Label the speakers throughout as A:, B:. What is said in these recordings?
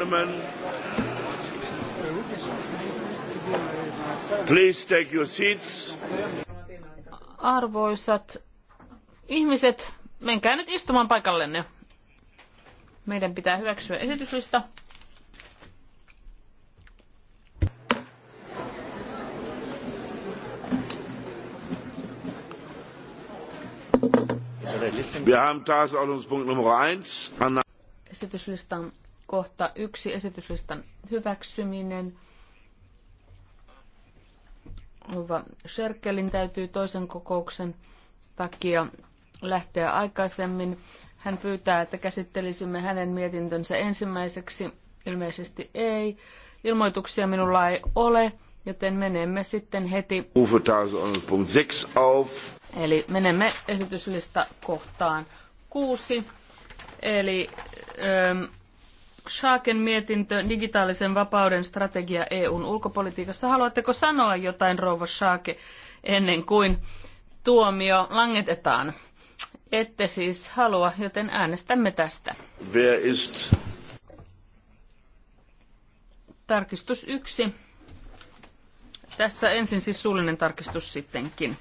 A: gentlemen, please take your seats.
B: Arvoisat ihmiset, menkää nyt istumaan paikallenne. Meidän pitää hyväksyä esityslista.
A: Wir haben Tagesordnungspunkt Nummer 1.
B: Esityslistan kohta yksi esityslistan hyväksyminen. Hyvä. Sherkelin täytyy toisen kokouksen takia lähteä aikaisemmin. Hän pyytää, että käsittelisimme hänen mietintönsä ensimmäiseksi. Ilmeisesti ei. Ilmoituksia minulla ei ole, joten menemme sitten heti. Eli menemme esityslista kohtaan kuusi. Eli ähm, Schaaken mietintö, digitaalisen vapauden strategia EUn ulkopolitiikassa. Haluatteko sanoa jotain, rouva Schaake, ennen kuin tuomio langetetaan? Ette siis halua, joten äänestämme tästä.
A: Wer ist?
B: Tarkistus yksi. Tässä ensin siis suullinen tarkistus sittenkin.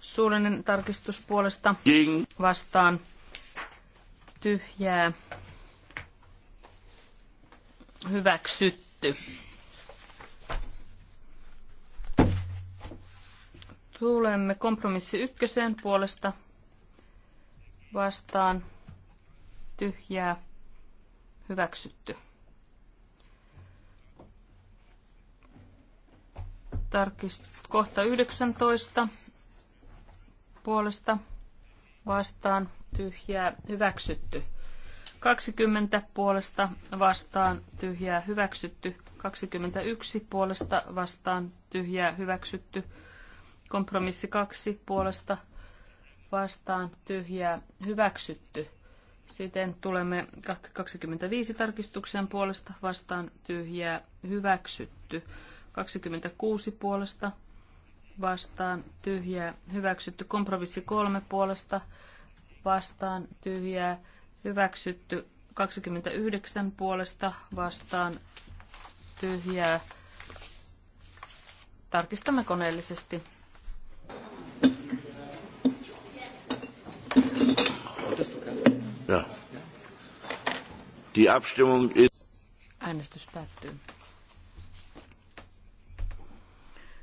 B: Suullinen tarkistus puolesta Ging. vastaan tyhjää hyväksytty. Tulemme kompromissi ykkösen puolesta vastaan tyhjää hyväksytty. Tarkist, kohta 19 puolesta vastaan tyhjää hyväksytty. 20 puolesta vastaan tyhjää hyväksytty. 21 puolesta vastaan tyhjää hyväksytty. Kompromissi 2 puolesta vastaan tyhjää hyväksytty. Siten tulemme 25 tarkistuksen puolesta vastaan tyhjää hyväksytty. 26 puolesta vastaan tyhjää hyväksytty. Kompromissi 3 puolesta vastaan tyhjää hyväksytty hyväksytty 29 puolesta vastaan tyhjää. Tarkistamme koneellisesti.
A: Ja. Die Abstimmung ist
B: Äänestys päättyy.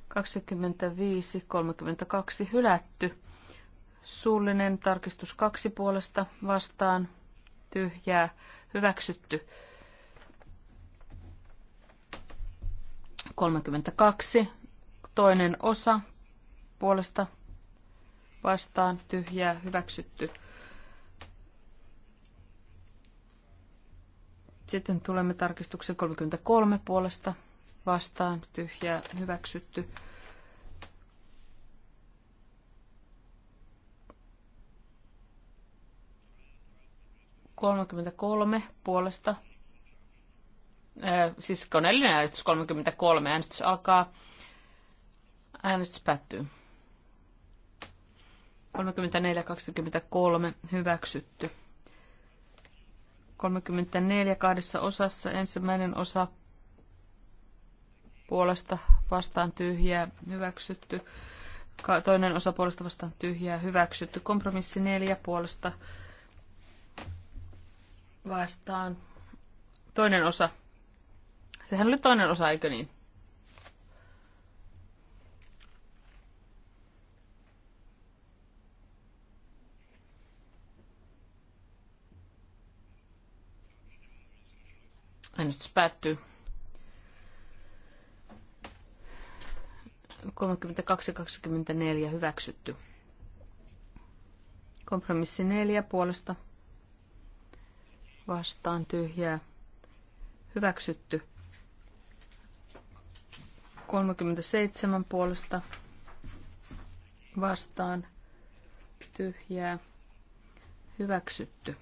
B: 25, 32 hylätty. Suullinen tarkistus kaksi puolesta vastaan tyhjää hyväksytty. 32. Toinen osa puolesta vastaan tyhjää hyväksytty. Sitten tulemme tarkistuksen 33 puolesta vastaan tyhjää hyväksytty. 33 puolesta. Siis koneellinen äänestys 33. Äänestys alkaa. Äänestys päättyy. 34-23 hyväksytty. 34 kahdessa osassa. Ensimmäinen osa puolesta vastaan tyhjää hyväksytty. Toinen osa puolesta vastaan tyhjää hyväksytty. Kompromissi neljä puolesta vastaan. Toinen osa. Sehän oli toinen osa, eikö niin? Äänestys päättyy. 32-24 hyväksytty. Kompromissi neljä puolesta vastaan tyhjää hyväksytty. 37 puolesta vastaan tyhjää hyväksytty.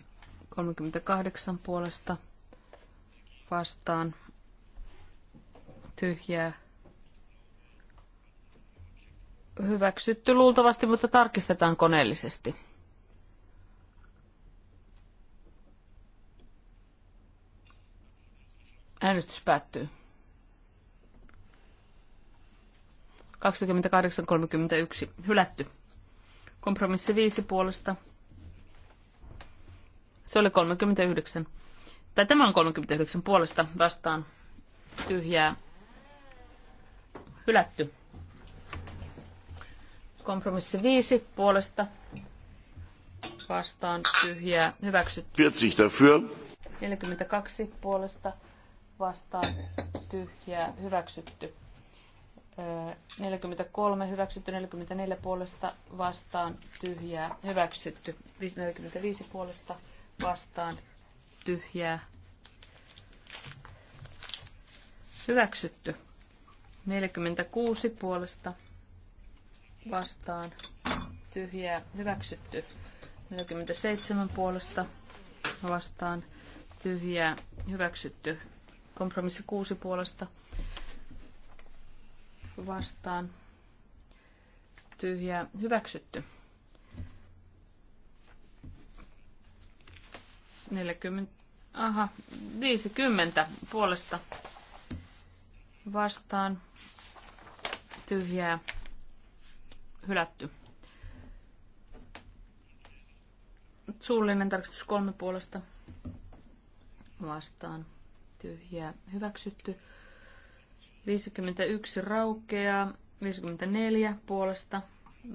B: 38 puolesta vastaan tyhjää hyväksytty luultavasti, mutta tarkistetaan koneellisesti. Äänestys päättyy. 28.31. Hylätty. Kompromissi 5 puolesta. Se oli 39. Tai tämä on 39 puolesta vastaan. Tyhjää. Hylätty. Kompromissi 5 puolesta vastaan tyhjää hyväksytty.
A: 40 dafür.
B: 42 puolesta vastaan tyhjää hyväksytty. 43 hyväksytty, 44 puolesta vastaan tyhjää hyväksytty, 45 puolesta vastaan tyhjää hyväksytty, 46 puolesta vastaan tyhjää hyväksytty, 47 puolesta vastaan tyhjää hyväksytty, Kompromissi kuusi puolesta vastaan. Tyhjää hyväksytty. 40, aha, 50 puolesta vastaan. Tyhjää hylätty. Suullinen tarkistus kolme puolesta vastaan ja hyväksytty. 51 raukeaa, 54 puolesta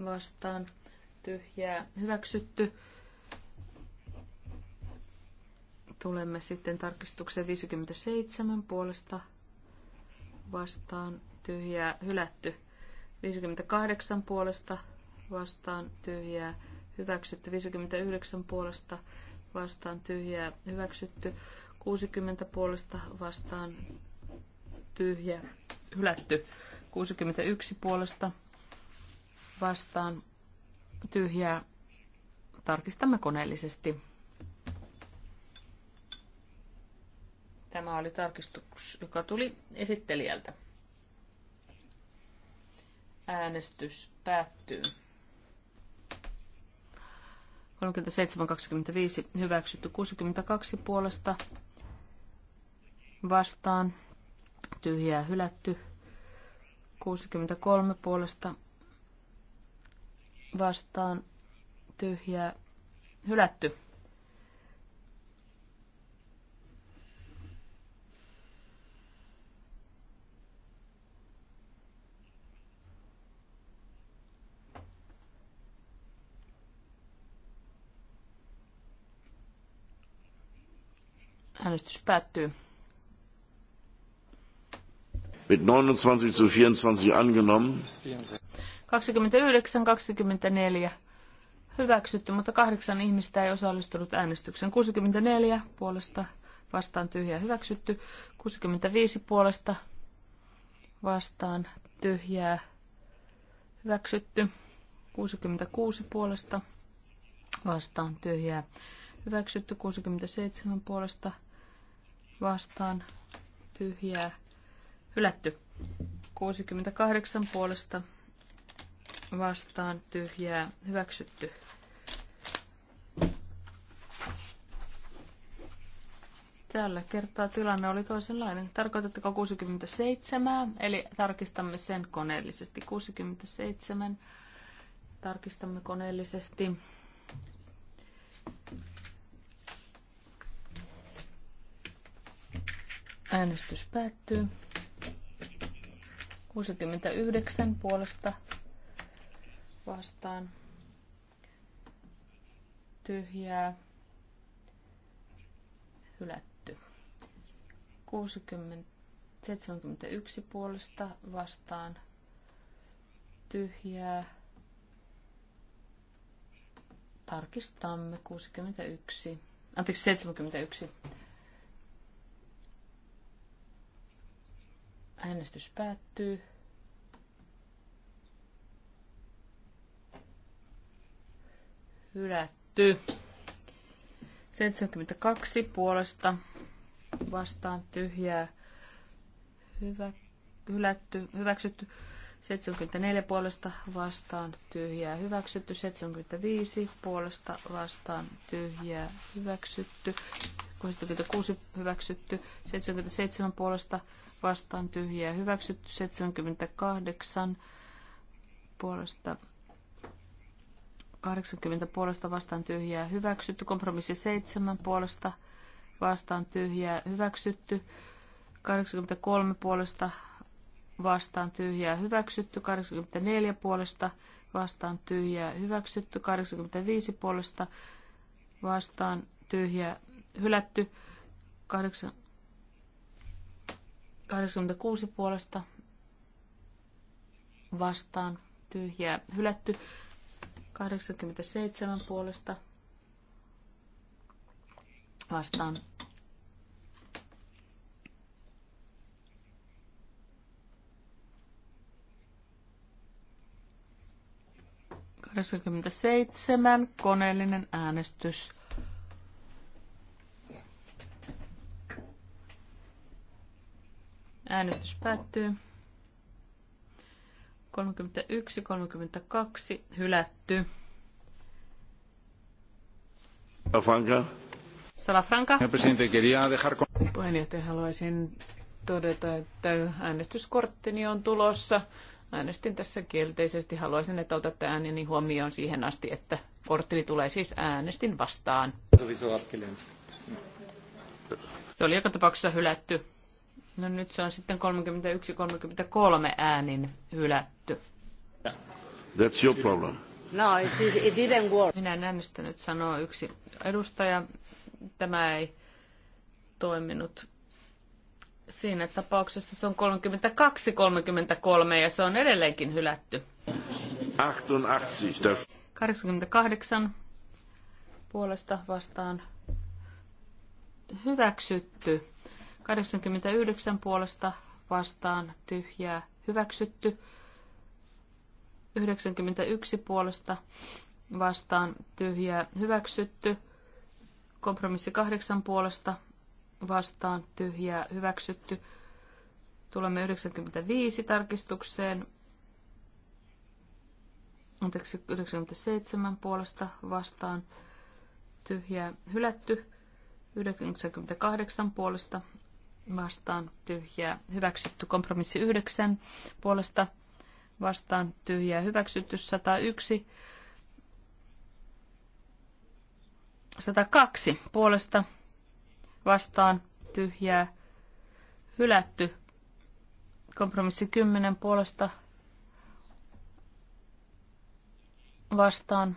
B: vastaan tyhjää hyväksytty. Tulemme sitten tarkistukseen 57 puolesta vastaan tyhjää hylätty. 58 puolesta vastaan tyhjää hyväksytty. 59 puolesta vastaan tyhjää hyväksytty. 60 puolesta vastaan tyhjä, hylätty. 61 puolesta vastaan tyhjää. Tarkistamme koneellisesti. Tämä oli tarkistus, joka tuli esittelijältä. Äänestys päättyy. 37.25 hyväksytty 62 puolesta vastaan, tyhjää hylätty. 63 puolesta vastaan, tyhjää hylätty. äänestys päättyy
A: mit 29 zu 24 angenommen.
B: 29-24 hyväksytty, mutta kahdeksan ihmistä ei osallistunut äänestykseen. 64 puolesta vastaan tyhjää hyväksytty, 65 puolesta vastaan tyhjää hyväksytty, 66 puolesta vastaan tyhjää hyväksytty, 67 puolesta vastaan tyhjää Hylätty. 68 puolesta vastaan tyhjää hyväksytty. Tällä kertaa tilanne oli toisenlainen. Tarkoitatteko 67, eli tarkistamme sen koneellisesti. 67 tarkistamme koneellisesti. Äänestys päättyy. 69 puolesta vastaan tyhjää hylätty. 60, 71 puolesta vastaan tyhjää. Tarkistamme 61. Anteeksi, 71. Äänestys päättyy. Hylätty. 72 puolesta vastaan tyhjää. Hyvä, hylätty, hyväksytty 74 puolesta vastaan tyhjää hyväksytty, 75 puolesta vastaan tyhjää hyväksytty, 66 hyväksytty, 77 puolesta vastaan tyhjää hyväksytty, 78 puolesta 80 puolesta vastaan tyhjää hyväksytty, kompromissi 7 puolesta vastaan tyhjää hyväksytty, 83 puolesta vastaan tyhjää hyväksytty, 84 puolesta vastaan tyhjää hyväksytty, 85 puolesta vastaan tyhjää hylätty, 86 puolesta vastaan tyhjää hylätty, 87 puolesta vastaan 87. Koneellinen äänestys. Äänestys päättyy. 31, 32, hylätty.
C: Salafranca.
B: Salafranca. Puheenjohtaja, haluaisin
D: todeta, että äänestyskorttini on tulossa Äänestin tässä kielteisesti. Haluaisin, että otatte ääneni huomioon siihen asti, että korttini tulee siis äänestin
B: vastaan. Se oli joka tapauksessa hylätty. No nyt se on sitten 31-33 äänin hylätty.
A: That's your problem.
B: No, it didn't work. Minä en äänestänyt, sanoo yksi edustaja. Tämä ei toiminut. Siinä tapauksessa se on 32-33 ja se on edelleenkin hylätty.
A: 88.
B: 88 puolesta vastaan hyväksytty. 89 puolesta vastaan tyhjää hyväksytty. 91 puolesta vastaan tyhjää hyväksytty. Kompromissi 8 puolesta vastaan tyhjää hyväksytty. Tulemme 95 tarkistukseen. Anteeksi, 97 puolesta vastaan tyhjää hylätty. 98 puolesta vastaan tyhjää hyväksytty. Kompromissi 9 puolesta vastaan tyhjää hyväksytty. 101 102 puolesta vastaan tyhjää hylätty. Kompromissi 10 puolesta vastaan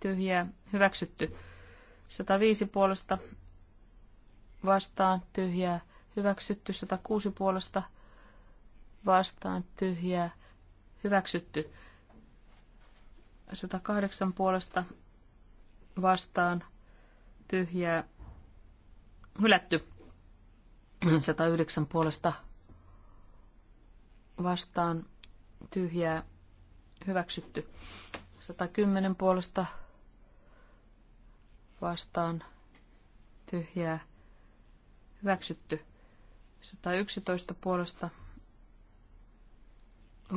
B: tyhjää hyväksytty. 105 puolesta vastaan tyhjää hyväksytty. 106 puolesta vastaan tyhjää hyväksytty. 108 puolesta vastaan tyhjää hylätty 109 puolesta vastaan tyhjää hyväksytty 110 puolesta vastaan tyhjää hyväksytty 111 puolesta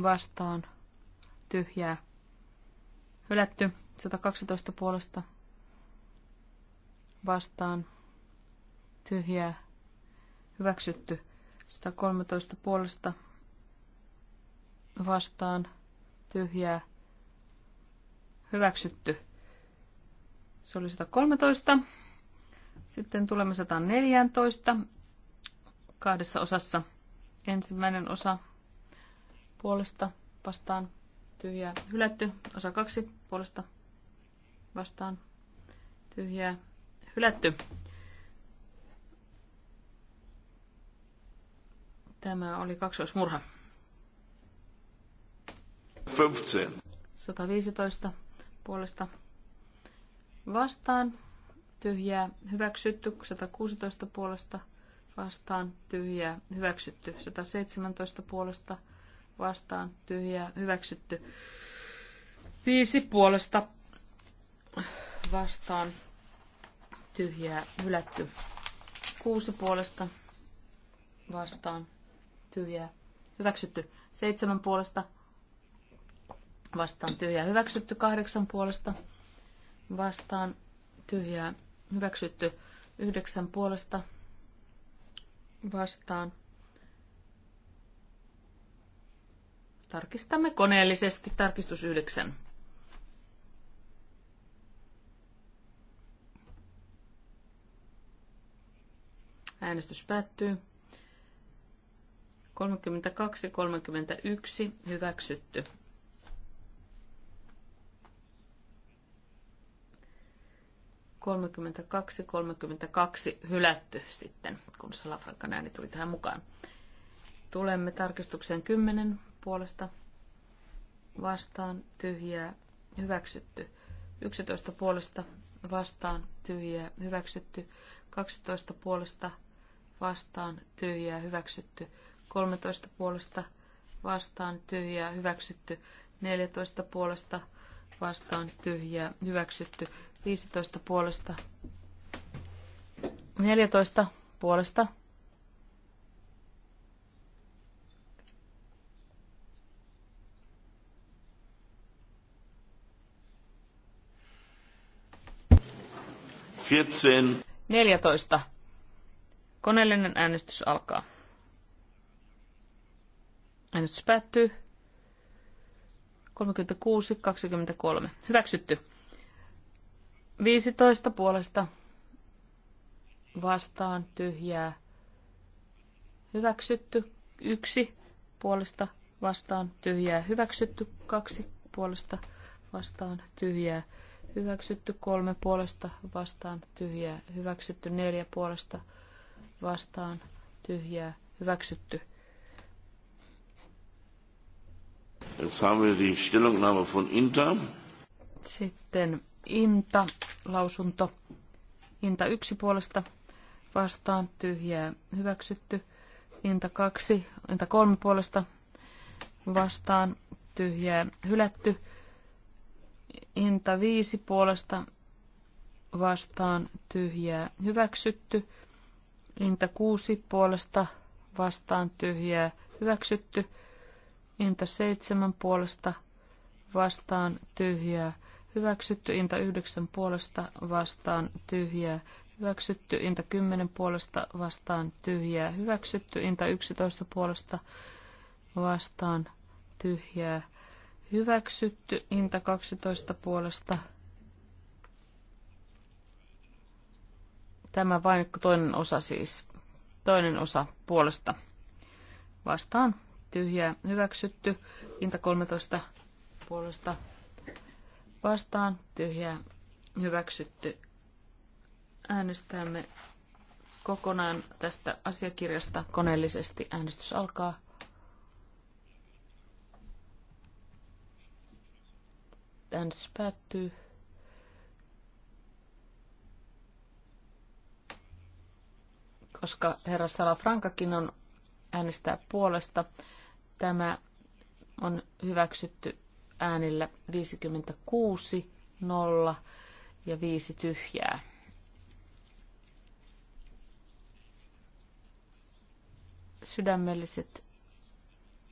B: vastaan tyhjää hylätty 112 puolesta vastaan tyhjää hyväksytty 113 puolesta vastaan tyhjää hyväksytty. Se oli 113. Sitten tulemme 114 kahdessa osassa. Ensimmäinen osa puolesta vastaan tyhjää hylätty. Osa kaksi puolesta vastaan tyhjää hylätty. Tämä oli kaksoismurha. 15. 115 puolesta vastaan, tyhjää, hyväksytty, 116 puolesta vastaan, tyhjää, hyväksytty, 117 puolesta vastaan, tyhjää, hyväksytty, 5 puolesta vastaan, tyhjää, hylätty, 6 puolesta vastaan, tyhjää hyväksytty. Seitsemän puolesta vastaan tyhjää hyväksytty. Kahdeksan puolesta vastaan tyhjää hyväksytty. Yhdeksän puolesta vastaan. Tarkistamme koneellisesti tarkistus yhdeksän. Äänestys päättyy. 32-31 hyväksytty. Kolmekymmentäkaksi, kolmekymmentäkaksi hylätty sitten, kun Salafrankan ääni tuli tähän mukaan. Tulemme tarkistukseen 10 puolesta vastaan tyhjää hyväksytty. 11 puolesta vastaan tyhjää hyväksytty. 12 puolesta vastaan tyhjää hyväksytty. 13 puolesta vastaan tyhjää hyväksytty. 14 puolesta vastaan tyhjää hyväksytty. 15 puolesta 14 puolesta 14. 14. Koneellinen äänestys alkaa. Äänestys päättyy. 36, 23. Hyväksytty. 15 puolesta vastaan tyhjää. Hyväksytty. 1 puolesta vastaan tyhjää. Hyväksytty. 2 puolesta vastaan tyhjää. Hyväksytty. 3 puolesta vastaan tyhjää. Hyväksytty. 4 puolesta vastaan tyhjää. Hyväksytty.
A: Jetzt haben wir die Stellungnahme von Inta.
B: Sitten Inta, lausunto. Inta yksi puolesta vastaan, tyhjää hyväksytty. Inta kaksi, Inta kolme puolesta vastaan, tyhjää hylätty. Inta viisi puolesta vastaan, tyhjää hyväksytty. Inta kuusi puolesta vastaan, tyhjää hyväksytty. Inta 7 puolesta vastaan tyhjää hyväksytty. Inta 9 puolesta vastaan tyhjää hyväksytty. Inta 10 puolesta vastaan tyhjää hyväksytty. Inta 11 puolesta vastaan tyhjää hyväksytty. Inta 12 puolesta Tämä vain toinen osa siis. Toinen osa puolesta vastaan tyhjää hyväksytty. Inta 13 puolesta vastaan tyhjää hyväksytty. Äänestämme kokonaan tästä asiakirjasta koneellisesti. Äänestys alkaa. Äänestys päättyy. Koska herra Salafrankakin on äänestää puolesta, Tämä on hyväksytty äänillä 56, 0 ja 5 tyhjää. Sydämelliset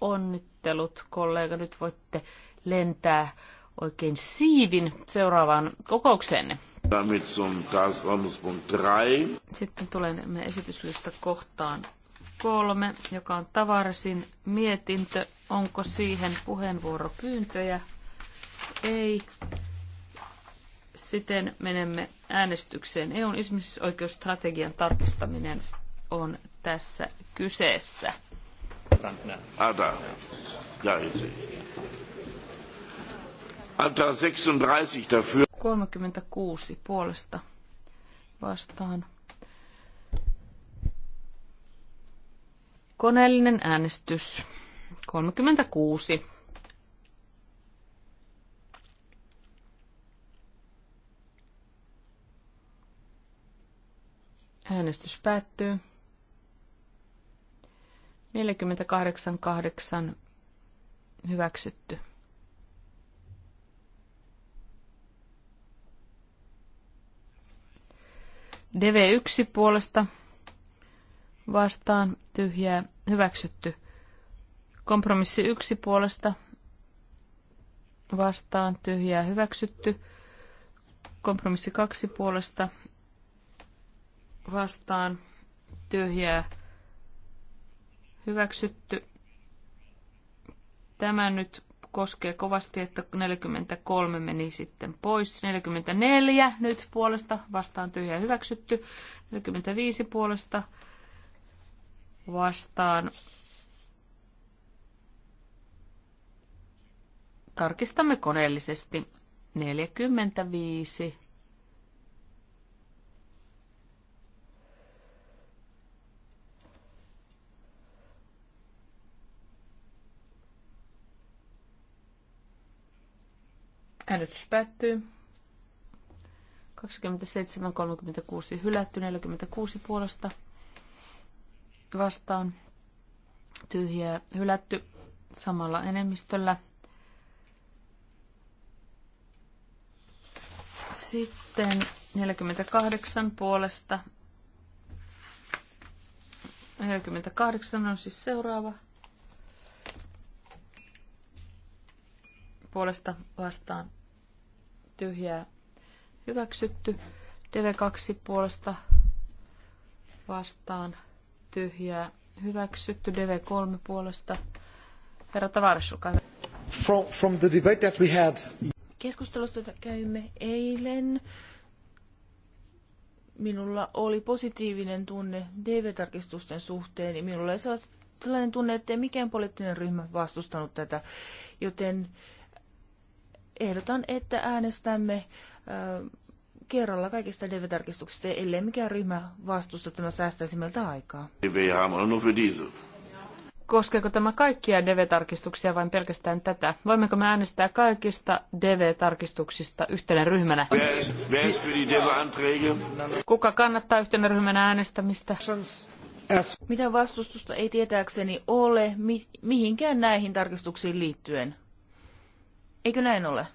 B: onnittelut, kollega. Nyt voitte lentää oikein siivin seuraavaan kokoukseenne. Sitten tulemme esityslista kohtaan kolme, joka on Tavarsin mietintö. Onko siihen puheenvuoropyyntöjä? Ei. Siten menemme äänestykseen. EUn ihmisoikeusstrategian tarkistaminen on tässä kyseessä.
A: Ada. Ja, Antaa 36 dafür.
B: 36 puolesta vastaan Koneellinen äänestys 36. Äänestys päättyy. 48.8 hyväksytty. DV1 puolesta vastaan tyhjää hyväksytty. Kompromissi yksi puolesta vastaan tyhjää hyväksytty. Kompromissi kaksi puolesta vastaan tyhjää hyväksytty. Tämä nyt koskee kovasti, että 43 meni sitten pois. 44 nyt puolesta vastaan tyhjää hyväksytty. 45 puolesta vastaan. Tarkistamme koneellisesti. 45. Äänestys päättyy. 27.36 hylätty, 46 puolesta vastaan tyhjää hylätty samalla enemmistöllä. Sitten 48 puolesta. 48 on siis seuraava. Puolesta vastaan tyhjää hyväksytty. DV2 puolesta vastaan tyhjää hyväksytty. DV3 puolesta. Herra Tavares, olkaa hyvä.
C: From, from the debate that we had...
E: Keskustelusta, jota käymme eilen, minulla oli positiivinen tunne DV-tarkistusten suhteen, ja minulla ei sellainen tunne, ettei mikään poliittinen ryhmä vastustanut tätä, joten ehdotan, että äänestämme äh, kerralla kaikista DV-tarkistuksista, ellei mikään ryhmä vastusta, tämä säästäisi meiltä aikaa.
B: Koskeeko tämä kaikkia DV-tarkistuksia vain pelkästään tätä? Voimmeko me äänestää kaikista DV-tarkistuksista yhtenä ryhmänä?
E: Kuka kannattaa yhtenä ryhmänä äänestämistä? Mitä vastustusta ei tietääkseni ole mi- mihinkään näihin tarkistuksiin liittyen? Eikö näin ole?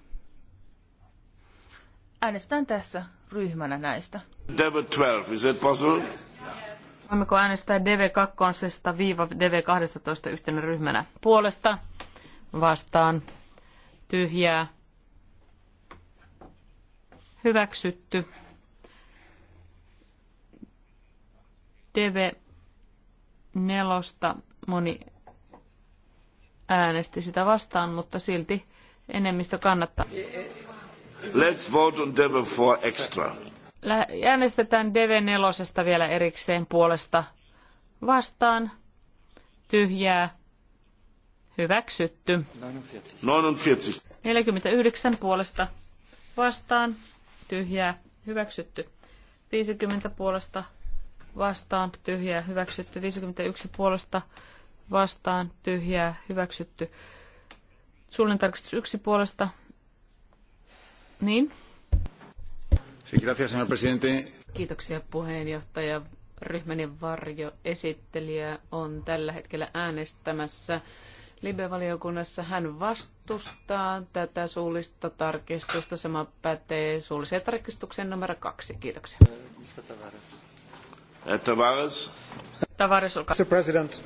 E: Äänestän tässä ryhmänä näistä.
A: Deve 12, is it possible?
E: Voimmeko äänestää DV2-DV12
B: yhtenä ryhmänä? Puolesta, vastaan, tyhjää, hyväksytty. DV4 moni äänesti sitä vastaan, mutta silti enemmistö kannattaa.
A: Let's vote on Deve 4 extra.
B: Äänestetään Deve nelosesta vielä erikseen puolesta. Vastaan. Tyhjää. Hyväksytty.
A: 49.
B: 49 puolesta. Vastaan. Tyhjää. Hyväksytty. 50 puolesta. Vastaan. Tyhjää. Hyväksytty. 51 puolesta. Vastaan. Tyhjää. Hyväksytty. Suullinen tarkistus 1 puolesta niin?
D: Kiitoksia puheenjohtaja. Ryhmäni varjoesittelijä on tällä hetkellä äänestämässä Libe-valiokunnassa. Hän vastustaa tätä suullista tarkistusta. Sama pätee suulliseen tarkistukseen numero kaksi. Kiitoksia.
F: Eh, Tavares. Tavares, olkaa. President,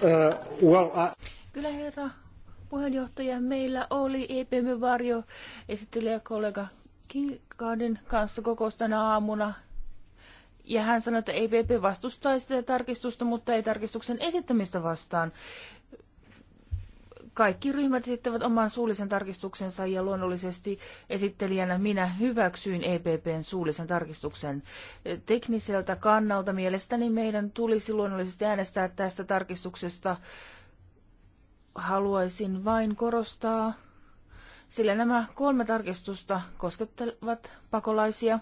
F: uh, well, I...
E: Kyllä herra puheenjohtaja, meillä oli EPM-varjo esittelijä kollega Kilkauden kanssa kokoustana aamuna. Ja hän sanoi, että EPP vastustaa sitä tarkistusta, mutta ei tarkistuksen esittämistä vastaan. Kaikki ryhmät esittävät oman suullisen tarkistuksensa ja luonnollisesti esittelijänä minä hyväksyin EPPn suullisen tarkistuksen. Tekniseltä kannalta mielestäni meidän tulisi luonnollisesti äänestää tästä tarkistuksesta. Haluaisin vain korostaa, sillä nämä kolme tarkistusta koskettavat pakolaisia.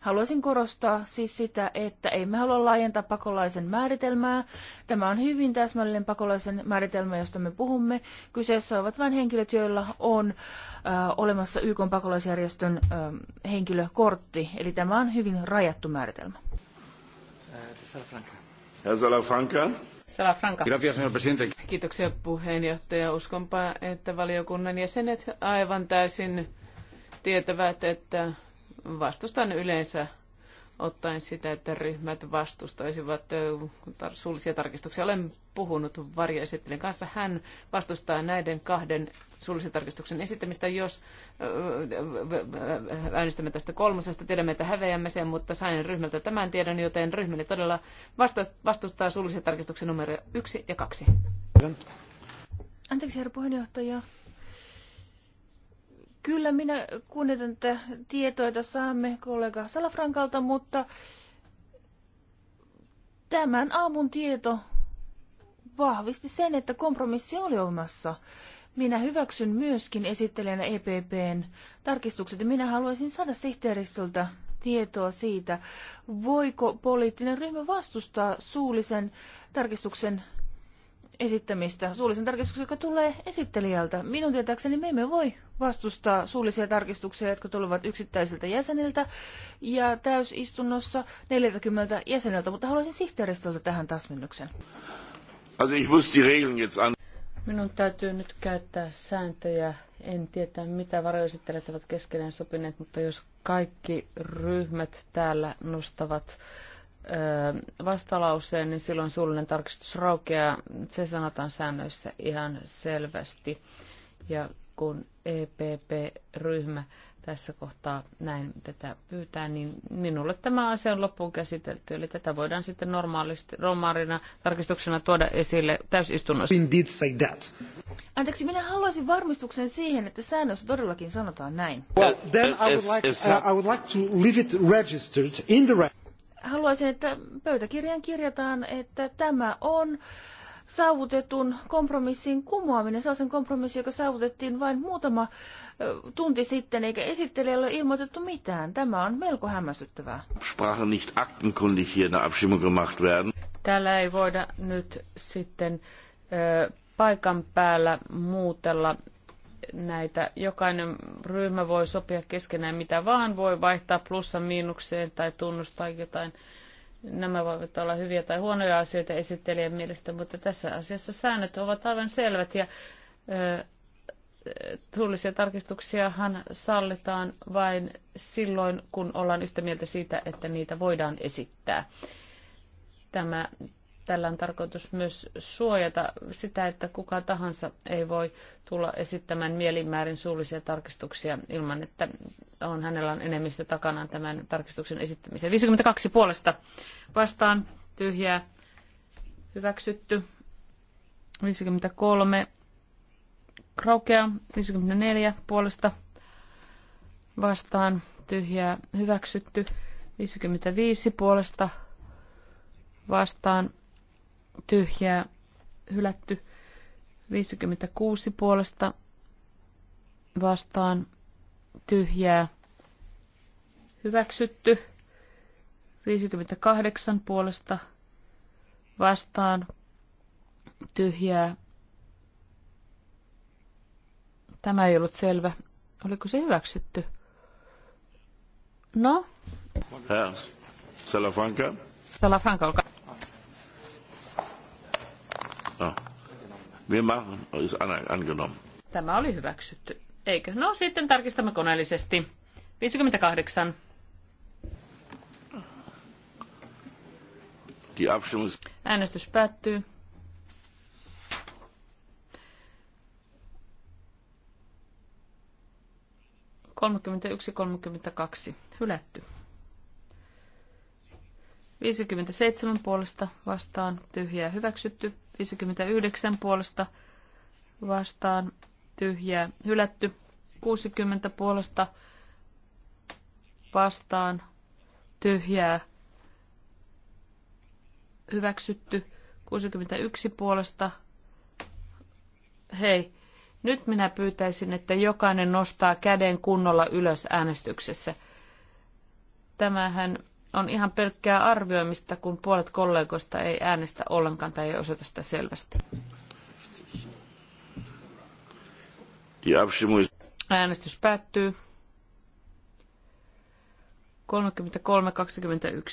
E: Haluaisin korostaa siis sitä, että emme halua laajentaa pakolaisen määritelmää. Tämä on hyvin täsmällinen pakolaisen määritelmä, josta me puhumme. Kyseessä ovat vain henkilöt, joilla on ö, äh, olemassa YK pakolaisjärjestön ö, ähm, henkilökortti. Eli tämä on hyvin rajattu määritelmä. Äh,
A: Herr Salafranca.
D: Salafranca. señor presidente. Kiitoksia puheenjohtaja. Uskonpa, että valiokunnan jäsenet aivan täysin tietävät, että vastustan yleensä ottaen sitä, että ryhmät vastustaisivat suullisia tarkistuksia. Olen puhunut varjoesittelijän kanssa. Hän vastustaa näiden kahden suullisen tarkistuksen esittämistä, jos äänestämme tästä kolmosesta. Tiedämme, että häveämme sen, mutta sain ryhmältä tämän tiedon, joten ryhmäni todella vastustaa suullisen tarkistuksen numero yksi ja kaksi.
E: Anteeksi, herra puheenjohtaja. Kyllä minä kuunnetan tätä tietoa, jota saamme kollega Salafrankalta, mutta tämän aamun tieto vahvisti sen, että kompromissi oli olemassa. Minä hyväksyn myöskin esittelijänä EPPn tarkistukset ja minä haluaisin saada sihteeristöltä tietoa siitä, voiko poliittinen ryhmä vastustaa suullisen tarkistuksen esittämistä suullisen tarkistuksen, joka tulee esittelijältä. Minun tietääkseni me emme voi vastustaa suullisia tarkistuksia, jotka tulevat yksittäisiltä jäseniltä ja täysistunnossa 40 jäseneltä, mutta haluaisin sihteeristöltä tähän täsmennyksen. Minun täytyy nyt käyttää sääntöjä. En tiedä, mitä
B: varoesittelijät ovat keskenään sopineet, mutta jos kaikki ryhmät täällä nostavat vastalauseen, niin silloin suullinen tarkistus raukeaa. Se sanotaan säännöissä ihan selvästi. Ja kun EPP-ryhmä tässä kohtaa näin tätä pyytää, niin minulle tämä asia on loppuun käsitelty. Eli tätä voidaan sitten normaalisti, romaarina tarkistuksena tuoda esille täysistunnossa.
C: Indeed say that.
E: Anteeksi, minä haluaisin varmistuksen siihen, että säännössä todellakin sanotaan näin. Well, then I would like, uh,
C: I would like to leave it registered in the
E: haluaisin, että pöytäkirjan kirjataan, että tämä on saavutetun kompromissin kumoaminen, sellaisen kompromissin, joka saavutettiin vain muutama tunti sitten, eikä esittelijä ole ilmoitettu mitään. Tämä on melko hämmästyttävää.
A: Sprache nicht aktenkundig hier Abstimmung gemacht werden.
E: Täällä ei voida nyt sitten
B: ö, paikan päällä muutella näitä. Jokainen ryhmä voi sopia keskenään mitä vaan, voi vaihtaa plussan miinukseen tai tunnustaa jotain. Nämä voivat olla hyviä tai huonoja asioita esittelijän mielestä, mutta tässä asiassa säännöt ovat aivan selvät ja ö, tullisia tarkistuksiahan sallitaan vain silloin, kun ollaan yhtä mieltä siitä, että niitä voidaan esittää. Tämä Tällä on tarkoitus myös suojata sitä, että kuka tahansa ei voi tulla esittämään mielimäärin suullisia tarkistuksia ilman, että on, hänellä on enemmistö takanaan tämän tarkistuksen esittämiseen. 52 puolesta vastaan tyhjää hyväksytty. 53 Kraukea 54 puolesta vastaan tyhjää hyväksytty, 55 puolesta vastaan tyhjää hylätty 56 puolesta vastaan tyhjää hyväksytty 58 puolesta vastaan tyhjää. Tämä ei ollut selvä. Oliko se hyväksytty? No?
A: Salafranca.
B: Salafranca, olkaa
A: No. angenommen.
B: Tämä oli hyväksytty. Eikö? No sitten tarkistamme koneellisesti. 58.
A: Die Abstimmung ist...
B: Äänestys päättyy. Kolmekymmentäyksi, kolmekymmentäkaksi. Hylätty. 57 puolesta vastaan tyhjää hyväksytty. 59 puolesta vastaan tyhjää hylätty. 60 puolesta vastaan tyhjää hyväksytty. 61 puolesta. Hei, nyt minä pyytäisin, että jokainen nostaa käden kunnolla ylös äänestyksessä. Tämähän on ihan pelkkää arvioimista, kun puolet kollegoista ei äänestä ollenkaan tai ei osoita sitä selvästi. Äänestys päättyy.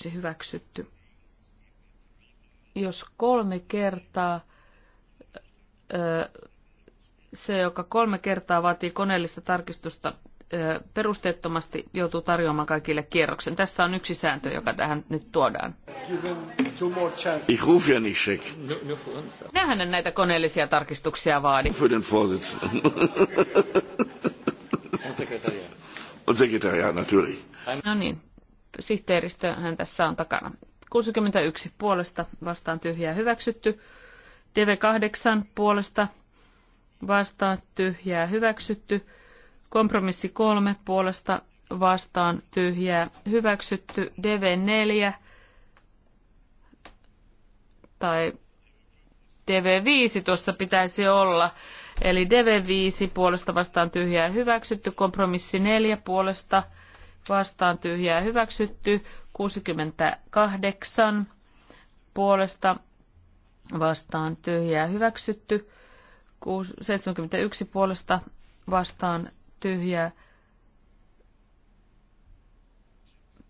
B: 33-21 hyväksytty. Jos kolme kertaa se, joka kolme kertaa vaatii koneellista tarkistusta, perusteettomasti joutuu tarjoamaan kaikille kierroksen. Tässä on yksi sääntö, joka tähän nyt tuodaan. Ich
A: rufe ja nicht schick.
B: Minähän näitä koneellisia tarkistuksia vaadi. Für den Vorsitzenden.
A: Und Sekretariat, natürlich.
B: No niin, sihteeristö hän tässä on takana. 61 puolesta vastaan tyhjää hyväksytty. tv 8 puolesta vastaan tyhjää hyväksytty. Kompromissi kolme puolesta vastaan tyhjää hyväksytty. DV4 tai DV5 tuossa pitäisi olla. Eli DV5 puolesta vastaan tyhjää hyväksytty. Kompromissi 4 puolesta vastaan tyhjää hyväksytty. 68 puolesta vastaan tyhjää hyväksytty. 71 puolesta vastaan tyhjää.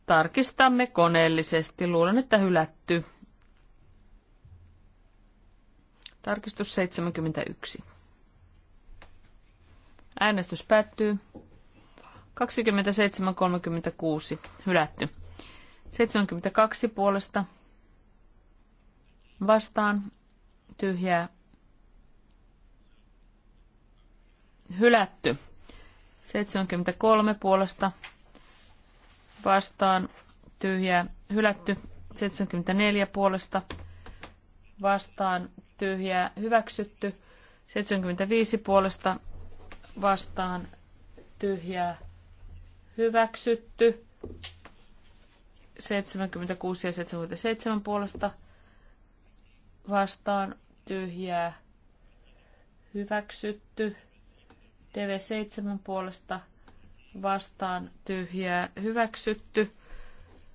B: Tarkistamme koneellisesti. Luulen, että hylätty. Tarkistus 71. Äänestys päättyy. 27.36. Hylätty. 72 puolesta. Vastaan. Tyhjää. Hylätty. 73 puolesta vastaan tyhjää hylätty. 74 puolesta vastaan tyhjää hyväksytty. 75 puolesta vastaan tyhjää hyväksytty. 76 ja 77 puolesta vastaan tyhjää hyväksytty tv 7 puolesta vastaan tyhjää hyväksytty.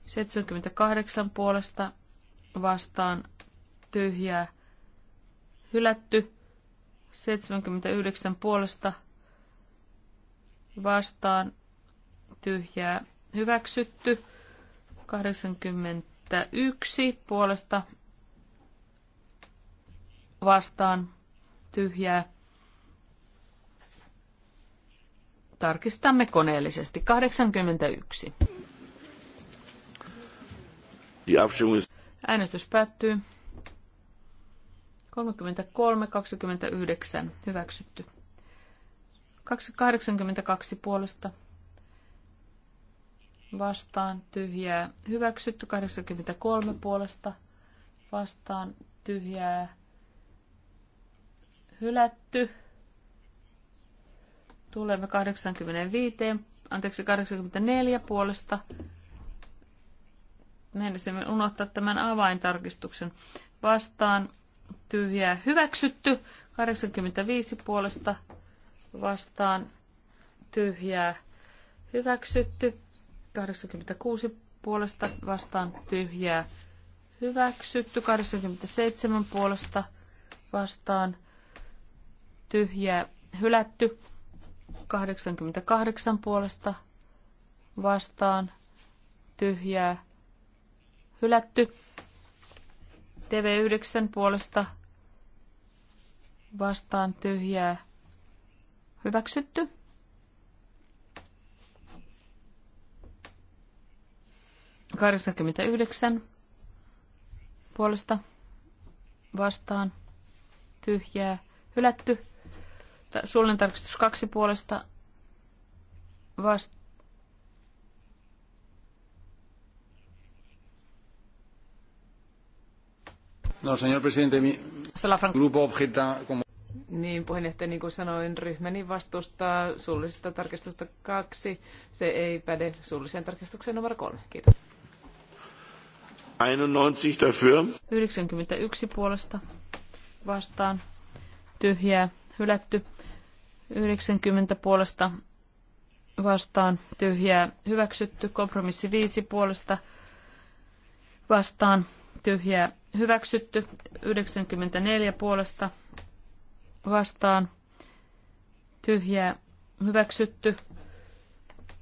B: 78 puolesta vastaan tyhjää hylätty. 79 puolesta vastaan tyhjää hyväksytty. 81 puolesta vastaan tyhjää Tarkistamme koneellisesti. 81. Äänestys päättyy. 33-29 hyväksytty. 82 puolesta vastaan tyhjää hyväksytty. 83 puolesta vastaan tyhjää hylätty. Tulemme 85, anteeksi 84 puolesta. Meidän unohtaa tämän avaintarkistuksen vastaan. Tyhjää hyväksytty. 85 puolesta vastaan tyhjää hyväksytty. 86 puolesta vastaan tyhjää hyväksytty. 87 puolesta vastaan tyhjää hylätty. 88 puolesta vastaan tyhjää hylätty. TV9 puolesta vastaan tyhjää hyväksytty. Kahdeksankymmentäyhdeksän puolesta vastaan tyhjää hylätty puolesta, suullinen tarkistus kaksi puolesta vasta.
C: No, señor presidente, mi grupo objeta
D: como... Niin, puheenjohtaja, niin kuin sanoin, ryhmäni vastustaa suullisesta tarkistusta kaksi. Se ei päde suulliseen tarkistukseen numero kolme. Kiitos.
A: 91 dafür.
B: 91 puolesta vastaan. Tyhjää, hylätty. 90 puolesta vastaan tyhjää hyväksytty. Kompromissi 5 puolesta vastaan tyhjää hyväksytty. 94 puolesta vastaan tyhjää hyväksytty.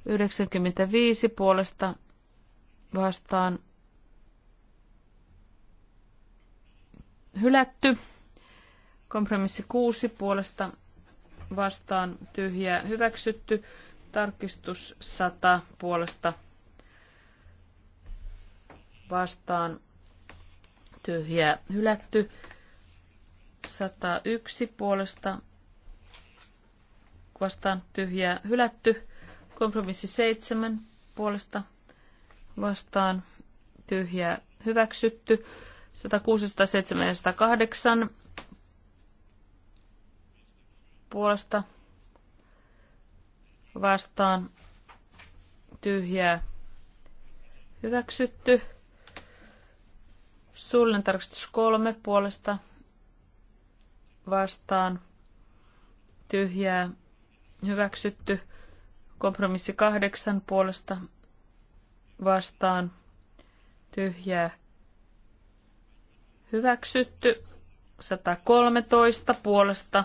B: 95 puolesta vastaan hylätty. Kompromissi 6 puolesta vastaan tyhjää hyväksytty. Tarkistus 100 puolesta vastaan tyhjää hylätty. 101 puolesta vastaan tyhjää hylätty. Kompromissi 7 puolesta vastaan tyhjää hyväksytty. 106, 107 ja 108 puolesta vastaan tyhjää hyväksytty. Suullinen tarkastus kolme puolesta vastaan tyhjää hyväksytty. Kompromissi kahdeksan puolesta vastaan tyhjää hyväksytty. 113 puolesta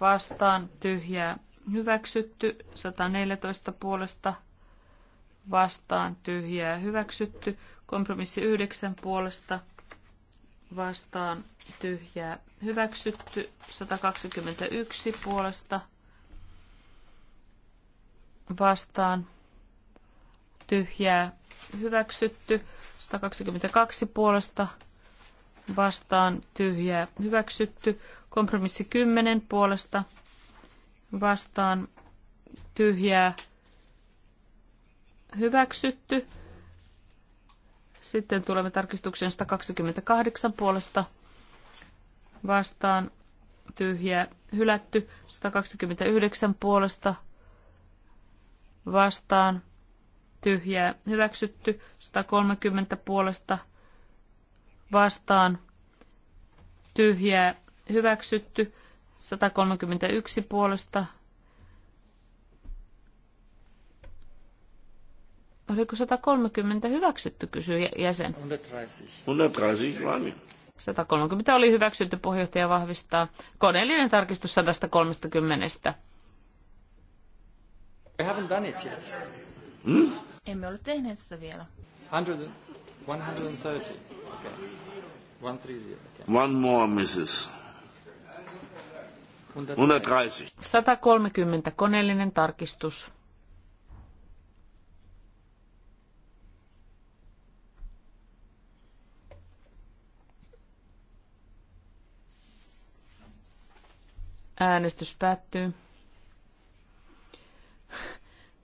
B: vastaan tyhjää hyväksytty, 114 puolesta vastaan tyhjää hyväksytty, kompromissi 9 puolesta vastaan tyhjää hyväksytty, 121 puolesta vastaan tyhjää hyväksytty, 122 puolesta vastaan tyhjää hyväksytty, Kompromissi 10 puolesta vastaan tyhjää hyväksytty. Sitten tulemme tarkistukseen 128 puolesta vastaan tyhjää hylätty. 129 puolesta vastaan tyhjää hyväksytty. 130 puolesta vastaan tyhjää hyväksytty. 131 puolesta. Oliko 130 hyväksytty, kysyi jäsen.
A: 130,
B: 130 niin? oli hyväksytty, puheenjohtaja vahvistaa. Koneellinen tarkistus 130.
E: We haven't done it yet. Hmm? Emme ole tehneet sitä vielä.
C: 130. Okay.
B: 130.
A: Okay. One more, Mrs. 130.
B: 130 koneellinen tarkistus. Äänestys päättyy.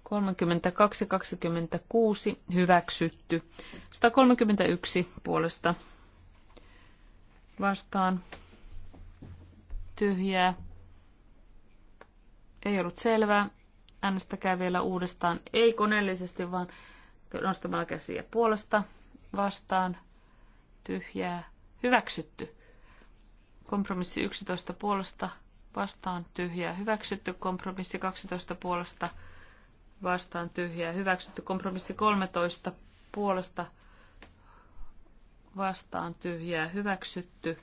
B: 32-26 hyväksytty. 131 puolesta vastaan tyhjää ei ollut selvää. Äänestäkää vielä uudestaan. Ei koneellisesti, vaan nostamalla käsiä puolesta vastaan. Tyhjää. Hyväksytty. Kompromissi 11 puolesta vastaan tyhjää hyväksytty, kompromissi 12 puolesta vastaan tyhjää hyväksytty, kompromissi 13 puolesta vastaan tyhjää hyväksytty,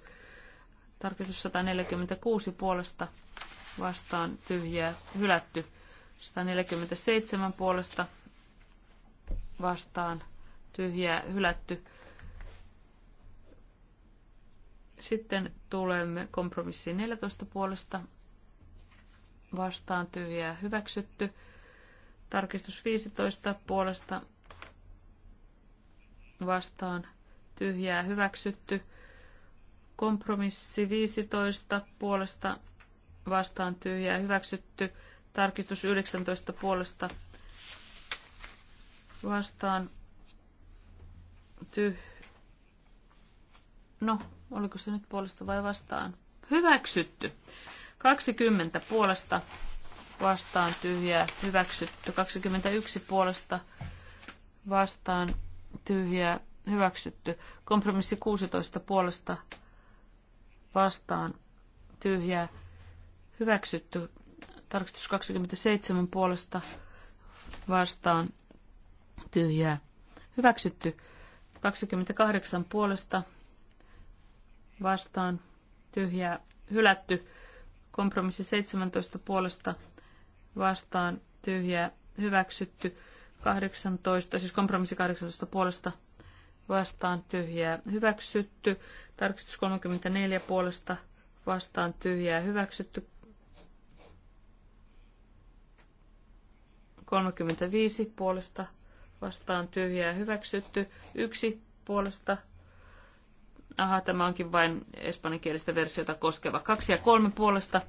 B: tarkistus 146 puolesta vastaan tyhjää hylätty. 147 puolesta vastaan tyhjää hylätty. Sitten tulemme kompromissiin 14 puolesta vastaan tyhjää hyväksytty. Tarkistus 15 puolesta vastaan tyhjää hyväksytty. Kompromissi 15 puolesta vastaan tyhjää hyväksytty. Tarkistus 19 puolesta vastaan tyh... No, oliko se nyt puolesta vai vastaan? Hyväksytty. 20 puolesta vastaan tyhjää hyväksytty. 21 puolesta vastaan tyhjää hyväksytty. Kompromissi 16 puolesta vastaan tyhjää hyväksytty. Tarkistus 27 puolesta vastaan tyhjää hyväksytty. 28 puolesta vastaan tyhjää hylätty. Kompromissi 17 puolesta vastaan tyhjää hyväksytty. 18, siis kompromissi 18 puolesta vastaan tyhjää hyväksytty. Tarkistus 34 puolesta vastaan tyhjää hyväksytty. 35 puolesta vastaan tyhjää hyväksytty. Yksi puolesta. Aha, tämä onkin vain espanjankielistä versiota koskeva. Kaksi ja kolme puolesta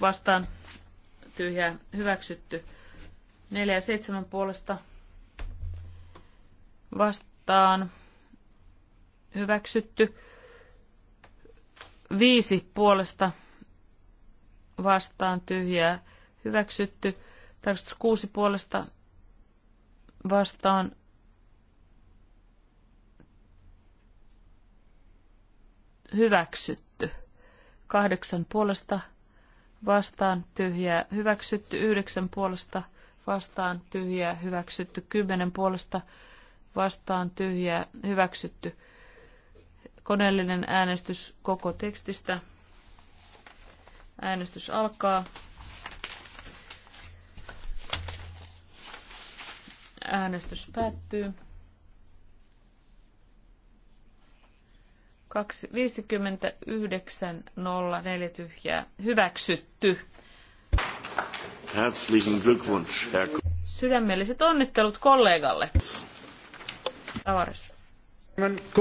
B: vastaan tyhjää hyväksytty. Neljä ja seitsemän puolesta vastaan hyväksytty. Viisi puolesta vastaan tyhjää hyväksytty. Tarkistus puolesta vastaan hyväksytty. Kahdeksan puolesta vastaan tyhjää hyväksytty. Yhdeksän puolesta vastaan tyhjää hyväksytty. Kymmenen puolesta vastaan tyhjää hyväksytty. Koneellinen äänestys koko tekstistä. Äänestys alkaa. Äänestys päättyy. 59 04 tyhjää. Hyväksytty.
A: Herzlichen Glückwunsch, Herr
B: Sydämelliset onnittelut kollegalle. Tavares.
D: Uh,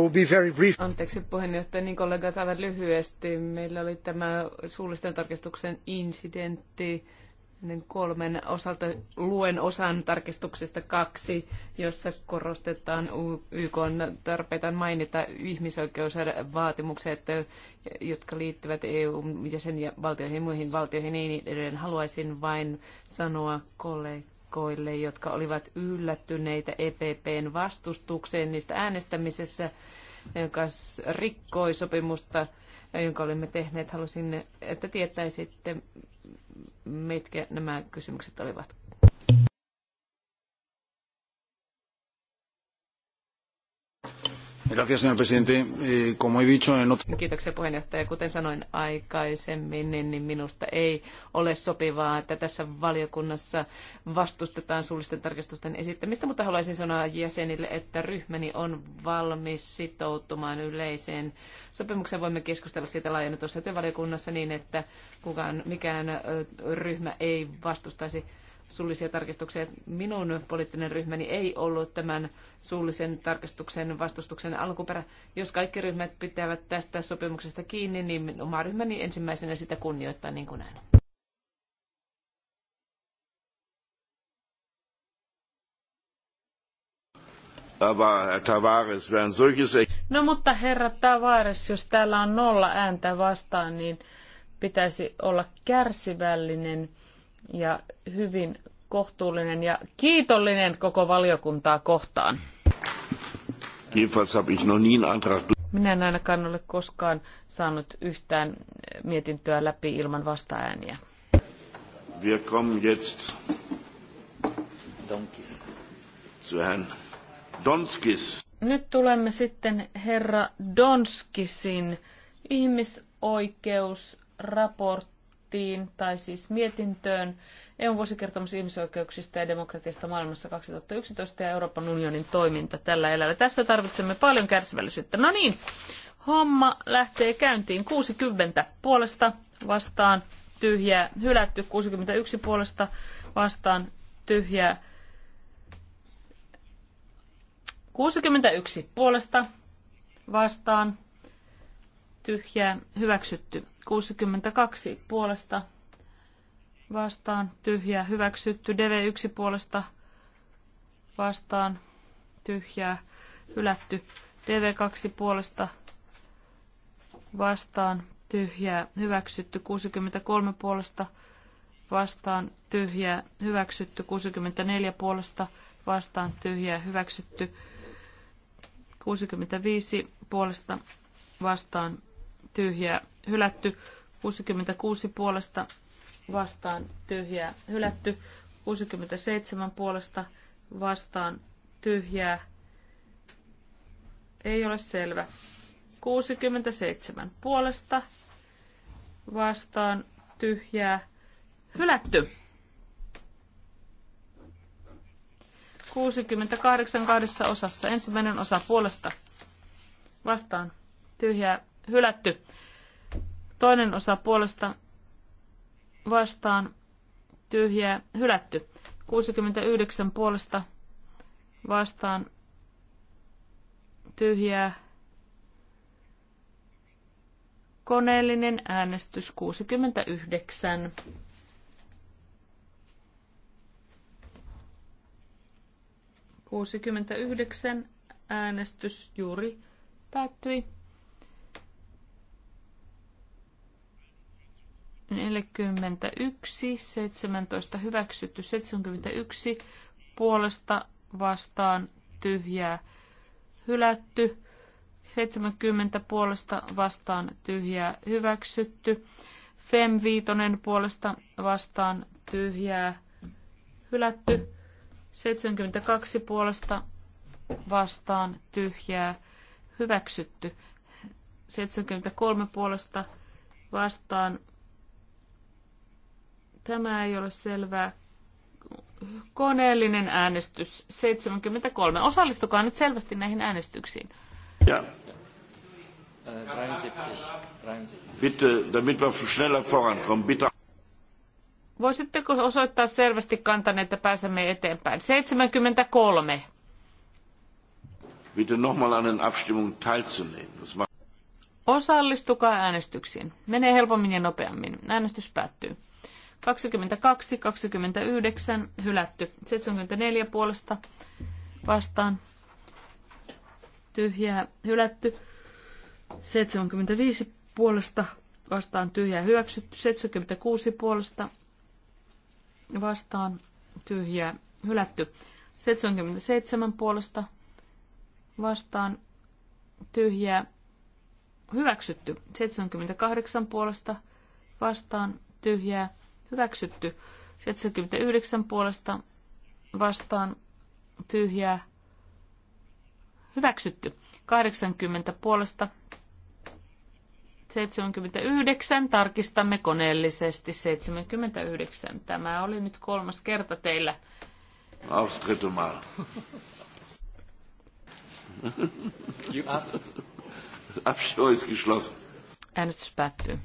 D: uh, Anteeksi puheenjohtaja, niin kollegat aivan lyhyesti. Meillä oli tämä suullisten tarkistuksen incidentti niin kolmen osalta luen osan tarkistuksesta kaksi, jossa korostetaan YK tarpeita mainita ihmisoikeusvaatimukset, jotka liittyvät EU-jäsenvaltioihin ja muihin valtioihin. Niin edelleen haluaisin vain sanoa kollegoille, jotka olivat yllättyneitä EPPn vastustukseen niistä äänestämisessä, joka rikkoi sopimusta jonka olimme tehneet. Halusin, että tietäisitte, mitkä nämä kysymykset olivat.
C: Gracias, señor presidente. Eh, como he dicho en otro...
D: Kiitoksia puheenjohtaja. Kuten sanoin aikaisemmin, niin, niin minusta ei ole sopivaa, että tässä valiokunnassa vastustetaan suullisten tarkistusten esittämistä, mutta haluaisin sanoa jäsenille, että ryhmäni on valmis sitoutumaan yleiseen sopimukseen. Voimme keskustella siitä laajennetussa työvaliokunnassa niin, että kukaan, mikään ryhmä ei vastustaisi suullisia tarkistuksia. Minun poliittinen ryhmäni ei ollut tämän suullisen tarkistuksen vastustuksen alkuperä. Jos kaikki ryhmät pitävät tästä sopimuksesta kiinni, niin oma ryhmäni ensimmäisenä sitä kunnioittaa niin kuin näin.
B: No mutta herra Tavares, jos täällä on nolla ääntä vastaan, niin pitäisi olla kärsivällinen ja hyvin kohtuullinen ja kiitollinen koko valiokuntaa kohtaan. Minä en ainakaan ole koskaan saanut yhtään eh, mietintöä läpi ilman vastaääniä.
A: Wir kommen jetzt Donkis. zu Herrn Donskis.
B: Nyt tulemme sitten herra Donskisin ihmisoikeusraportti raporttiin, tai siis mietintöön, EUn vuosikertomus ihmisoikeuksista ja demokratiasta maailmassa 2011 ja Euroopan unionin toiminta tällä elällä. Tässä tarvitsemme paljon kärsivällisyyttä. No niin, homma lähtee käyntiin. 60 puolesta vastaan tyhjää, hylätty 61 puolesta vastaan tyhjää. 61 puolesta vastaan tyhjää, hyväksytty 62 puolesta vastaan tyhjää hyväksytty. DV1 puolesta vastaan tyhjää hylätty. DV2 puolesta vastaan tyhjää hyväksytty. 63 puolesta vastaan tyhjää hyväksytty. 64 puolesta vastaan tyhjää hyväksytty. 65 puolesta vastaan tyhjää hylätty. 66 puolesta vastaan tyhjää hylätty. 67 puolesta vastaan tyhjää ei ole selvä. 67 puolesta vastaan tyhjää hylätty. 68 kahdessa osassa. Ensimmäinen osa puolesta vastaan tyhjää hylätty. Toinen osa puolesta vastaan tyhjää hylätty. 69 puolesta vastaan tyhjää koneellinen äänestys 69. yhdeksän äänestys juuri päättyi. 41, 17 hyväksytty, 71 puolesta vastaan tyhjää hylätty, 70 puolesta vastaan tyhjää hyväksytty, Fem viitonen puolesta vastaan tyhjää hylätty, 72 puolesta vastaan tyhjää hyväksytty, 73 puolesta vastaan Tämä ei ole selvää. Koneellinen äänestys 73. Osallistukaa nyt selvästi näihin äänestyksiin. Ja. Voisitteko osoittaa selvästi kantanne, että pääsemme eteenpäin? 73.
A: Bitte nochmal an den teilzunehmen.
B: Osallistukaa äänestyksiin. Menee helpommin ja nopeammin. Äänestys päättyy. 22, 29 hylätty. 74 puolesta vastaan tyhjää hylätty. 75 puolesta vastaan tyhjää hyväksytty. 76 puolesta vastaan tyhjää hylätty. 77 puolesta vastaan tyhjää hyväksytty. 78 puolesta vastaan tyhjää hyväksytty. 79 puolesta vastaan tyhjää hyväksytty. 80 puolesta 79 tarkistamme koneellisesti 79. Tämä oli nyt kolmas kerta teillä.
A: Austritumaa.
B: Äänestys päättyy.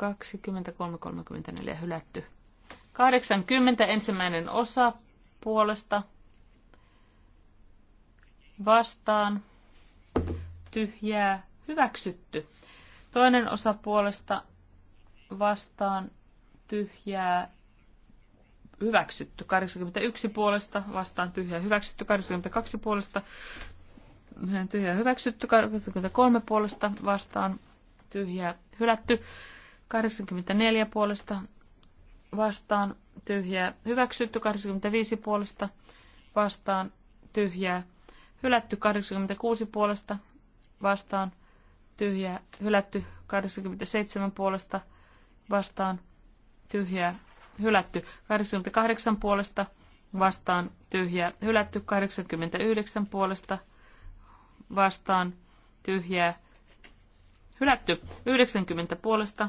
B: 23.34 hylätty. 80 ensimmäinen osa puolesta vastaan tyhjää hyväksytty. Toinen osa puolesta vastaan tyhjää hyväksytty. 81 puolesta vastaan tyhjää hyväksytty. 82 puolesta tyhjää hyväksytty. 83 puolesta vastaan tyhjää hylätty. 84 puolesta vastaan tyhjää hyväksytty, 85 puolesta vastaan tyhjää hylätty, 86 puolesta vastaan tyhjää hylätty, 87 puolesta vastaan tyhjää hylätty, 88 puolesta vastaan tyhjää hylätty, 89 puolesta vastaan tyhjää hylätty, 90 puolesta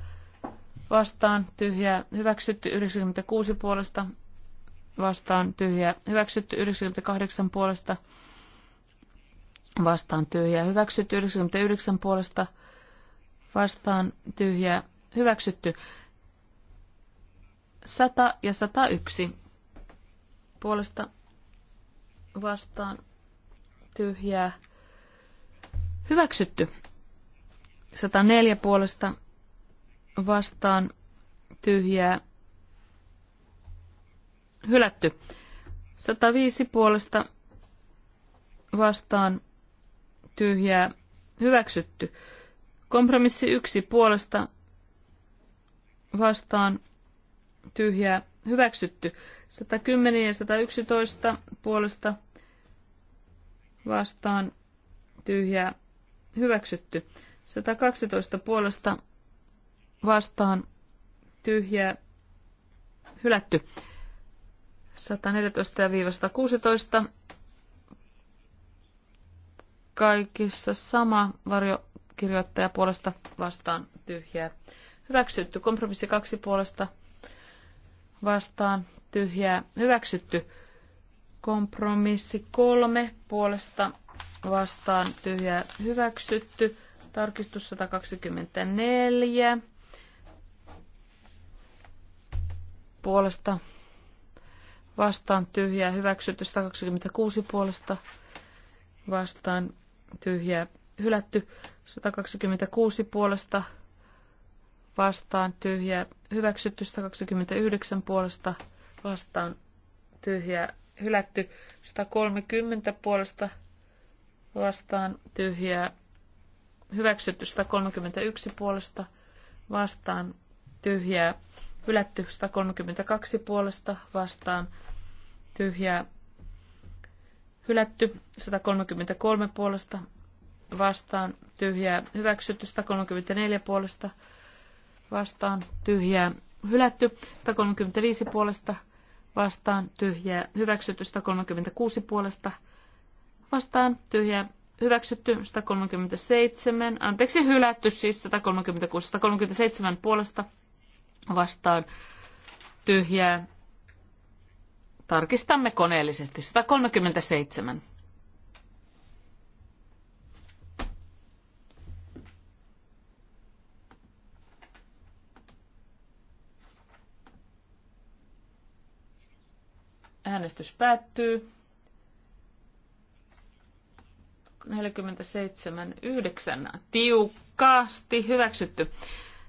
B: vastaan tyhjää hyväksytty 96 puolesta vastaan tyhjää hyväksytty 98 puolesta vastaan tyhjää hyväksytty 99 puolesta vastaan tyhjää hyväksytty 100 ja 101 puolesta vastaan tyhjää hyväksytty 104 puolesta vastaan tyhjää hylätty. 105 puolesta vastaan tyhjää hyväksytty. Kompromissi 1 puolesta vastaan tyhjää hyväksytty. 110 ja 111 puolesta vastaan tyhjää hyväksytty. 112 puolesta vastaan tyhjä hylätty. 114-116 kaikissa sama varjo kirjoittaja puolesta vastaan tyhjää. Hyväksytty. Kompromissi kaksi puolesta vastaan tyhjää. Hyväksytty. Kompromissi kolme puolesta vastaan tyhjää. Hyväksytty. Tarkistus 124 puolesta vastaan tyhjää hyväksytty, 126 puolesta vastaan tyhjää hylätty, 126 puolesta vastaan tyhjää hyväksytty, 129 puolesta vastaan tyhjää hylätty, 130 puolesta vastaan tyhjää hyväksytty, 131 puolesta vastaan tyhjää hylätty 132 puolesta vastaan tyhjää hylätty 133 puolesta vastaan tyhjää hyväksytty 134 puolesta vastaan tyhjää hylätty 135 puolesta vastaan tyhjää hyväksytty 136 puolesta vastaan tyhjää hyväksytty 137, anteeksi hylätty siis 136, 137 puolesta vastaan tyhjää. Tarkistamme koneellisesti. 137. Äänestys päättyy. 47.9. Tiukkaasti hyväksytty.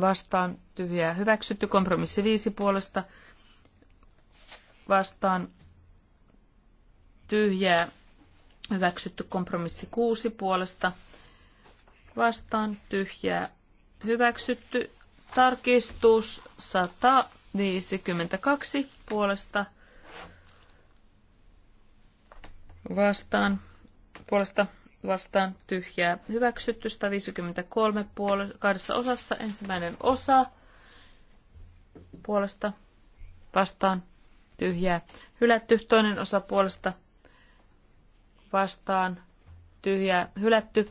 B: vastaan tyhjää hyväksytty. Kompromissi 5 puolesta vastaan tyhjää hyväksytty. Kompromissi 6 puolesta vastaan tyhjää hyväksytty. Tarkistus 152 puolesta vastaan puolesta vastaan tyhjää hyväksytty. 153 puol- kahdessa osassa ensimmäinen osa puolesta vastaan tyhjää hylätty. Toinen osa puolesta vastaan tyhjää hylätty.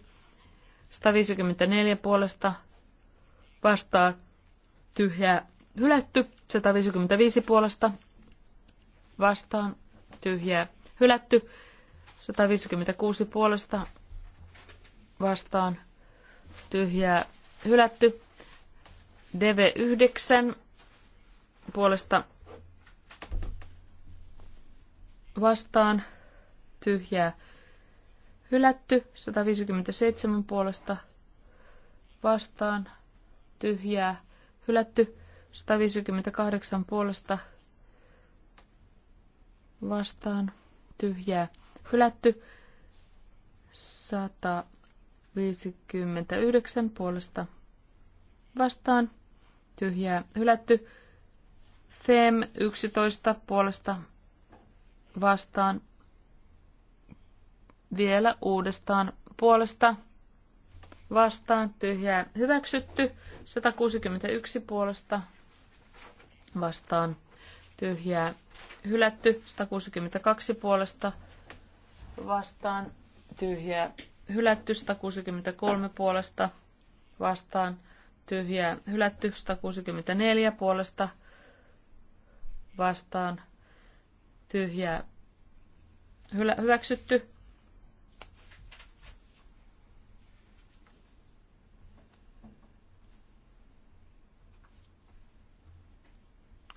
B: 154 puolesta vastaan tyhjää hylätty. 155 puolesta vastaan tyhjää hylätty. 156 puolesta vastaan tyhjää hylätty. DV9 puolesta vastaan tyhjää hylätty. 157 puolesta vastaan tyhjää hylätty. 158 puolesta vastaan tyhjää hylätty. 100 59 puolesta vastaan. Tyhjää hylätty. FEM 11 puolesta vastaan. Vielä uudestaan puolesta vastaan. Tyhjää hyväksytty. 161 puolesta vastaan. Tyhjää hylätty. 162 puolesta vastaan. Tyhjää hylätty 163 puolesta vastaan tyhjää, hylätty 164 puolesta vastaan tyhjää, hylä, hyväksytty.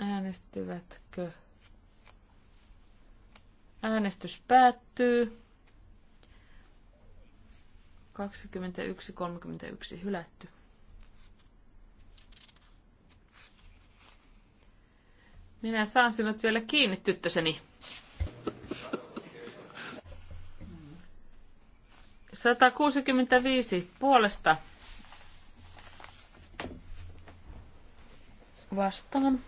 B: Äänestyvätkö? Äänestys päättyy. 21.31 hylätty. Minä saan sinut vielä kiinni, tyttöseni. 165 puolesta vastaan.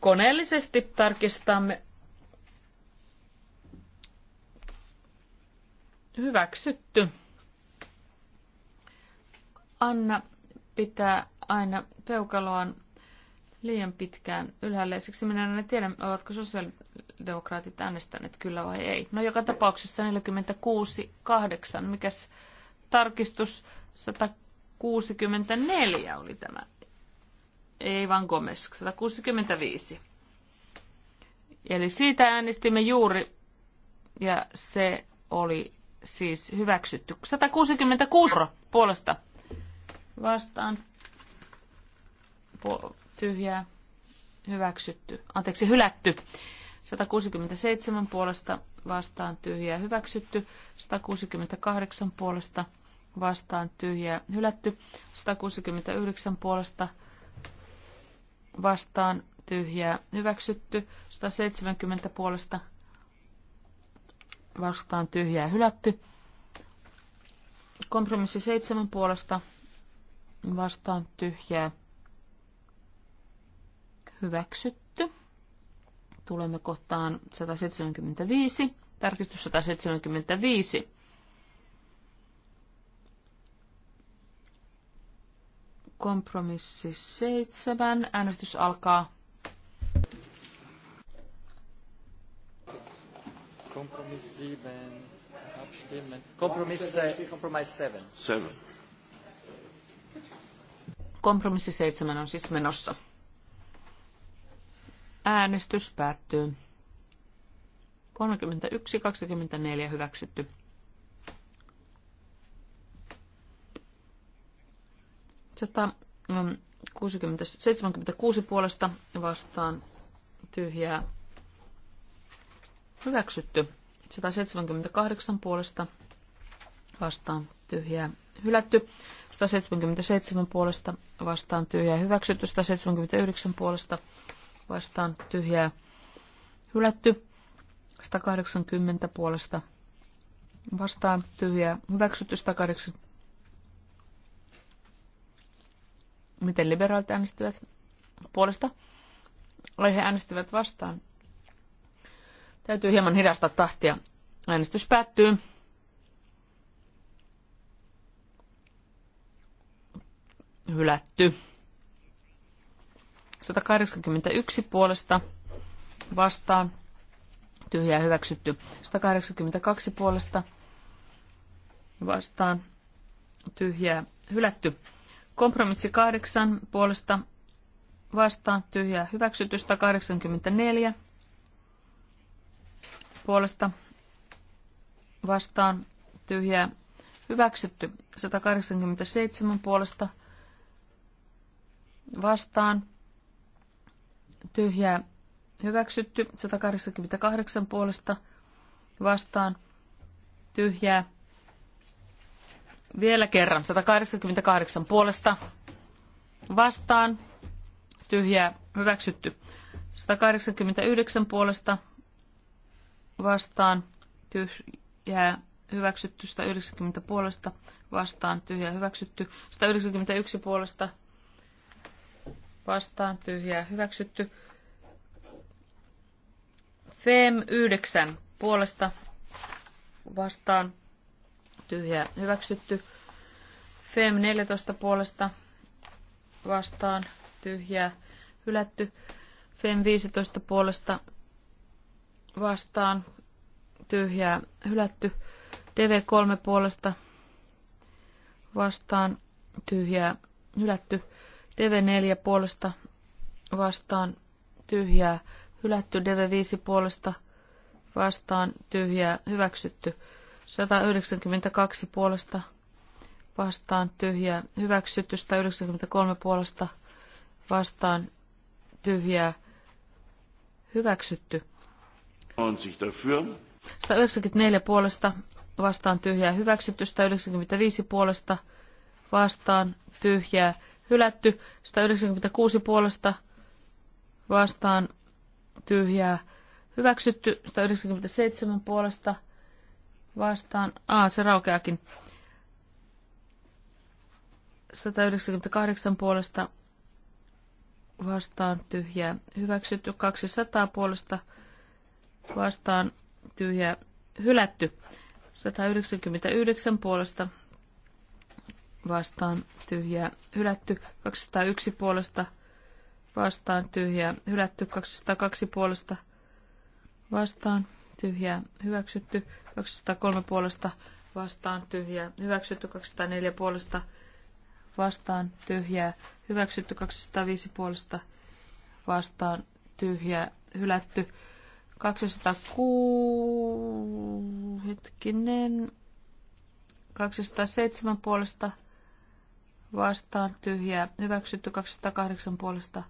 B: Koneellisesti tarkistamme. Hyväksytty. Anna pitää aina peukaloaan liian pitkään ylhäällä, Siksi minä en tiedä, ovatko sosiaalidemokraatit äänestäneet kyllä vai ei. No joka tapauksessa 46.8. Mikäs tarkistus 164 oli tämä? ei vaan Gomez, 165. Eli siitä äänestimme juuri, ja se oli siis hyväksytty. 166 puolesta vastaan tyhjää hyväksytty, anteeksi hylätty. 167 puolesta vastaan tyhjää hyväksytty, 168 puolesta vastaan tyhjää hylätty, 169 puolesta vastaan vastaan tyhjää hyväksytty. 170 puolesta vastaan tyhjää hylätty. Kompromissi 7 puolesta vastaan tyhjää hyväksytty. Tulemme kohtaan 175, tarkistus 175 Kompromissi seitsemän. Äänestys alkaa.
C: Kompromissi 7. Kompromissi 7.
B: Kompromissi 7 on siis menossa. Äänestys päättyy. 31.24 hyväksytty. 76 mm, puolesta vastaan tyhjää hyväksytty. 178 puolesta vastaan tyhjää hylätty. 177 puolesta vastaan tyhjää hyväksytty. 179 puolesta vastaan tyhjää hylätty. 180 puolesta vastaan tyhjää hyväksytty. 180 Miten liberaalit äänestivät puolesta? he äänestivät vastaan. Täytyy hieman hidastaa tahtia. Äänestys päättyy. Hylätty. 181 puolesta vastaan. Tyhjää hyväksytty. 182 puolesta vastaan. Tyhjää hylätty. Kompromissi 8 puolesta vastaan tyhjää hyväksytystä 84 puolesta vastaan tyhjää hyväksytty 187 puolesta vastaan tyhjää hyväksytty 188 puolesta vastaan tyhjää vielä kerran, 188 puolesta vastaan, tyhjää, hyväksytty. 189 puolesta vastaan, tyhjää, hyväksytty. 190 puolesta vastaan, tyhjää, hyväksytty. 191 puolesta vastaan, tyhjää, hyväksytty. FEM 9 puolesta vastaan, tyhjää hyväksytty. FEM 14 puolesta vastaan tyhjää hylätty. FEM 15 puolesta vastaan tyhjää hylätty. DV3 puolesta vastaan tyhjää hylätty. DV4 puolesta vastaan tyhjää hylätty. DV5 puolesta vastaan tyhjää hyväksytty. 192 puolesta vastaan tyhjää hyväksytty, 193 puolesta vastaan tyhjää hyväksytty. 194 puolesta vastaan tyhjää hyväksytty, 195 puolesta vastaan tyhjää hylätty, 196 puolesta vastaan tyhjää hyväksytty, 197 puolesta vastaan, vastaan. A, se raukeakin. 198 puolesta vastaan tyhjää hyväksytty. 200 puolesta vastaan tyhjää hylätty. 199 puolesta vastaan tyhjää hylätty. 201 puolesta vastaan tyhjää hylätty. 202 puolesta vastaan tyhjä hyväksytty, 203 puolesta vastaan tyhjä hyväksytty, 204 puolesta vastaan tyhjä hyväksytty, 205 puolesta vastaan tyhjä, hylätty, 206 hetkinen, 207 puolesta vastaan tyhjä hyväksytty, 208 puolesta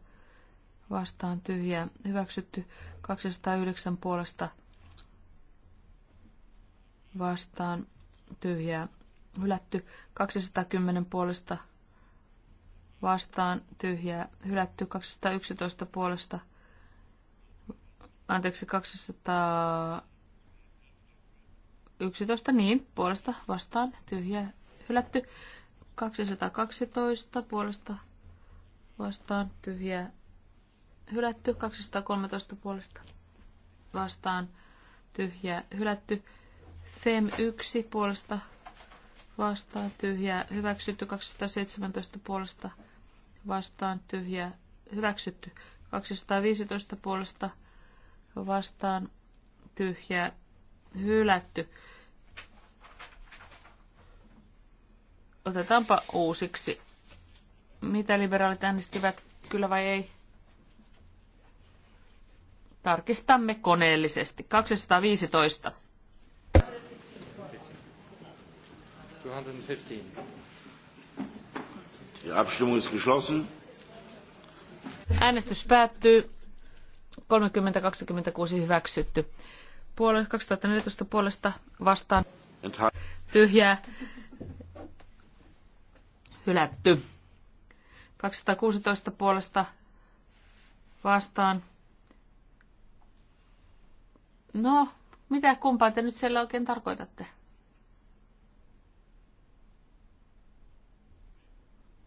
B: vastaan tyhjä hyväksytty, 209 puolesta vastaan, puolesta vastaan tyhjää hylätty. 210 puolesta vastaan tyhjää hylätty. 211 puolesta anteeksi 211 niin puolesta vastaan tyhjää hylätty. 212 puolesta vastaan tyhjää hylätty. 213 puolesta vastaan tyhjää hylätty. FEM 1 puolesta vastaan tyhjää hyväksytty 217 puolesta vastaan tyhjää hyväksytty 215 puolesta vastaan tyhjää hylätty. Otetaanpa uusiksi. Mitä liberaalit äänestivät, kyllä vai ei? Tarkistamme koneellisesti. 215.
A: Die Abstimmung ist geschlossen.
B: Äänestys päättyy. 30-26 hyväksytty. Puol 2014 puolesta vastaan. Tyhjää. Hylätty. 216 puolesta vastaan. No, mitä kumpaa te nyt siellä oikein tarkoitatte?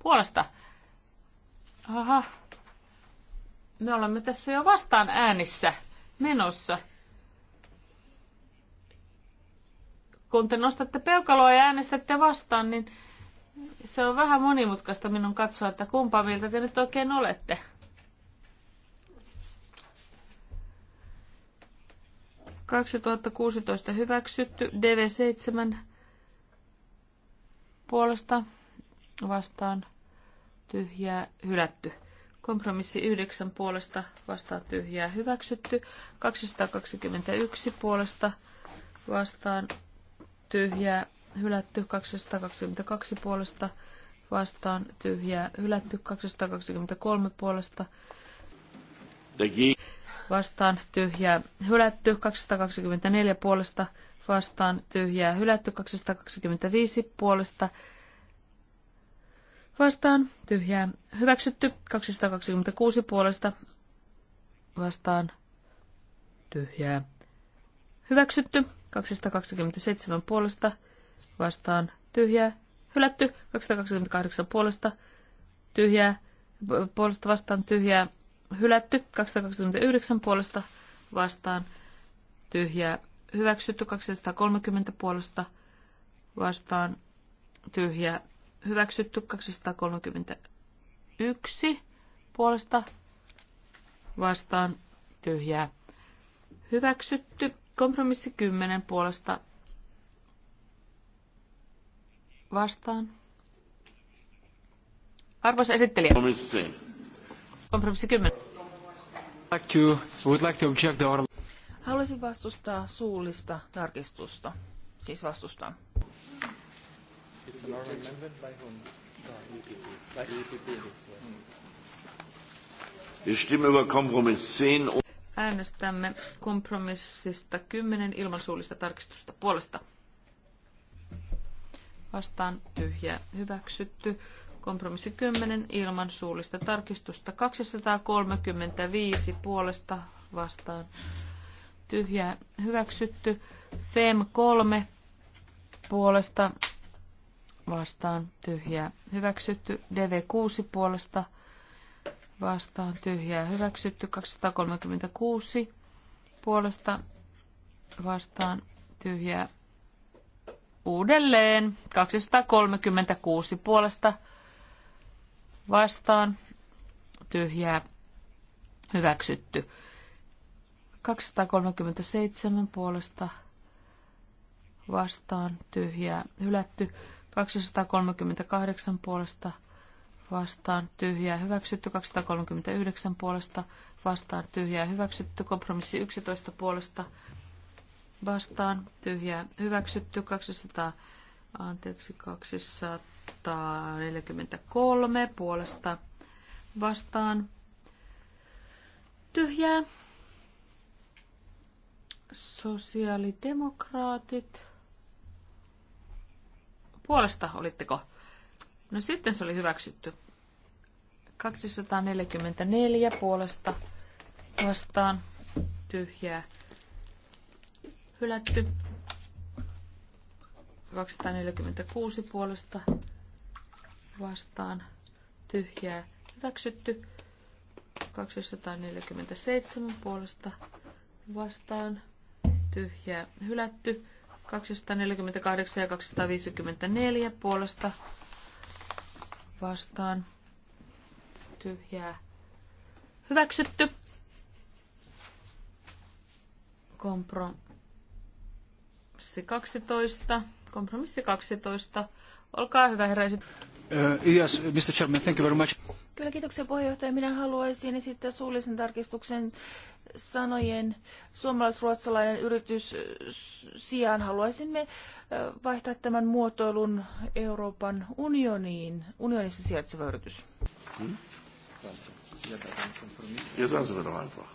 B: Puolesta. Aha. Me olemme tässä jo vastaan äänissä menossa. Kun te nostatte peukaloa ja äänestätte vastaan, niin se on vähän monimutkaista minun katsoa, että kumpa miltä te nyt oikein olette. ...2016 hyväksytty, DV7 puolesta vastaan tyhjää hylätty. Kompromissi 9 puolesta vastaan tyhjää hyväksytty. 221 puolesta vastaan tyhjää hylätty. 222 puolesta vastaan tyhjää hylätty. 223 puolesta vastaan tyhjää hylätty. 224 puolesta vastaan tyhjää hylätty. 225 puolesta vastaan, tyhjää, hylätty, 225 puolesta vastaan tyhjää hyväksytty. 226 puolesta vastaan tyhjää hyväksytty. 227 puolesta vastaan tyhjää hylätty. 228 puolesta tyhjää puolesta vastaan tyhjää hylätty. 229 puolesta vastaan tyhjää hyväksytty. 230 puolesta vastaan tyhjää hyväksytty 231 puolesta vastaan tyhjää. Hyväksytty kompromissi 10 puolesta vastaan. Arvoisa esittelijä.
C: Kompromissi.
B: Kompromissi 10.
E: Haluaisin vastustaa suullista tarkistusta. Siis vastustaa. It's an oral
B: amendment by whom? By EPP. Äänestämme kompromissista 10 ilman suullista tarkistusta puolesta. Vastaan tyhjä hyväksytty. Kompromissi 10 ilman suullista tarkistusta 235 puolesta vastaan tyhjä hyväksytty. FEM 3 puolesta vastaan tyhjää hyväksytty. DV6 puolesta vastaan tyhjää hyväksytty. 236 puolesta vastaan tyhjää uudelleen. 236 puolesta vastaan tyhjää hyväksytty. 237 puolesta vastaan tyhjää hylätty. 238 puolesta vastaan tyhjää hyväksytty, 239 puolesta vastaan tyhjää hyväksytty, kompromissi 11 puolesta vastaan tyhjää hyväksytty, 200, anteeksi, 243 puolesta vastaan tyhjää. Sosiaalidemokraatit Puolesta olitteko? No sitten se oli hyväksytty. 244 puolesta vastaan tyhjää hylätty. 246 puolesta vastaan tyhjää hyväksytty. 247 puolesta vastaan tyhjää hylätty. 248 ja 254 puolesta vastaan tyhjää hyväksytty. Kompromissi 12. Kompromissi 12.
E: Olkaa hyvä, herra esit- uh,
C: yes, Mr. Chairman, thank you very much.
E: Kyllä, kiitoksia puheenjohtaja. Minä haluaisin esittää suullisen tarkistuksen sanojen suomalais-ruotsalainen yritys sijaan haluaisimme vaihtaa tämän muotoilun Euroopan unioniin, unionissa sijaitseva yritys.
C: Hmm? Ja sagen Sie mir doch einfach.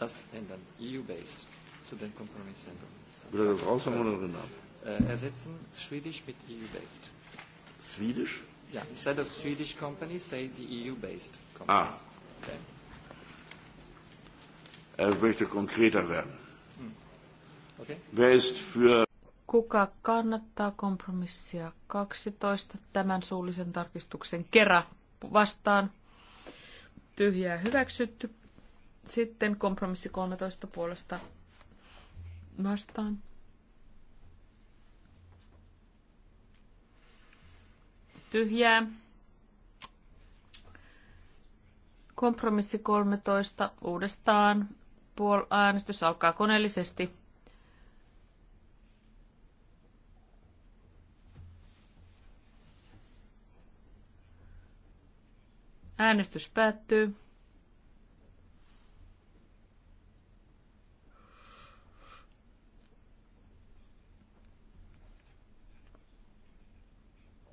C: Das ändern, EU-based, zu den Kompromissänderungen. Will er das raushaben oder drin haben? Äh, ersetzen Swedish mit EU-based.
A: Swedish?
C: Ja, instead of Swedish company, say the EU-based company. Ah. Okay.
A: Er möchte konkreter werden. Hm. Okay. Wer ist für
B: Kuka kannattaa kompromissia 12 tämän suullisen tarkistuksen kerran vastaan? Tyhjää hyväksytty. Sitten kompromissi 13 puolesta vastaan. Tyhjää. Kompromissi 13 uudestaan puol- äänestys alkaa koneellisesti. Äänestys päättyy.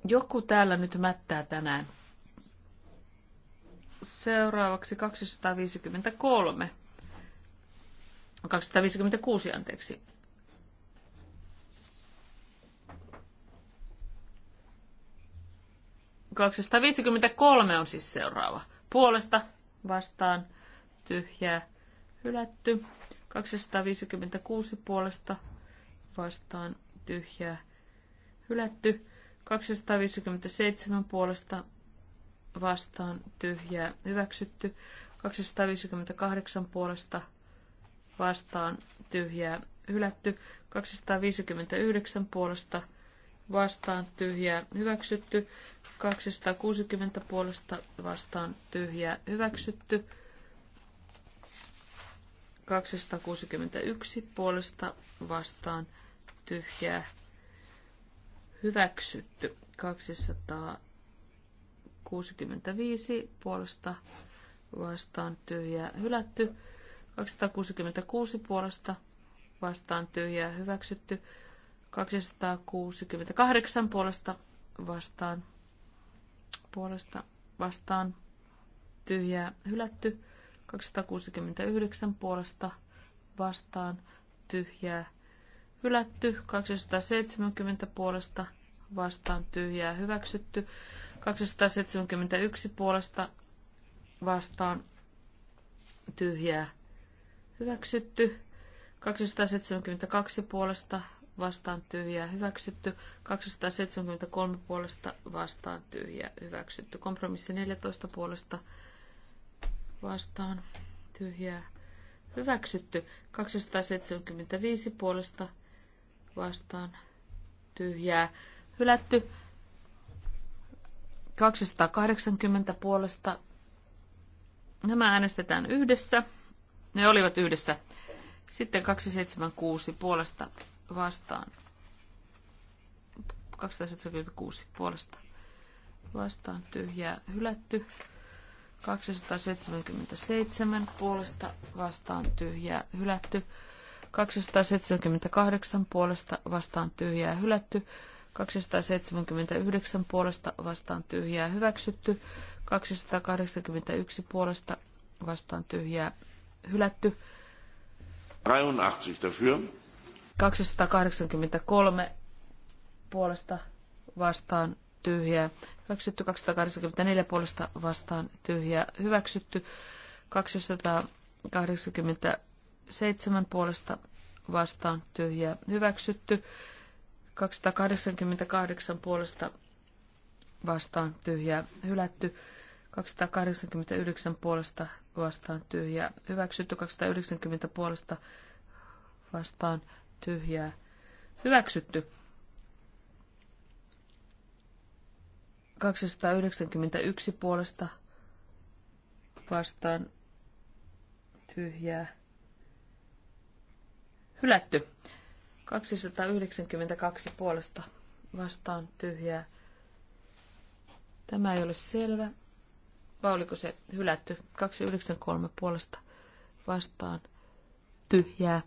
B: Joku täällä nyt mättää tänään. Seuraavaksi 253. 256 no, anteeksi. kolme on siis seuraava. Puolesta vastaan tyhjää hylätty. 256 puolesta vastaan tyhjää hylätty. 257 puolesta vastaan tyhjää hyväksytty. 258 puolesta vastaan tyhjää hylätty. 259 puolesta vastaan tyhjää hyväksytty. 260 puolesta vastaan tyhjää hyväksytty. 261 puolesta vastaan tyhjää hyväksytty. 265 puolesta vastaan tyhjää hylätty. 266 puolesta vastaan tyhjää hyväksytty. 268 puolesta vastaan puolesta vastaan tyhjää hylätty. 269 puolesta vastaan tyhjää hylätty. 270 puolesta vastaan tyhjää hyväksytty. 271 puolesta vastaan tyhjää hyväksytty. 272 puolesta vastaan tyhjää hyväksytty, 273 puolesta vastaan tyhjää hyväksytty, kompromissi 14 puolesta vastaan tyhjää hyväksytty, 275 puolesta vastaan tyhjää hylätty, 280 puolesta. Nämä äänestetään yhdessä. Ne olivat yhdessä. Sitten 276 puolesta vastaan. 276 puolesta vastaan tyhjää hylätty. 277 puolesta vastaan tyhjää hylätty. 278 puolesta vastaan tyhjää hylätty. 279 puolesta vastaan tyhjää hyväksytty. 281 puolesta vastaan tyhjää hylätty.
A: 83 dafür.
B: 283 puolesta vastaan tyhjää. Hyväksytty 284 puolesta vastaan tyhjää. Hyväksytty 287 puolesta vastaan tyhjää. Hyväksytty 288 puolesta vastaan tyhjää. Hylätty 289 puolesta vastaan tyhjää. Hyväksytty 290 puolesta vastaan tyhjää. Hyväksytty. 291 puolesta vastaan tyhjää. Hylätty. 292 puolesta vastaan tyhjää. Tämä ei ole selvä vai oliko se hylätty? 293 puolesta vastaan tyhjää.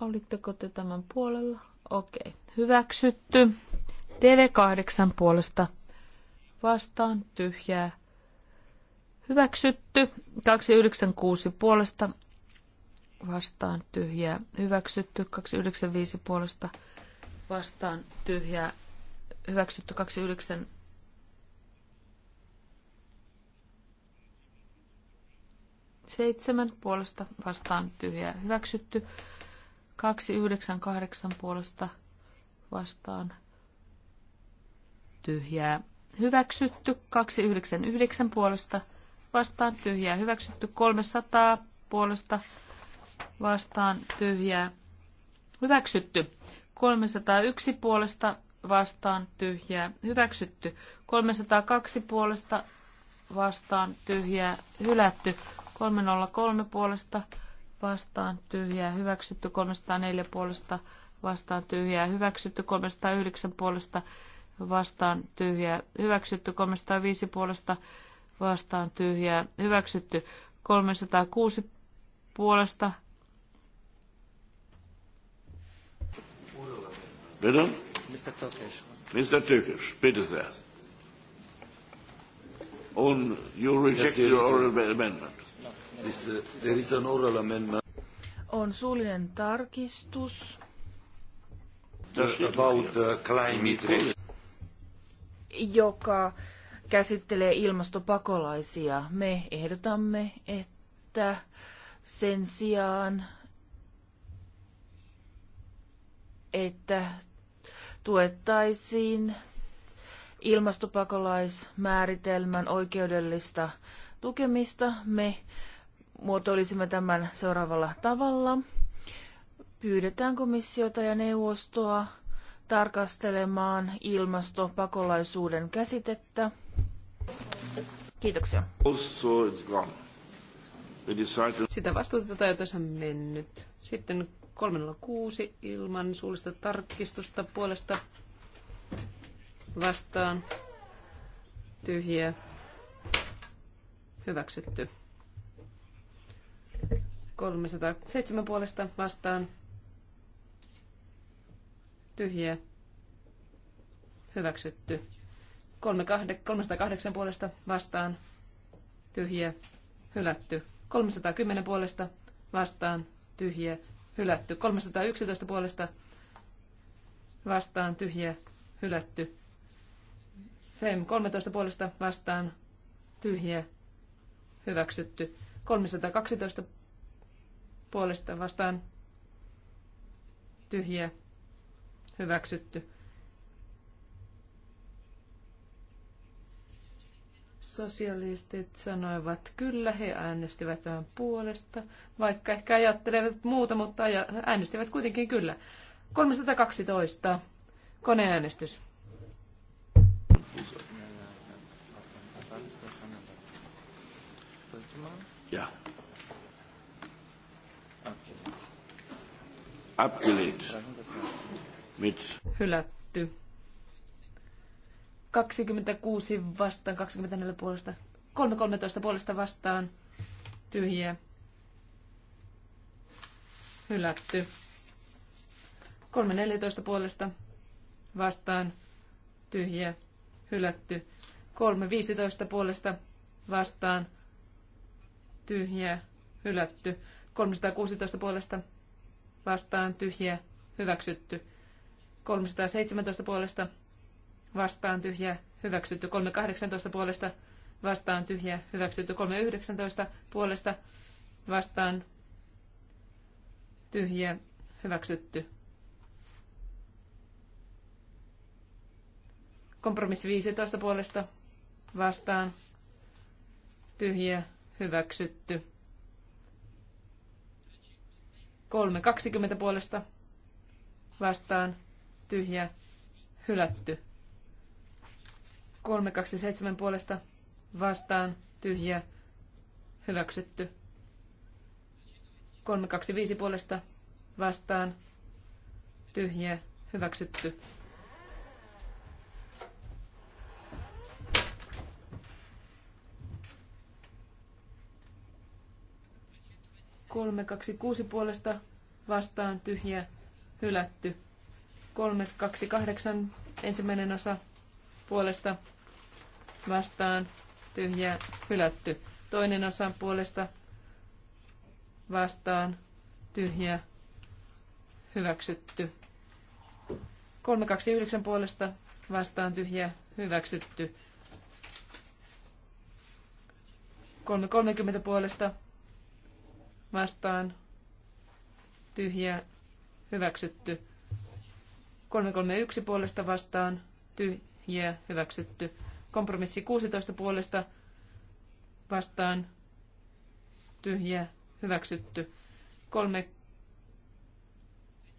B: Olitteko te tämän puolella? Okei. Hyväksytty. TV8 puolesta vastaan tyhjää. Hyväksytty. 296 puolesta vastaan tyhjää. Hyväksytty. 295 puolesta vastaan tyhjää. Hyväksytty. 29 7 puolesta vastaan tyhjää hyväksytty. kahdeksan puolesta vastaan tyhjää hyväksytty. yhdeksän puolesta vastaan tyhjää hyväksytty. 300 puolesta vastaan tyhjää hyväksytty. 301 puolesta vastaan tyhjää hyväksytty. 302 puolesta vastaan tyhjää hylätty. 303 puolesta vastaan tyhjää hyväksytty, 304 puolesta vastaan tyhjää hyväksytty, 309 puolesta vastaan tyhjää hyväksytty, 305 puolesta vastaan tyhjää hyväksytty, 306 puolesta. Bitte? Mr. Tökes.
A: Mr. Tökes, bitte sehr. Und you reject your oral amendment. This, there is an oral amendment.
E: On suullinen tarkistus.
A: About climate
E: joka käsittelee ilmastopakolaisia. Me ehdotamme, että sen sijaan, että tuettaisiin ilmastopakolaismääritelmän oikeudellista tukemista, me muotoilisimme tämän seuraavalla tavalla. Pyydetään komissiota ja neuvostoa tarkastelemaan ilmastopakolaisuuden käsitettä. Kiitoksia.
A: Sitä
D: vastuuta jota on mennyt. Sitten 306 ilman suullista tarkistusta puolesta vastaan. tyhjä Hyväksytty. 307 puolesta vastaan. Tyhjiä. Hyväksytty. 308 puolesta vastaan. Tyhjiä. Hylätty. 310 puolesta vastaan. Tyhjiä. Hylätty. 311 puolesta vastaan. Tyhjiä. Hylätty. FEM 13 puolesta vastaan. Tyhjiä. Hyväksytty. 312 puolesta vastaan tyhjiä hyväksytty. Sosialistit sanoivat kyllä, he äänestivät tämän puolesta, vaikka ehkä ajattelevat muuta, mutta äänestivät kuitenkin kyllä. 312. Koneäänestys.
A: Ja. abgelehnt.
D: Mit Hylätty. 26 vastaan, 24 puolesta, 313 puolesta vastaan, tyhjiä. Hylätty. 314 puolesta vastaan, tyhjiä. Hylätty. 315 puolesta vastaan, tyhjiä. Hylätty. 316 puolesta vastaan tyhjä hyväksytty. 317 puolesta vastaan tyhjä hyväksytty. 318 puolesta vastaan tyhjä hyväksytty. 319 puolesta vastaan tyhjä hyväksytty. Kompromissi 15 puolesta vastaan tyhjä hyväksytty. 3.20 puolesta vastaan tyhjä hylätty. 3.27 puolesta vastaan tyhjä hyväksytty. 3.25 puolesta vastaan tyhjä hyväksytty. 326 puolesta vastaan tyhjä hylätty. 328 ensimmäinen osa puolesta vastaan tyhjä hylätty. Toinen osa puolesta vastaan tyhjä hyväksytty. 329 puolesta vastaan tyhjä hyväksytty. 330 puolesta vastaan tyhjä, hyväksytty. 331 puolesta vastaan tyhjä hyväksytty. Kompromissi 16 puolesta vastaan tyhjä hyväksytty. 334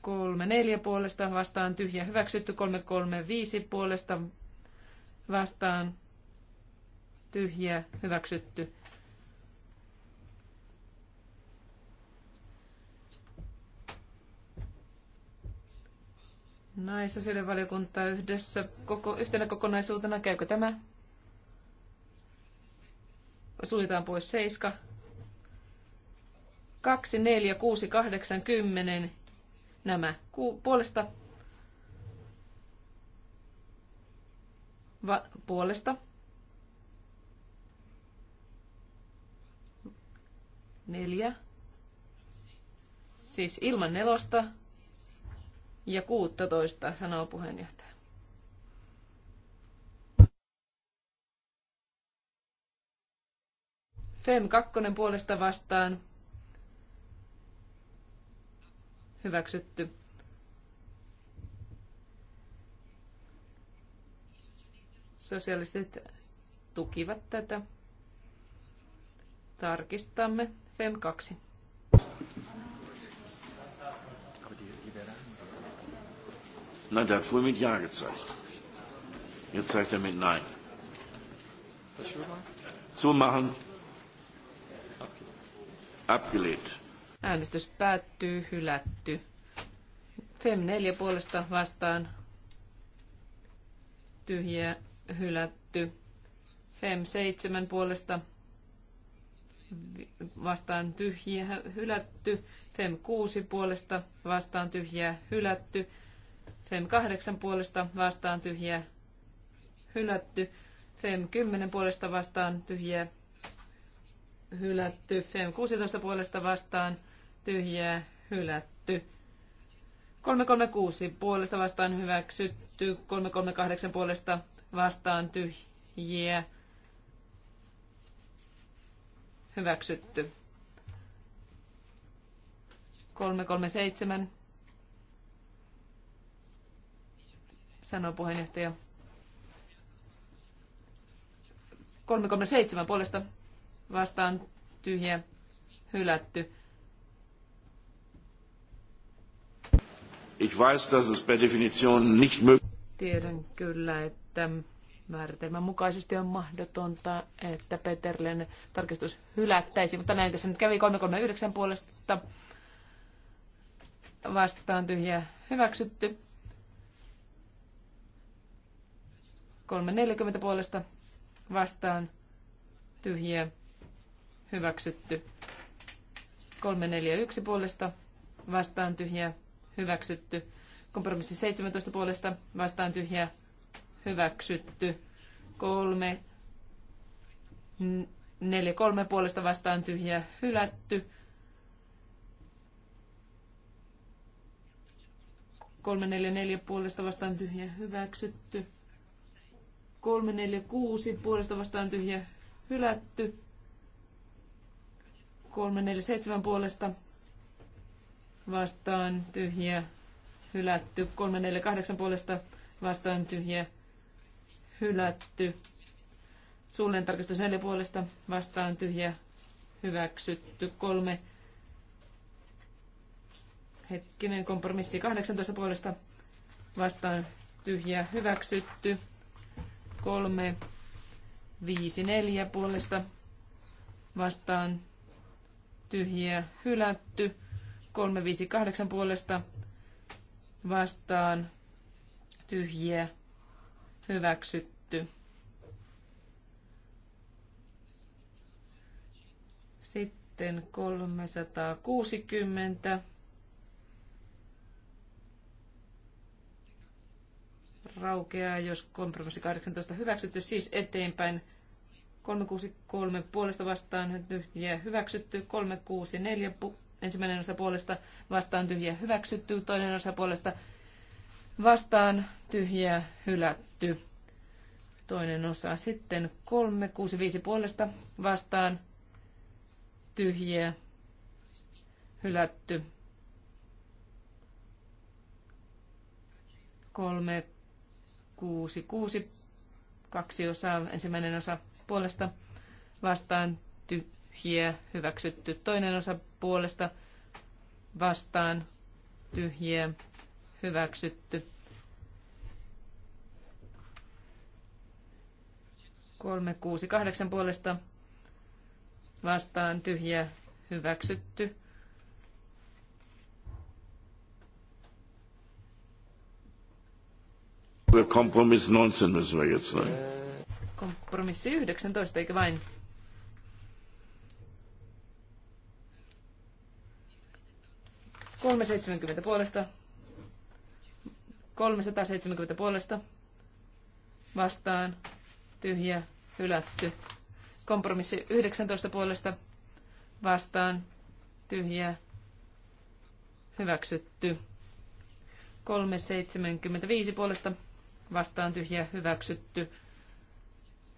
D: kolme neljä puolesta vastaan tyhjä hyväksytty, kolme kolme viisi puolesta vastaan tyhjä hyväksytty, ja sydänvaliokunta yhdessä koko, yhtenä kokonaisuutena. Käykö tämä? Suljetaan pois seiska. 2, 4, 6, 8, 10. Nämä ku, puolesta. Va, puolesta. Neljä. Siis ilman nelosta ja 16, sanoo puheenjohtaja. FEM 2 puolesta vastaan. Hyväksytty. Sosialistit tukivat tätä. Tarkistamme FEM 2.
A: Nein, der hat früher mit Ja gezeigt. Jetzt zeigt er mit Nein. Zumachen. Abgelehnt.
D: Äänestys päättyy, hylätty. FEM 4 puolesta vastaan. Tyhjä, hylätty. FEM 7 puolesta vastaan tyhjiä, hylätty. FEM 6 puolesta vastaan tyhjiä, hylätty. FEM 8 puolesta vastaan tyhjiä hylätty. FEM 10 puolesta vastaan tyhjiä hylätty. FEM 16 puolesta vastaan tyhjiä hylätty. 336 puolesta vastaan hyväksytty. 338 puolesta vastaan tyhjiä hyväksytty. 337 sanoo puheenjohtaja. 337 puolesta vastaan tyhjä, hylätty.
A: Ich weiß, dass es per Definition nicht möglich
D: Tiedän kyllä, että määritelmän mukaisesti on mahdotonta, että Peterlen tarkistus hylättäisi, mutta näin tässä nyt kävi 339 puolesta vastaan tyhjä hyväksytty. 340 puolesta vastaan tyhjiä hyväksytty. 341 puolesta vastaan tyhjiä hyväksytty. Kompromissi 17 puolesta vastaan tyhjiä hyväksytty. 3 4 3 puolesta vastaan tyhjiä hylätty. 344 puolesta vastaan tyhjä hyväksytty. 3, 4, 6 puolesta vastaan tyhjä hylätty. 3, 4, 7 puolesta vastaan tyhjä hylätty. 3, 4, 8 puolesta vastaan tyhjä hylätty. Suullinen tarkistus 4 puolesta vastaan tyhjä hyväksytty. 3, hetkinen kompromissi 18 puolesta vastaan tyhjä hyväksytty kolme viisi neljä puolesta vastaan tyhjiä hylätty. kolme viisi kahdeksan puolesta vastaan tyhjiä hyväksytty. Sitten 360 raukeaa, jos kompromissi 18 hyväksytty, siis eteenpäin 363 puolesta vastaan tyhjä hyväksytty, 364 pu- ensimmäinen osa puolesta vastaan tyhjä hyväksytty, toinen osa puolesta vastaan tyhjä hylätty. Toinen osa sitten 365 puolesta vastaan tyhjä hylätty. 3 kuusi kuusi kaksi osaa, ensimmäinen osa puolesta vastaan, tyhjiä, hyväksytty, toinen osa puolesta vastaan, tyhjiä, hyväksytty. kolme kuusi kahdeksan puolesta vastaan tyhjä hyväksytty.
A: Kompromiss 19 müssen wir jetzt, ne?
D: Kompromissi 19, eikö vain? Kolme seitsemänkymmentä puolesta. 370 puolesta. Vastaan. Tyhjä. Hylätty. Kompromissi 19 puolesta. Vastaan. Tyhjä. Hyväksytty. 375 puolesta vastaan tyhjä hyväksytty.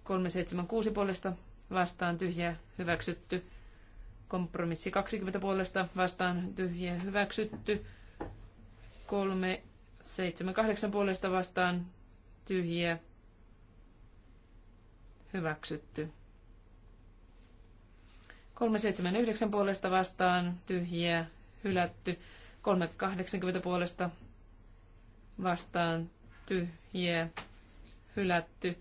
D: 376 puolesta vastaan tyhjä hyväksytty. Kompromissi 20 puolesta vastaan tyhjä hyväksytty. 378 puolesta vastaan tyhjä hyväksytty. 379 puolesta vastaan tyhjiä hylätty. 380 puolesta vastaan tyhjiä, hylätty.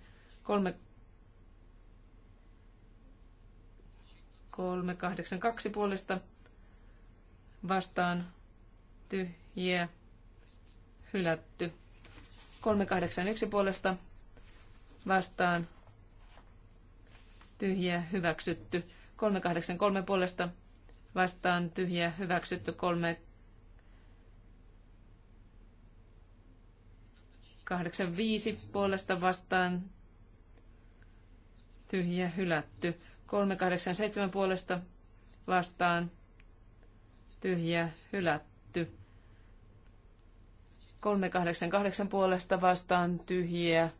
D: kahdeksan kaksi puolesta vastaan tyhjiä, hylätty. yksi puolesta vastaan tyhjiä, hyväksytty. kolme puolesta vastaan tyhjiä, hyväksytty. kolme 85 puolesta vastaan tyhjä hylätty. 387 puolesta vastaan tyhjä hylätty. 388 puolesta vastaan tyhjä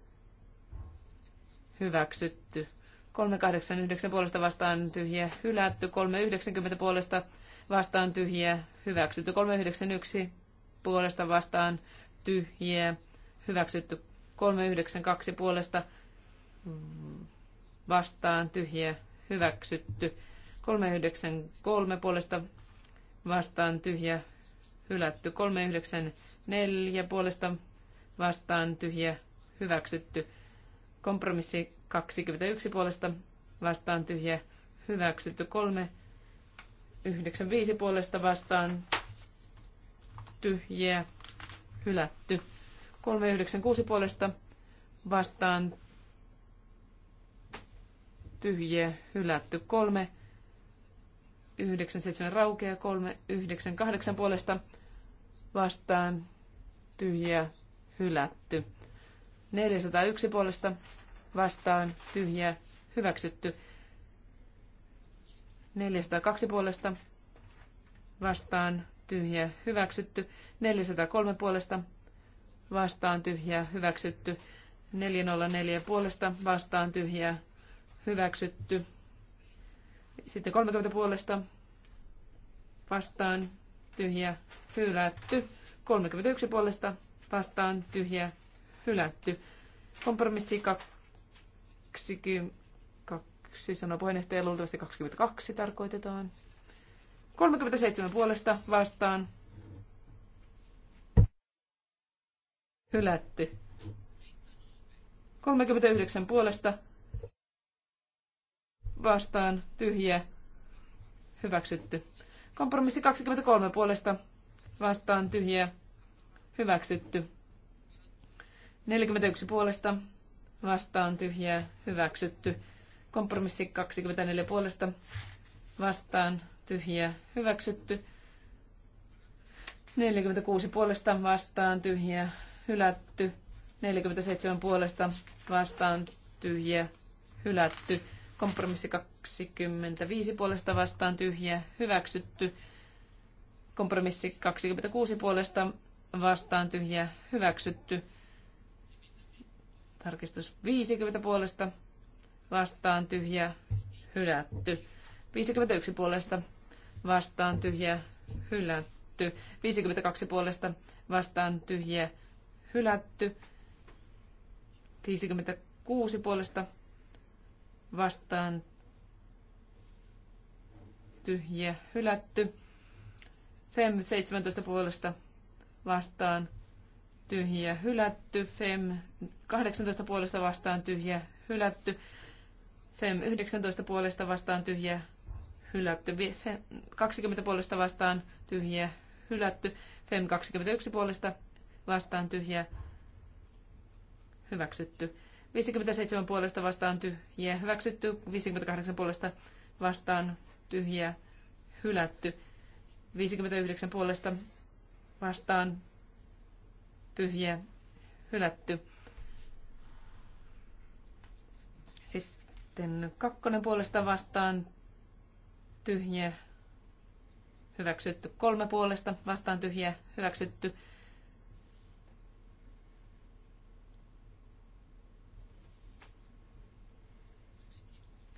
D: hyväksytty. 389 puolesta vastaan tyhjä hylätty. 390 puolesta vastaan tyhjä hyväksytty. 391 puolesta vastaan tyhjä hyväksytty 392 puolesta vastaan tyhjiä hyväksytty 393 puolesta vastaan tyhjä hylätty 394 puolesta vastaan tyhjä hyväksytty kompromissi 21 puolesta vastaan tyhjä hyväksytty 395 puolesta vastaan tyhjä hylätty 396 puolesta vastaan tyhjiä hylätty 3, 97 raukea 3, 98 puolesta vastaan tyhjiä hylätty. 401 puolesta vastaan tyhjiä hyväksytty. 402 puolesta vastaan tyhjiä hyväksytty. 403 puolesta vastaan tyhjää hyväksytty. 404 puolesta vastaan tyhjää hyväksytty. Sitten 30 puolesta vastaan tyhjä hylätty. 31 puolesta vastaan tyhjä hylätty. Kompromissi 22, sanoo puheenjohtaja, luultavasti 22 tarkoitetaan. 37 puolesta vastaan hylätty. 39 puolesta vastaan tyhjä hyväksytty. Kompromissi 23 puolesta vastaan tyhjä, hyväksytty. 41 puolesta vastaan tyhjä hyväksytty. Kompromissi 24 puolesta vastaan tyhjä, hyväksytty. 46 puolesta vastaan tyhjä hylätty. 47 puolesta vastaan tyhjä, hylätty. Kompromissi 25 puolesta vastaan tyhjä, hyväksytty. Kompromissi 26 puolesta vastaan tyhjä, hyväksytty. Tarkistus 50 puolesta vastaan tyhjä, hylätty. 51 puolesta vastaan tyhjä, hylätty. 52 puolesta vastaan tyhjä, hylätty hylätty. 56 puolesta vastaan tyhjä hylätty. Fem 17 puolesta vastaan tyhjä hylätty. Fem 18 puolesta vastaan tyhjä hylätty. Fem 19 puolesta vastaan tyhjä hylätty. Fem 20 puolesta vastaan tyhjä hylätty. Fem 21 puolesta vastaan tyhjä hyväksytty. 57 puolesta vastaan tyhjä hyväksytty. 58 puolesta vastaan tyhjä hylätty. 59 puolesta vastaan tyhjä hylätty. Sitten kakkonen puolesta vastaan tyhjä hyväksytty. Kolme puolesta vastaan tyhjä hyväksytty.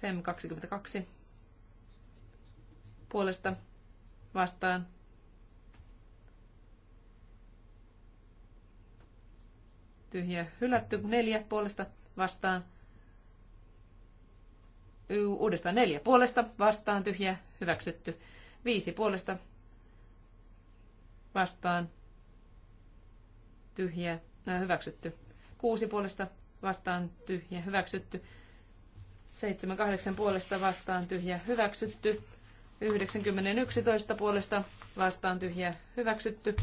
D: FEM 22 puolesta vastaan. Tyhjä hylätty. Neljä puolesta vastaan. Uudestaan neljä puolesta vastaan. Tyhjä hyväksytty. Viisi puolesta vastaan. Tyhjä no, hyväksytty. Kuusi puolesta vastaan. Tyhjä hyväksytty. 78 puolesta vastaan tyhjä hyväksytty. 91 puolesta vastaan tyhjä hyväksytty.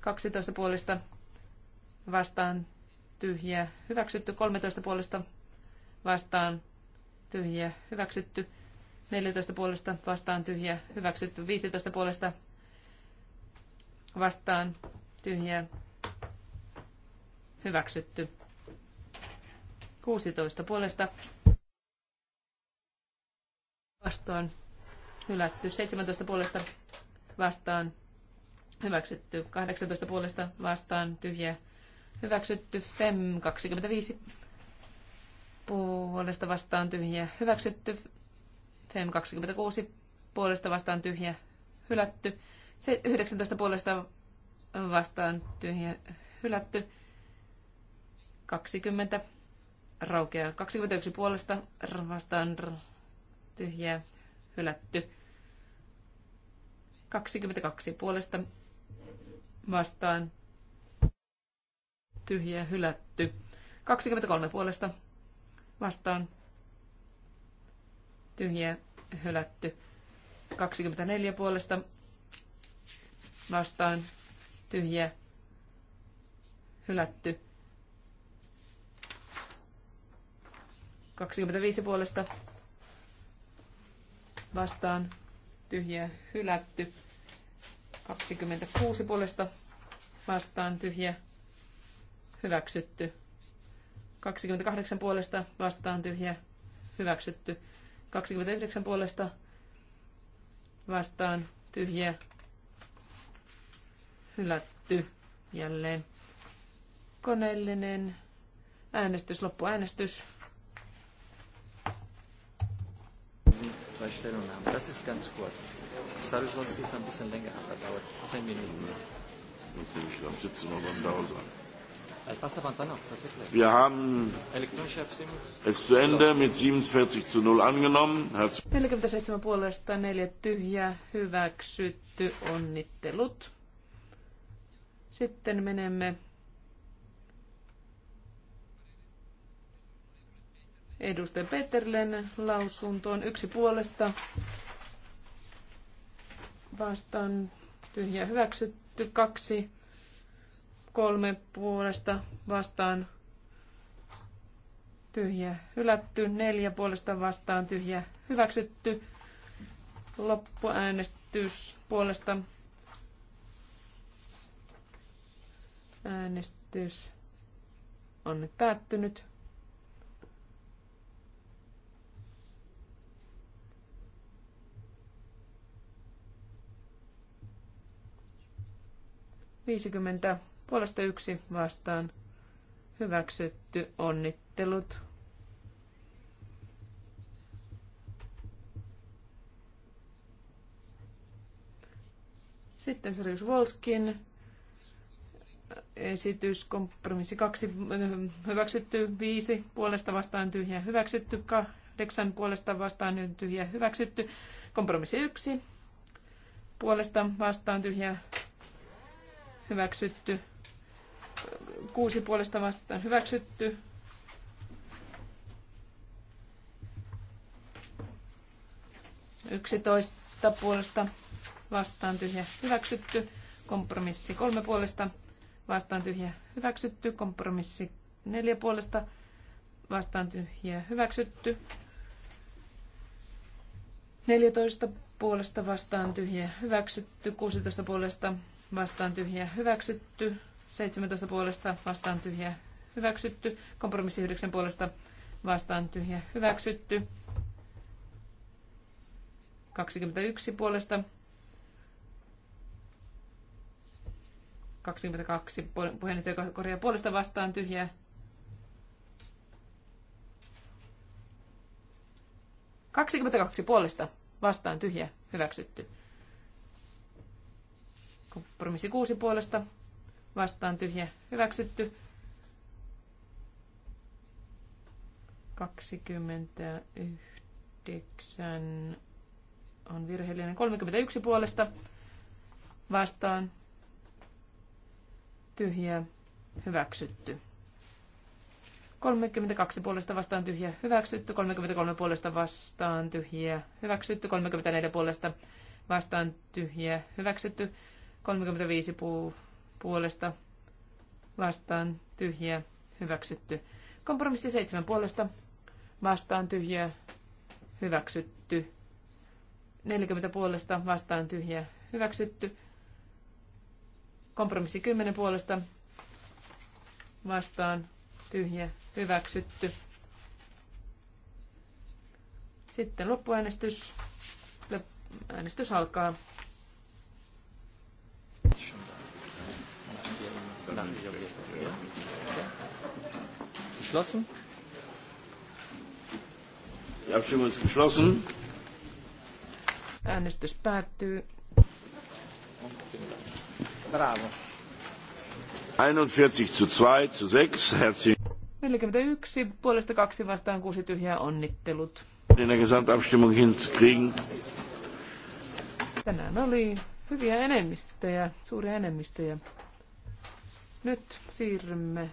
D: 12 puolesta vastaan tyhjä hyväksytty. 13 puolesta vastaan tyhjä hyväksytty. 14 puolesta vastaan tyhjä hyväksytty. 15 puolesta vastaan tyhjä hyväksytty. 16 puolesta vastaan hylätty. 17 puolesta vastaan hyväksytty. 18 puolesta vastaan tyhjä hyväksytty. FEM 25 puolesta vastaan tyhjä hyväksytty. FEM 26 puolesta vastaan tyhjä hylätty. 19 puolesta vastaan tyhjä hylätty. 20 raukeaa. 21 puolesta vastaan tyhjää hylätty. 22 puolesta vastaan tyhjää hylätty. 23 puolesta vastaan tyhjää hylätty. 24 puolesta vastaan tyhjä, hylätty. 25 puolesta vastaan tyhjä hylätty. 26 puolesta vastaan tyhjä hyväksytty. 28 puolesta vastaan tyhjä hyväksytty. 29 puolesta vastaan tyhjä hylätty jälleen. Koneellinen äänestys, loppuäänestys.
B: zwei Stellungnahmen. Das ist ganz kurz. ich sonst gestern ein bisschen länger,
C: aber dauert zehn Minuten. Ich glaube, 17 Uhr dann dauert es an. Wir haben es zu Ende
A: mit 47 zu 0 angenommen.
D: 47 puolesta 4 tyhjää hyväksytty. Onnittelut. Sitten menemme edustaja Peterlen lausuntoon. Yksi puolesta vastaan tyhjä hyväksytty. Kaksi kolme puolesta vastaan tyhjä hylätty. Neljä puolesta vastaan tyhjä hyväksytty. Loppuäänestys puolesta äänestys on nyt päättynyt. 50 puolesta yksi vastaan hyväksytty. Onnittelut. Sitten Sarius Volskin esitys, kompromissi 2 hyväksytty, 5 puolesta vastaan tyhjä hyväksytty, 8 puolesta vastaan tyhjä hyväksytty, kompromissi 1 puolesta vastaan tyhjä hyväksytty. Kuusi puolesta vastaan hyväksytty. Yksitoista puolesta vastaan tyhjä hyväksytty. Kompromissi kolme puolesta vastaan tyhjä hyväksytty. Kompromissi neljä puolesta vastaan tyhjä hyväksytty. 14 puolesta vastaan tyhjä hyväksytty, 16 puolesta vastaan tyhjä hyväksytty. 17 puolesta vastaan tyhjä hyväksytty. Kompromissi 9 puolesta vastaan tyhjä hyväksytty. 21 puolesta 22 puheenjohtaja korjaa puolesta vastaan tyhjä 22 puolesta vastaan tyhjä hyväksytty. Kompromissi kuusi puolesta vastaan tyhjä hyväksytty. 29 on virheellinen. 31 puolesta vastaan tyhjä hyväksytty. 32 puolesta vastaan tyhjä hyväksytty, 33 puolesta vastaan tyhjä hyväksytty, 34 puolesta vastaan tyhjä hyväksytty, 35 puu, puolesta vastaan tyhjiä hyväksytty. Kompromissi 7 puolesta vastaan tyhjiä hyväksytty. 40 puolesta vastaan tyhjiä hyväksytty. Kompromissi 10 puolesta vastaan tyhjä hyväksytty. Sitten loppuäänestys. Äänestys alkaa. geschlossen.
A: Die Abstimmung ist geschlossen.
D: Äänestys päättyy. Bravo.
A: 41 zu 2 zu 6. Herzlichen
D: 41 puolesta kaksi vastaan kuusi tyhjää onnittelut.
A: In Gesamtabstimmung hinkriegen.
D: Tänään oli hyviä enemmistöjä, suuria enemmistöjä. Nyt siirrymme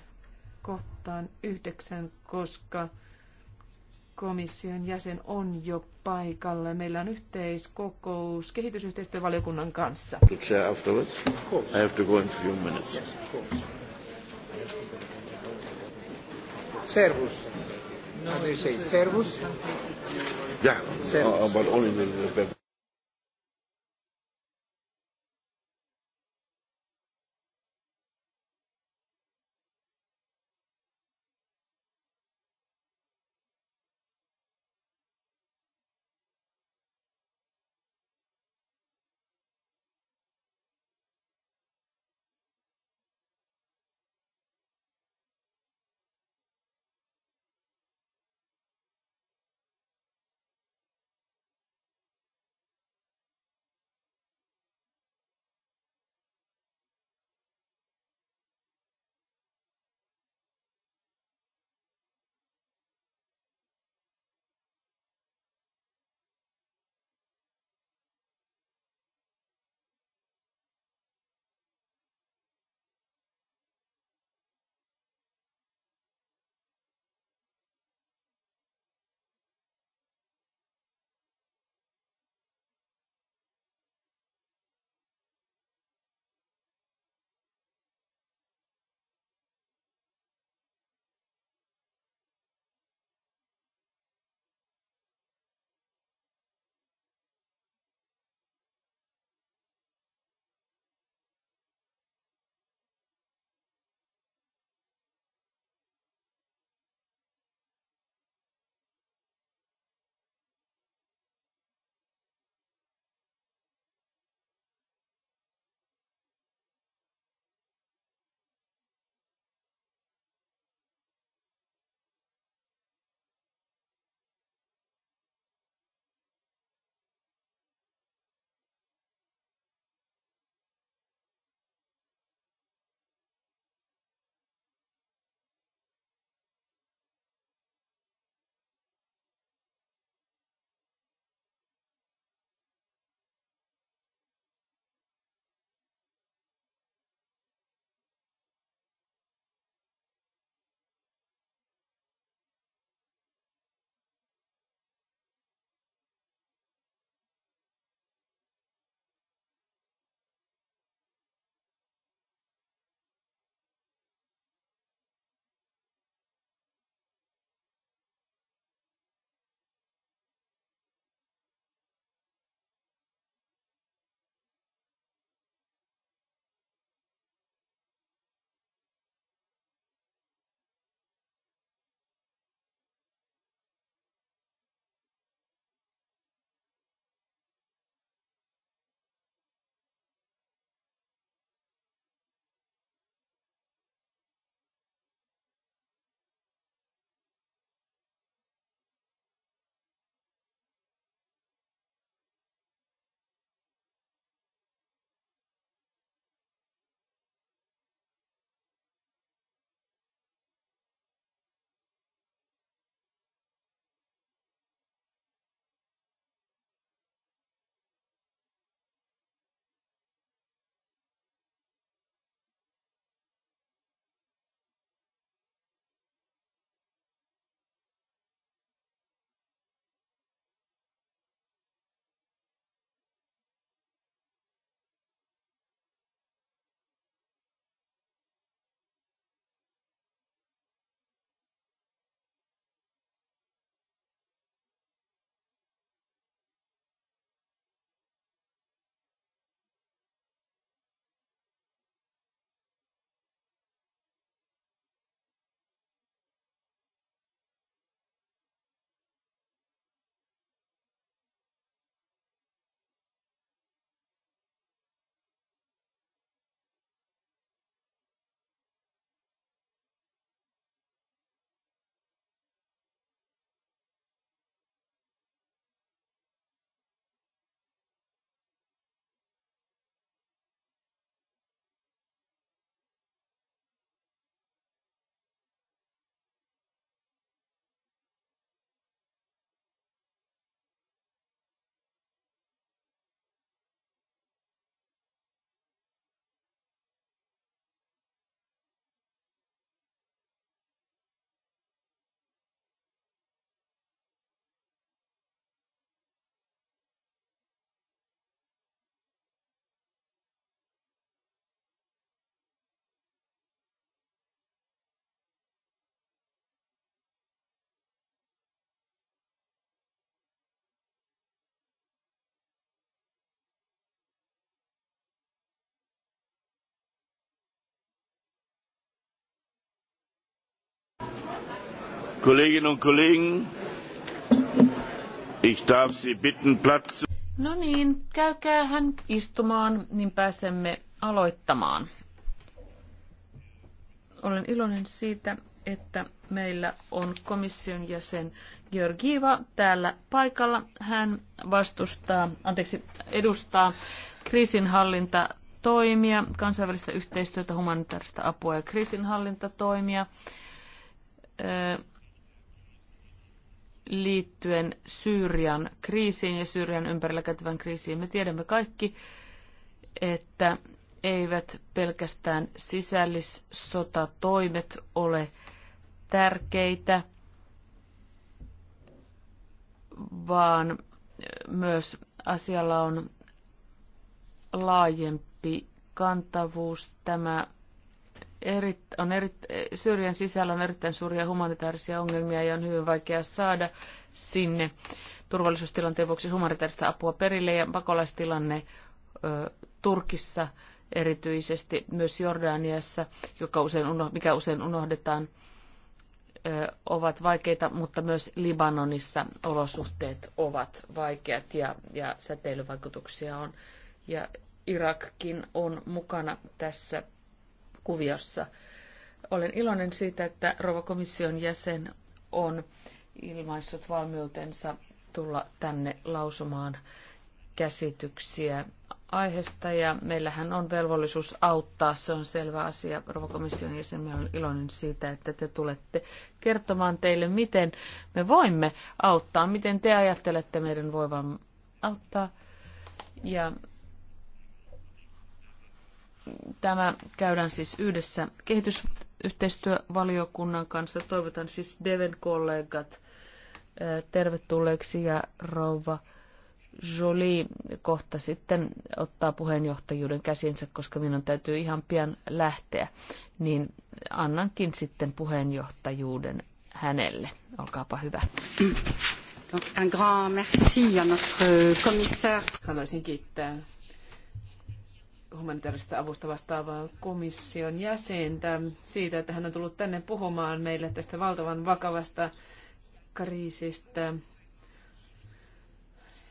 D: kohtaan yhdeksän, koska komission jäsen on jo paikalla. Meillä on yhteiskokous kehitysyhteistyövaliokunnan kanssa.
C: Servus. No, say servus.
A: Yeah, servus. Uh, but only the Kolleginnen und Kollegen, ich darf Sie bitten, Platz zu...
B: No niin, käykää hän istumaan, niin pääsemme aloittamaan. Olen iloinen siitä, että meillä on komission jäsen Georgieva täällä paikalla. Hän vastustaa, anteeksi, edustaa kriisinhallintatoimia kansainvälistä yhteistyötä, humanitaarista apua ja kriisinhallintatoimia liittyen Syyrian kriisiin ja Syyrian ympärillä käytävän kriisiin. Me tiedämme kaikki, että eivät pelkästään sisällissotatoimet ole tärkeitä, vaan myös asialla on laajempi kantavuus. Tämä eri, on eri, Syyrian sisällä on erittäin suuria humanitaarisia ongelmia ja on hyvin vaikea saada sinne turvallisuustilanteen vuoksi humanitaarista apua perille ja pakolaistilanne ö, Turkissa erityisesti, myös Jordaniassa, joka usein uno, mikä usein unohdetaan, ö, ovat vaikeita, mutta myös Libanonissa olosuhteet ovat vaikeat ja, ja säteilyvaikutuksia on. Ja Irakkin on mukana tässä kuviossa. Olen iloinen siitä, että rouva komission jäsen on ilmaissut valmiutensa tulla tänne lausumaan käsityksiä aiheesta ja meillähän on velvollisuus auttaa, se on selvä asia. komission jäsen, olen iloinen siitä, että te tulette kertomaan teille, miten me voimme auttaa, miten te ajattelette meidän voivan auttaa. Ja Tämä käydään siis yhdessä kehitysyhteistyövaliokunnan kanssa. Toivotan siis Deven kollegat tervetulleeksi ja rouva Jolie kohta sitten ottaa puheenjohtajuuden käsinsä, koska minun täytyy ihan pian lähteä, niin annankin sitten puheenjohtajuuden hänelle. Olkaapa hyvä. Donc un grand merci à notre commissaire. Haluaisin kiittää
D: humanitaarista avusta vastaavaa komission jäsentä siitä, että hän on tullut tänne puhumaan meille tästä valtavan vakavasta kriisistä,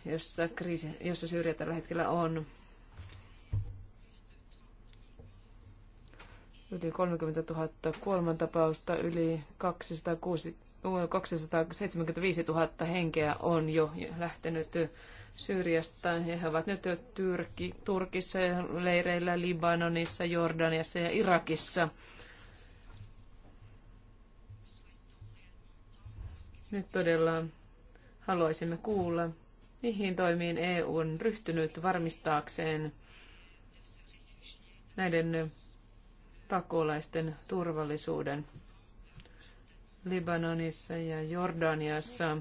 D: jossa, kriisi, jossa Syyria tällä hetkellä on. Yli 30 000 kuolemantapausta, yli 206, 275 000 henkeä on jo lähtenyt Syyriasta. he ovat nyt Tyrki, Turkissa, leireillä Libanonissa, Jordaniassa ja Irakissa. Nyt todella haluaisimme kuulla, mihin toimiin EU on ryhtynyt varmistaakseen näiden pakolaisten turvallisuuden. Libanonissa ja Jordaniassa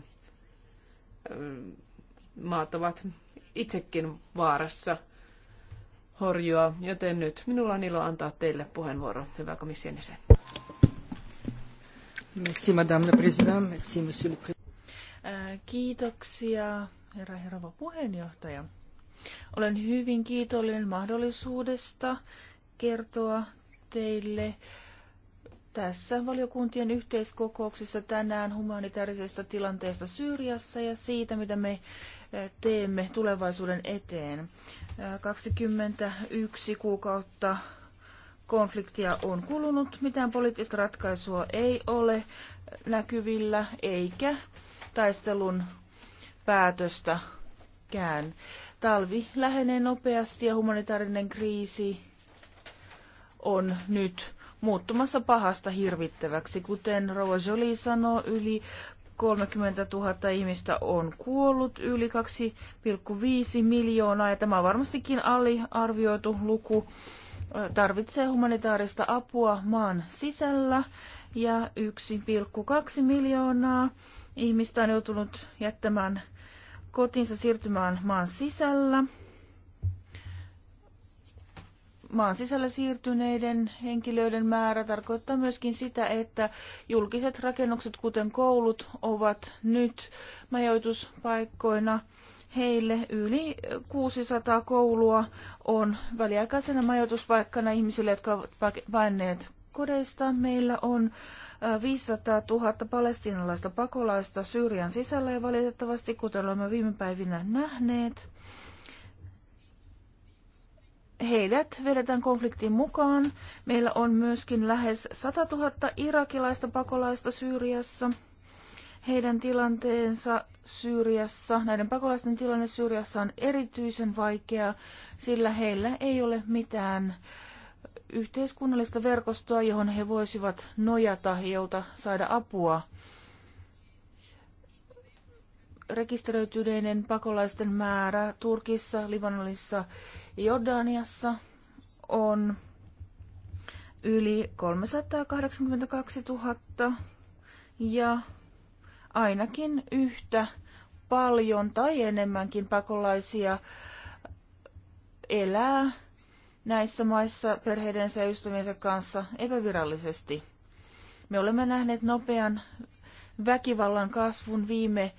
D: maat ovat itsekin vaarassa horjua, joten nyt minulla on ilo antaa teille puheenvuoro, hyvä komission jäsen.
B: Merci, madame la présidente. Merci, monsieur le président.
E: Äh, kiitoksia, herra rouva puheenjohtaja. Olen hyvin kiitollinen mahdollisuudesta kertoa teille tässä valiokuntien yhteiskokouksessa tänään humanitaarisesta tilanteesta Syyriassa ja siitä, mitä me teemme tulevaisuuden eteen. 21 kuukautta konfliktia on kulunut, mitään poliittista ratkaisua ei ole näkyvillä eikä taistelun päätöstäkään. Talvi lähenee nopeasti ja humanitaarinen kriisi on nyt muuttumassa pahasta hirvittäväksi. Kuten Rova Jolie sanoo, yli 30 000 ihmistä on kuollut, yli 2,5 miljoonaa, ja tämä on varmastikin aliarvioitu luku. Tarvitsee humanitaarista apua maan sisällä, ja 1,2 miljoonaa ihmistä on joutunut jättämään kotinsa siirtymään maan sisällä maan sisällä siirtyneiden henkilöiden määrä tarkoittaa myöskin sitä, että julkiset rakennukset, kuten koulut, ovat nyt majoituspaikkoina. Heille yli 600 koulua on väliaikaisena majoituspaikkana ihmisille, jotka ovat paineet kodeistaan. Meillä on 500 äh, 000 palestinalaista pakolaista Syyrian sisällä ja valitettavasti, kuten olemme viime päivinä nähneet, heidät vedetään konfliktin mukaan. Meillä on myöskin lähes 100 000 irakilaista pakolaista Syyriassa. Heidän tilanteensa Syyriassa, näiden pakolaisten tilanne Syyriassa on erityisen vaikea, sillä heillä ei ole mitään yhteiskunnallista verkostoa, johon he voisivat nojata, jolta saada apua. Rekisteröityneiden pakolaisten määrä Turkissa, Libanonissa, Jordaniassa on yli 382 000 ja ainakin yhtä paljon tai enemmänkin pakolaisia elää näissä maissa perheidensä ja ystäviensä kanssa epävirallisesti. Me olemme nähneet nopean väkivallan kasvun viime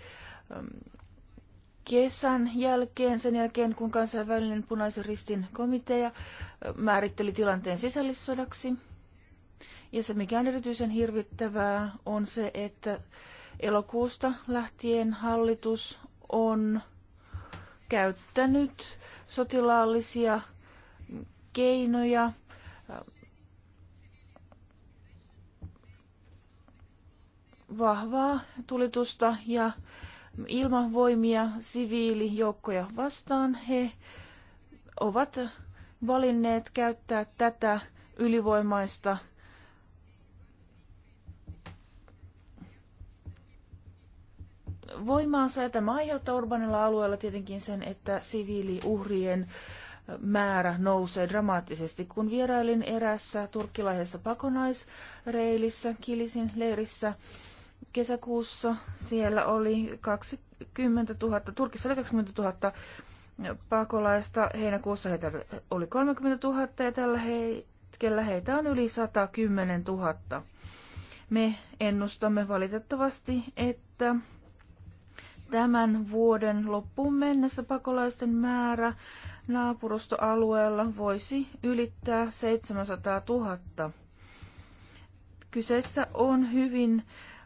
E: kesän jälkeen, sen jälkeen kun kansainvälinen punaisen ristin komitea määritteli tilanteen sisällissodaksi. Ja se, mikä on erityisen hirvittävää, on se, että elokuusta lähtien hallitus on käyttänyt sotilaallisia keinoja vahvaa tulitusta ja ilmavoimia siviilijoukkoja vastaan. He ovat valinneet käyttää tätä ylivoimaista voimaansa. Ja tämä aiheuttaa urbanilla alueella tietenkin sen, että siviiliuhrien määrä nousee dramaattisesti. Kun vierailin erässä turkkilaisessa pakonaisreilissä Kilisin leirissä, kesäkuussa siellä oli 20 000, Turkissa oli 20 000 pakolaista, heinäkuussa heitä oli 30 000 ja tällä hetkellä heitä on yli 110 000. Me ennustamme valitettavasti, että tämän vuoden loppuun mennessä pakolaisten määrä naapurustoalueella voisi ylittää 700 000. Kyseessä on hyvin äh,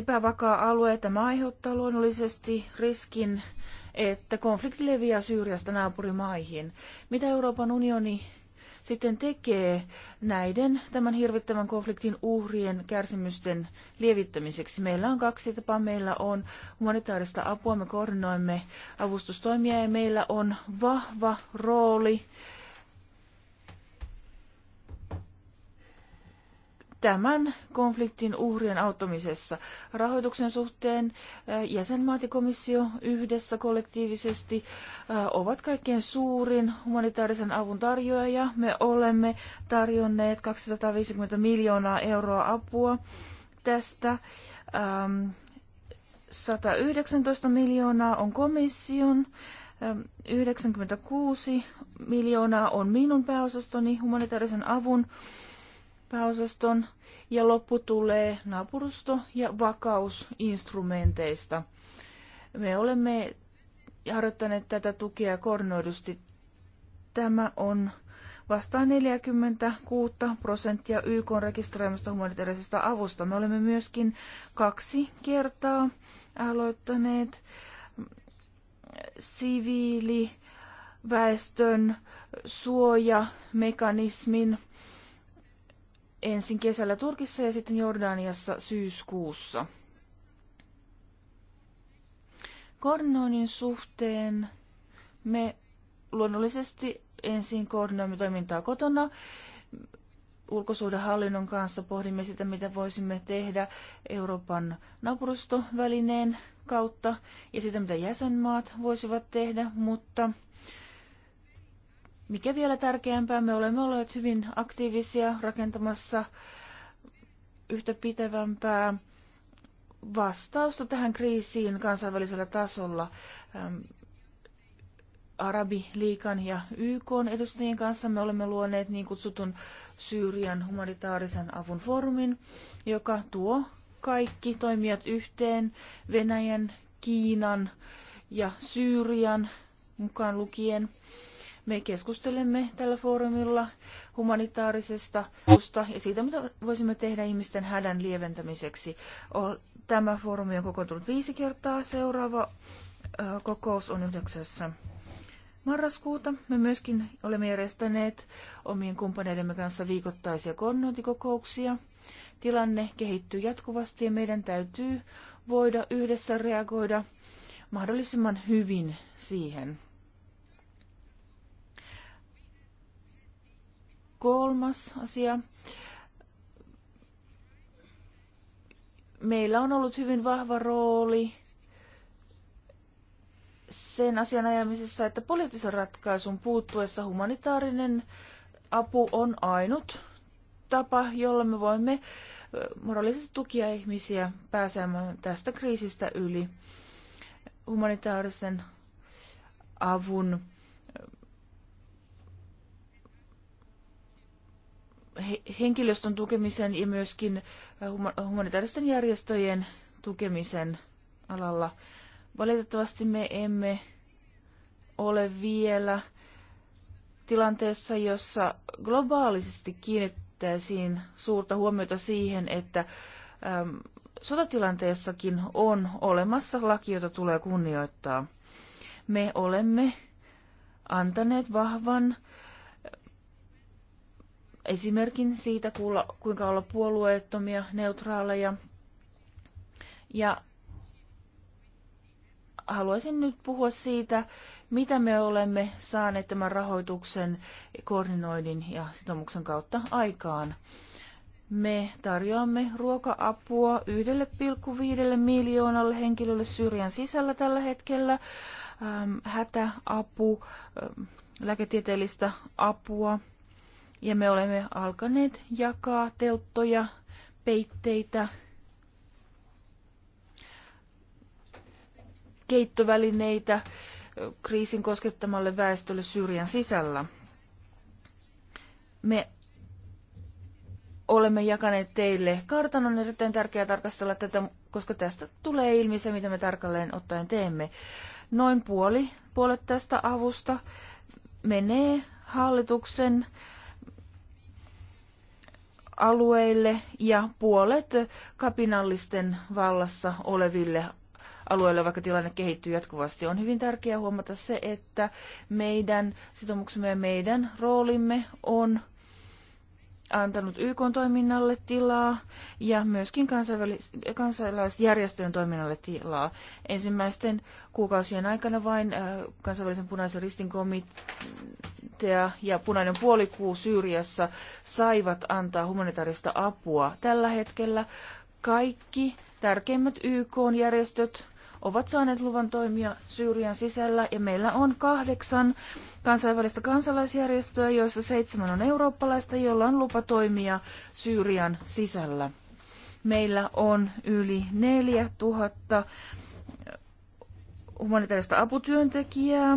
E: epävakaa alue. Tämä aiheuttaa luonnollisesti riskin, että konflikti leviää Syyriasta naapurimaihin. Mitä Euroopan unioni sitten tekee näiden tämän hirvittävän konfliktin uhrien kärsimysten lievittämiseksi. Meillä on kaksi tapaa. Meillä on humanitaarista apua, me koordinoimme avustustoimia ja meillä on vahva rooli tämän konfliktin uhrien auttamisessa. Rahoituksen suhteen jäsenmaat ja komissio yhdessä kollektiivisesti ovat kaikkein suurin humanitaarisen avun tarjoaja. Me olemme tarjonneet 250 miljoonaa euroa apua tästä. 119 miljoonaa on komission 96 miljoonaa on minun pääosastoni humanitaarisen avun pääosaston ja loppu tulee naapurusto- ja vakausinstrumenteista. Me olemme harjoittaneet tätä tukea koordinoidusti. Tämä on vastaan 46 prosenttia YK rekisteröimästä humanitaarisesta avusta. Me olemme myöskin kaksi kertaa aloittaneet siviiliväestön suojamekanismin ensin kesällä Turkissa ja sitten Jordaniassa syyskuussa. Koordinoinnin suhteen me luonnollisesti ensin koordinoimme toimintaa kotona. Ulkosuhdehallinnon kanssa pohdimme sitä, mitä voisimme tehdä Euroopan naapurustovälineen kautta ja sitä, mitä jäsenmaat voisivat tehdä, mutta mikä vielä tärkeämpää, me olemme olleet hyvin aktiivisia rakentamassa yhtä pitävämpää vastausta tähän kriisiin kansainvälisellä tasolla. Ähm, Arabiliikan ja YK edustajien kanssa me olemme luoneet niin kutsutun Syyrian humanitaarisen avun foorumin, joka tuo kaikki toimijat yhteen Venäjän, Kiinan ja Syyrian mukaan lukien. Me keskustelemme tällä foorumilla humanitaarisesta avusta ja siitä, mitä voisimme tehdä ihmisten hädän lieventämiseksi. Tämä foorumi on kokoontunut viisi kertaa. Seuraava kokous on 9. marraskuuta. Me myöskin olemme järjestäneet omien kumppaneidemme kanssa viikoittaisia koordinointikokouksia. Tilanne kehittyy jatkuvasti ja meidän täytyy voida yhdessä reagoida mahdollisimman hyvin siihen. Kolmas asia. Meillä on ollut hyvin vahva rooli sen asian ajamisessa, että poliittisen ratkaisun puuttuessa humanitaarinen apu on ainut tapa, jolla me voimme moraalisesti tukia ihmisiä pääsemään tästä kriisistä yli humanitaarisen avun henkilöstön tukemisen ja myöskin äh, humanitaaristen järjestöjen tukemisen alalla. Valitettavasti me emme ole vielä tilanteessa, jossa globaalisesti kiinnittäisiin suurta huomiota siihen, että äm, sotatilanteessakin on olemassa laki, jota tulee kunnioittaa. Me olemme antaneet vahvan esimerkin siitä, kuinka olla puolueettomia, neutraaleja. Ja haluaisin nyt puhua siitä, mitä me olemme saaneet tämän rahoituksen koordinoinnin ja sitomuksen kautta aikaan. Me tarjoamme ruoka-apua 1,5 miljoonalle henkilölle Syyrian sisällä tällä hetkellä, ähm, hätäapu, ähm, lääketieteellistä apua, ja me olemme alkaneet jakaa telttoja, peitteitä, keittovälineitä kriisin koskettamalle väestölle Syyrian sisällä. Me olemme jakaneet teille kartan. On erittäin tärkeää tarkastella tätä, koska tästä tulee ilmi se, mitä me tarkalleen ottaen teemme. Noin puoli, puolet tästä avusta menee hallituksen äh, alueille ja puolet kapinallisten vallassa oleville alueille vaikka tilanne kehittyy jatkuvasti. On hyvin tärkeää huomata se, että meidän sitoumuksemme ja meidän roolimme on antanut YK-toiminnalle tilaa ja myöskin kansalaisjärjestöjen toiminnalle tilaa. Ensimmäisten kuukausien aikana vain äh, kansainvälisen punaisen ristin komitea ja punainen puolikuu Syyriassa saivat antaa humanitaarista apua. Tällä hetkellä kaikki tärkeimmät YK-järjestöt ovat saaneet luvan toimia Syyrian sisällä ja meillä on kahdeksan kansainvälistä kansalaisjärjestöä, joissa seitsemän on eurooppalaista, jolla on lupa toimia Syyrian sisällä. Meillä on yli 4000 humanitaarista aputyöntekijää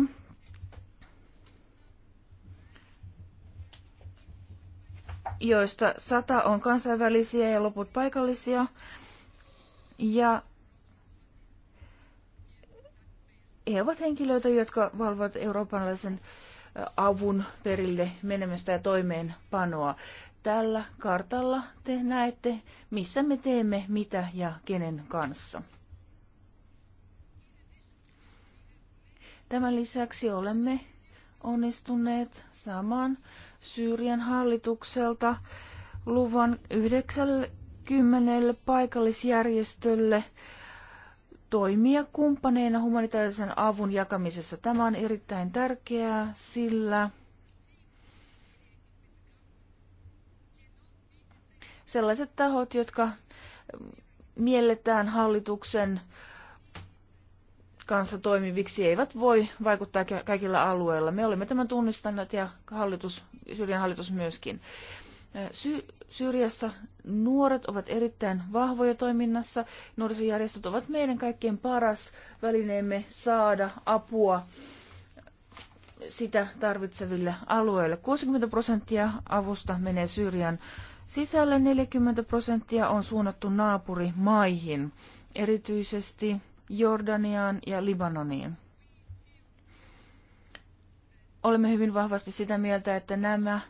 E: joista sata on kansainvälisiä ja loput paikallisia. Ja he ovat henkilöitä, jotka valvovat eurooppalaisen avun perille menemistä ja toimeenpanoa. Tällä kartalla te näette, missä me teemme mitä ja kenen kanssa. Tämän lisäksi olemme onnistuneet saamaan Syyrian hallitukselta luvan 90 paikallisjärjestölle toimia kumppaneina humanitaarisen avun jakamisessa. Tämä on erittäin tärkeää, sillä sellaiset tahot, jotka mielletään hallituksen äh, kanssa toimiviksi eivät voi vaikuttaa kaikilla alueilla. Me olemme tämän tunnistaneet ja hallitus, Syyrian hallitus myöskin. Sy- Syyriassa nuoret ovat erittäin vahvoja toiminnassa. Nuorisojärjestöt ovat meidän kaikkien paras välineemme saada apua sitä tarvitseville alueille. 60 prosenttia avusta menee Syyrian sisälle, 40 prosenttia on suunnattu naapurimaihin. Erityisesti Jordaniaan ja Libanoniin. Olemme hyvin vahvasti sitä mieltä, että nämä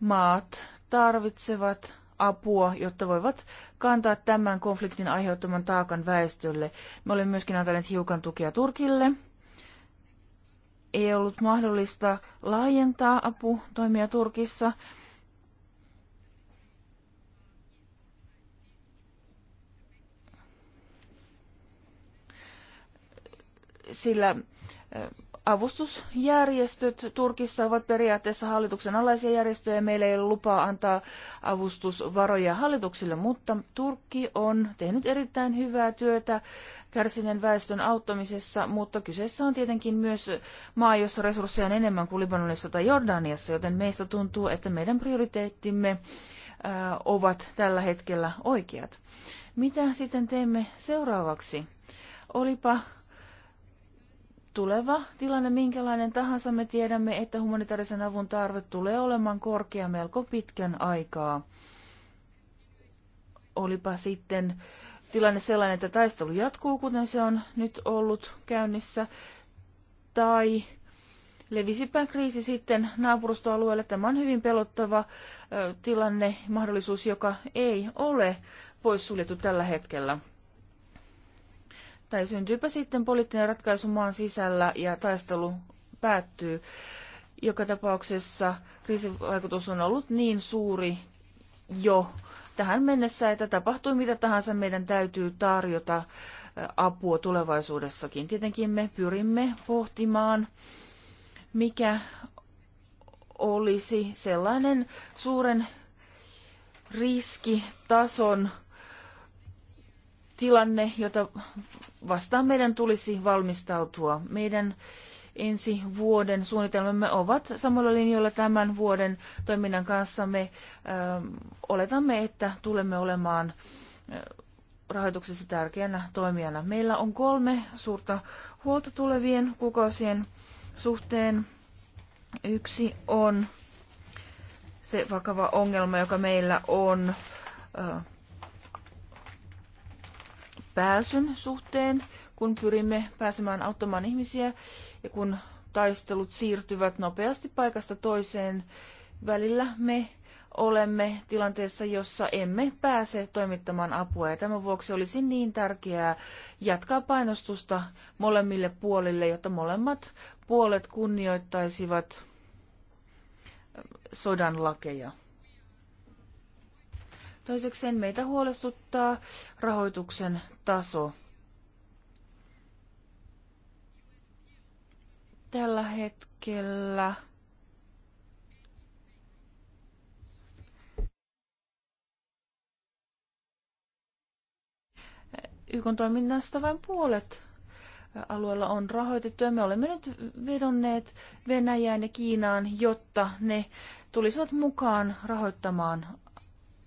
E: maat tarvitsevat apua, jotta voivat kantaa tämän konfliktin aiheuttaman taakan väestölle. Me olemme myöskin antaneet hiukan tukea Turkille. Ei ollut mahdollista laajentaa aputoimia Turkissa, sillä avustusjärjestöt Turkissa ovat periaatteessa hallituksen alaisia järjestöjä. Meillä ei ole lupaa antaa avustusvaroja hallituksille, mutta Turkki on tehnyt erittäin hyvää työtä kärsineen väestön auttamisessa, mutta kyseessä on tietenkin myös maa, jossa resursseja on enemmän kuin Libanonissa tai Jordaniassa, joten meistä tuntuu, että meidän prioriteettimme ovat tällä hetkellä oikeat. Mitä sitten teemme seuraavaksi? Olipa tuleva tilanne minkälainen tahansa, me tiedämme, että humanitaarisen avun tarve tulee olemaan korkea melko pitkän aikaa. Olipa sitten tilanne sellainen, että taistelu jatkuu, kuten se on nyt ollut käynnissä, tai levisipä kriisi sitten naapurustoalueelle. Tämä on hyvin pelottava tilanne, mahdollisuus, joka ei ole poissuljettu tällä hetkellä tai syntyypä sitten poliittinen ratkaisu maan sisällä ja taistelu päättyy. Joka tapauksessa kriisivaikutus on ollut niin suuri jo tähän mennessä, että tapahtuu mitä tahansa, meidän täytyy tarjota apua tulevaisuudessakin. Tietenkin me pyrimme pohtimaan, mikä olisi sellainen suuren riskitason tilanne, jota vastaan meidän tulisi valmistautua. Meidän ensi vuoden suunnitelmamme ovat samalla linjoilla tämän vuoden toiminnan kanssa. Me ö, ähm, oletamme, että tulemme olemaan äh, rahoituksessa tärkeänä toimijana. Meillä on kolme suurta huolta tulevien kuukausien suhteen. Yksi on se vakava ongelma, joka meillä on ö, äh, pääsyn suhteen, kun pyrimme pääsemään auttamaan ihmisiä ja kun taistelut siirtyvät nopeasti paikasta toiseen. Välillä me olemme tilanteessa, jossa emme pääse toimittamaan apua ja tämän vuoksi olisi niin tärkeää jatkaa painostusta molemmille puolille, jotta molemmat puolet kunnioittaisivat sodan lakeja. Toisekseen meitä huolestuttaa rahoituksen taso. Tällä hetkellä YKn toiminnasta vain puolet alueella on rahoitettu ja me olemme nyt vedonneet Venäjään ja Kiinaan, jotta ne tulisivat mukaan rahoittamaan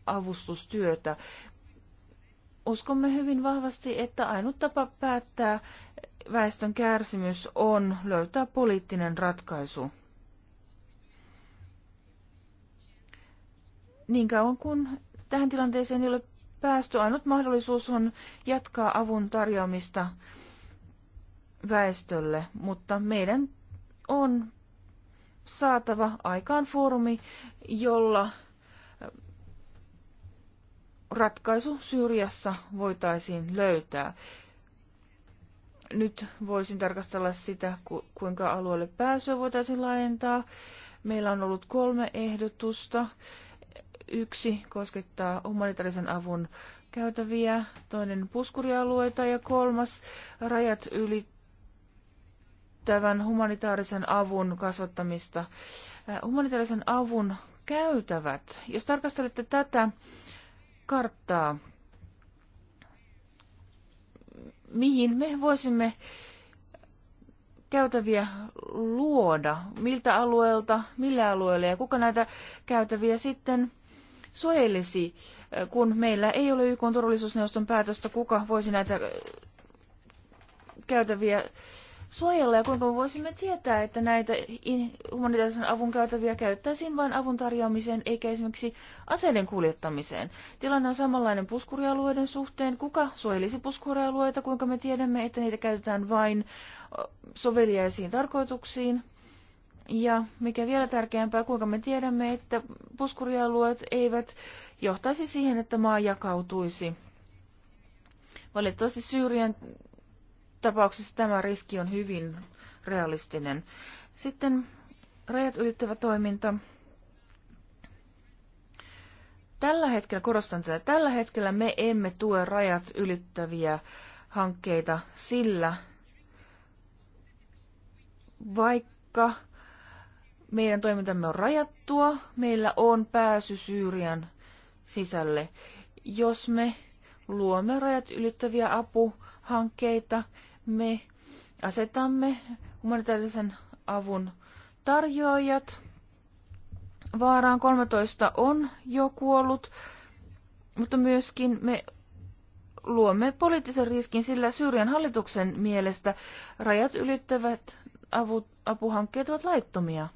E: avustustyötä. Uskomme hyvin vahvasti, että ainut tapa päättää väestön kärsimys on löytää poliittinen ratkaisu. Niin kauan kuin tähän tilanteeseen ei ole päästy, ainut mahdollisuus on jatkaa avun tarjoamista väestölle, mutta meidän on saatava aikaan foorumi, jolla ratkaisu Syyriassa voitaisiin löytää. Nyt voisin tarkastella sitä, kuinka alueelle pääsyä voitaisiin laajentaa. Meillä on ollut kolme ehdotusta. Yksi koskettaa humanitaarisen avun käytäviä, toinen puskurialueita ja kolmas rajat ylittävän humanitaarisen avun kasvattamista. Äh, humanitaarisen avun käytävät, jos tarkastelette tätä karttaa, mihin me voisimme käytäviä luoda, miltä alueelta, millä alueella ja kuka näitä käytäviä sitten suojelisi, kun meillä ei ole YK turvallisuusneuvoston päätöstä, kuka voisi näitä käytäviä suojella ja kuinka me voisimme tietää, että näitä humanitaarisen avun käytäviä käyttäisiin vain avun tarjoamiseen eikä esimerkiksi aseiden kuljettamiseen. Tilanne on samanlainen puskurialueiden suhteen. Kuka suojelisi puskurialueita, kuinka me tiedämme, että niitä käytetään vain soveliaisiin tarkoituksiin? Ja mikä vielä tärkeämpää, kuinka me tiedämme, että puskurialueet eivät johtaisi siihen, että maa jakautuisi. Valitettavasti Syyrian tapauksessa tämä riski on hyvin realistinen. Sitten rajat ylittävä toiminta. Tällä hetkellä, korostan tätä, tällä hetkellä me emme tue rajat ylittäviä hankkeita sillä, vaikka meidän toimintamme on rajattua, meillä on pääsy Syyrian sisälle. Jos me luomme rajat ylittäviä apuhankkeita, me asetamme humanitaarisen avun tarjoajat. Vaaraan 13 on jo kuollut, mutta myöskin me luomme poliittisen riskin, sillä Syyrian hallituksen mielestä rajat ylittävät avut, apuhankkeet ovat laittomia.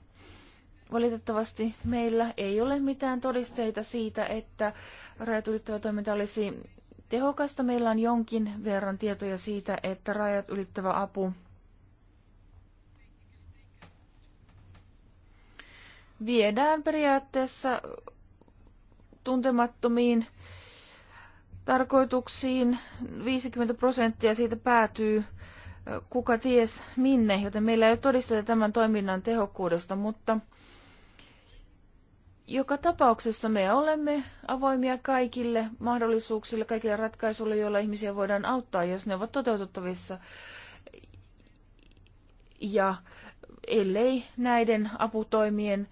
E: Valitettavasti meillä ei ole mitään todisteita siitä, että rajat ylittävä toiminta olisi tehokasta. Meillä on jonkin verran tietoja siitä, että rajat ylittävä apu viedään periaatteessa tuntemattomiin tarkoituksiin. 50 prosenttia siitä päätyy kuka ties minne, joten meillä ei ole todisteta tämän toiminnan tehokkuudesta, mutta joka tapauksessa me olemme avoimia kaikille mahdollisuuksille, kaikille ratkaisuille, joilla ihmisiä voidaan auttaa, jos ne ovat toteutettavissa. Ja ellei näiden aputoimien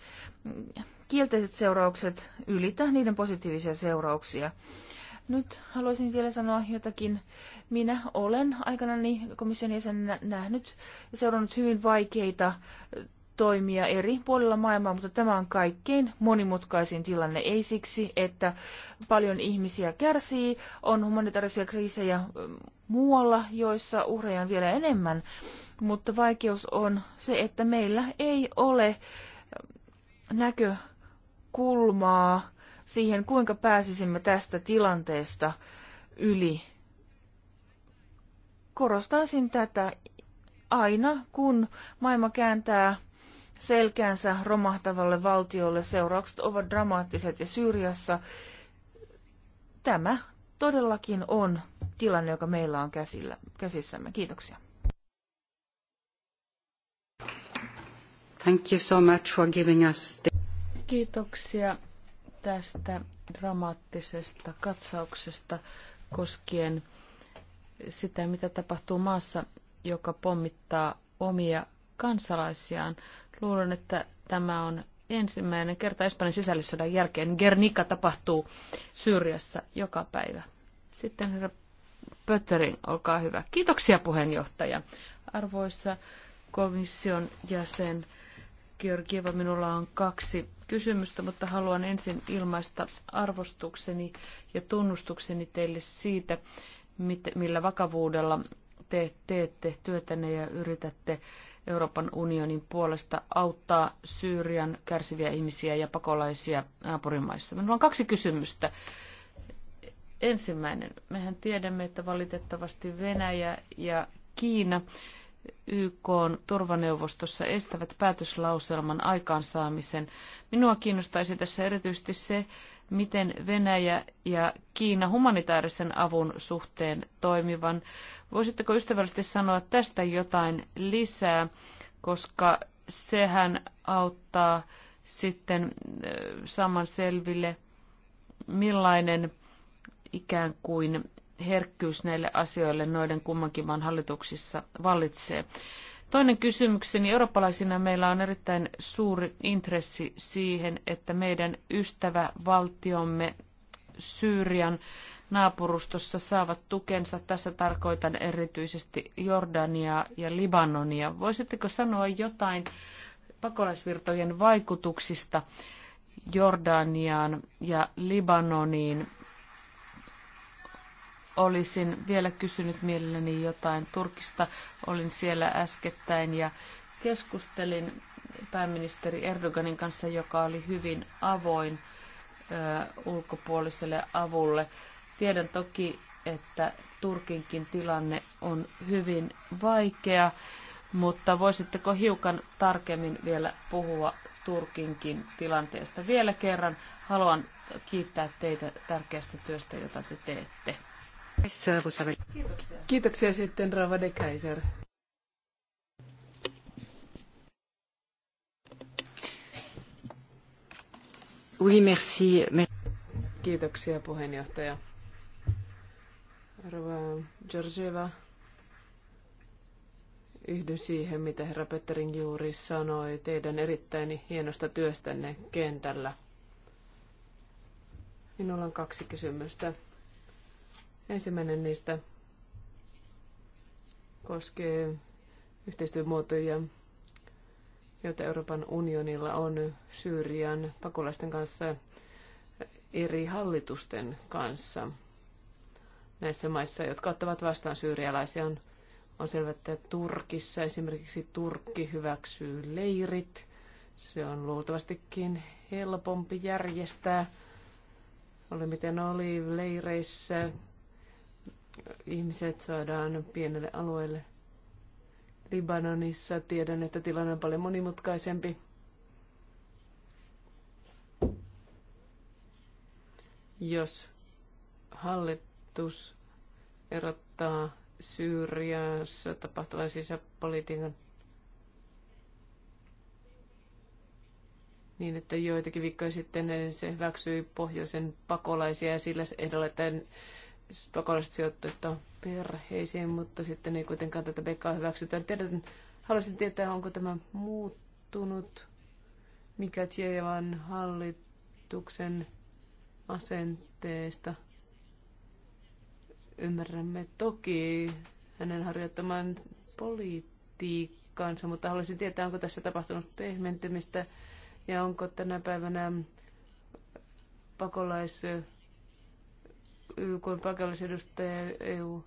E: kielteiset seuraukset ylitä niiden positiivisia seurauksia. Nyt haluaisin vielä sanoa jotakin. Minä olen aikanani komission jäsenenä nähnyt ja seurannut hyvin vaikeita toimia eri puolilla maailmaa, mutta tämä on kaikkein monimutkaisin tilanne. Ei siksi, että paljon ihmisiä kärsii, on humanitaarisia kriisejä mm, muualla, joissa uhreja on vielä enemmän, mutta vaikeus on se, että meillä ei ole mm, näkökulmaa siihen, kuinka pääsisimme tästä tilanteesta yli. Korostaisin tätä aina, kun maailma kääntää selkäänsä romahtavalle valtiolle. Seuraukset ovat dramaattiset ja Syyriassa tämä todellakin on tilanne, joka meillä on käsillä, käsissämme. Kiitoksia. Thank you so much for giving us the...
B: Kiitoksia tästä dramaattisesta katsauksesta koskien sitä, mitä tapahtuu maassa, joka pommittaa omia kansalaisiaan. Luulen, että tämä on ensimmäinen kerta Espanjan sisällissodan jälkeen. Gernika tapahtuu Syyriassa joka päivä. Sitten herra Pöttering, olkaa hyvä. Kiitoksia puheenjohtaja. arvoissa komission jäsen Georgieva, minulla on kaksi kysymystä, mutta haluan ensin ilmaista arvostukseni ja tunnustukseni teille siitä, millä vakavuudella te teette työtänne ja yritätte Euroopan unionin puolesta auttaa Syyrian kärsiviä ihmisiä ja pakolaisia naapurimaissa. Minulla on kaksi kysymystä. Ensimmäinen. Mehän tiedämme, että valitettavasti Venäjä ja Kiina YK turvaneuvostossa estävät päätöslauselman aikaansaamisen. Minua kiinnostaisi tässä erityisesti se, miten Venäjä ja Kiina humanitaarisen avun suhteen toimivan Voisitteko ystävällisesti sanoa tästä jotain lisää, koska sehän auttaa sitten saman selville, millainen ikään kuin herkkyys näille asioille noiden kummankin maan hallituksissa vallitsee. Toinen kysymykseni. Eurooppalaisina meillä on erittäin suuri intressi siihen, että meidän ystävävaltiomme Syyrian naapurustossa saavat tukensa. Tässä tarkoitan erityisesti Jordaniaa ja Libanonia. Voisitteko sanoa jotain pakolaisvirtojen vaikutuksista Jordaniaan ja Libanoniin? Olisin vielä kysynyt mielelläni jotain Turkista. Olin siellä äskettäin ja keskustelin pääministeri Erdoganin kanssa, joka oli hyvin avoin ulkopuoliselle avulle Tiedän toki, että Turkinkin tilanne on hyvin vaikea, mutta voisitteko hiukan tarkemmin vielä puhua Turkinkin tilanteesta? Vielä kerran haluan kiittää teitä tärkeästä työstä, jota te teette. Kiitoksia. Kiitoksia sitten
D: Rava de Kaiser.
E: Oui, merci.
D: Kiitoksia puheenjohtaja. Rova Georgieva, yhdyn siihen, mitä herra Petterin juuri sanoi teidän erittäin hienosta työstänne kentällä. Minulla on kaksi kysymystä. Ensimmäinen niistä koskee yhteistyömuotoja, joita Euroopan unionilla on Syyrian pakolaisten kanssa eri hallitusten kanssa näissä maissa, jotka ottavat vastaan syyrialaisia. On, on selvä, että Turkissa esimerkiksi Turkki hyväksyy leirit. Se on luultavastikin helpompi järjestää. Oli miten oli leireissä. Ihmiset saadaan pienelle alueelle. Libanonissa tiedän, että tilanne on paljon monimutkaisempi. Jos hallit, hallitus erottaa Syyriassa tapahtuvan sisäpolitiikan niin, että joitakin viikkoja sitten se hyväksyi pohjoisen pakolaisia ja sillä ehdolla, että pakolaiset sijoittuivat perheisiin, mutta sitten ei kuitenkaan tätä Bekkaa hyväksytä. Tiedän, haluaisin tietää, onko tämä muuttunut, mikä Tievan hallituksen asenteesta – Ymmärrämme toki hänen harjoittamaan politiikkaansa, mutta haluaisin tietää, onko tässä tapahtunut pehmentymistä ja onko tänä päivänä pakolais, YK pakolaisedustaja EU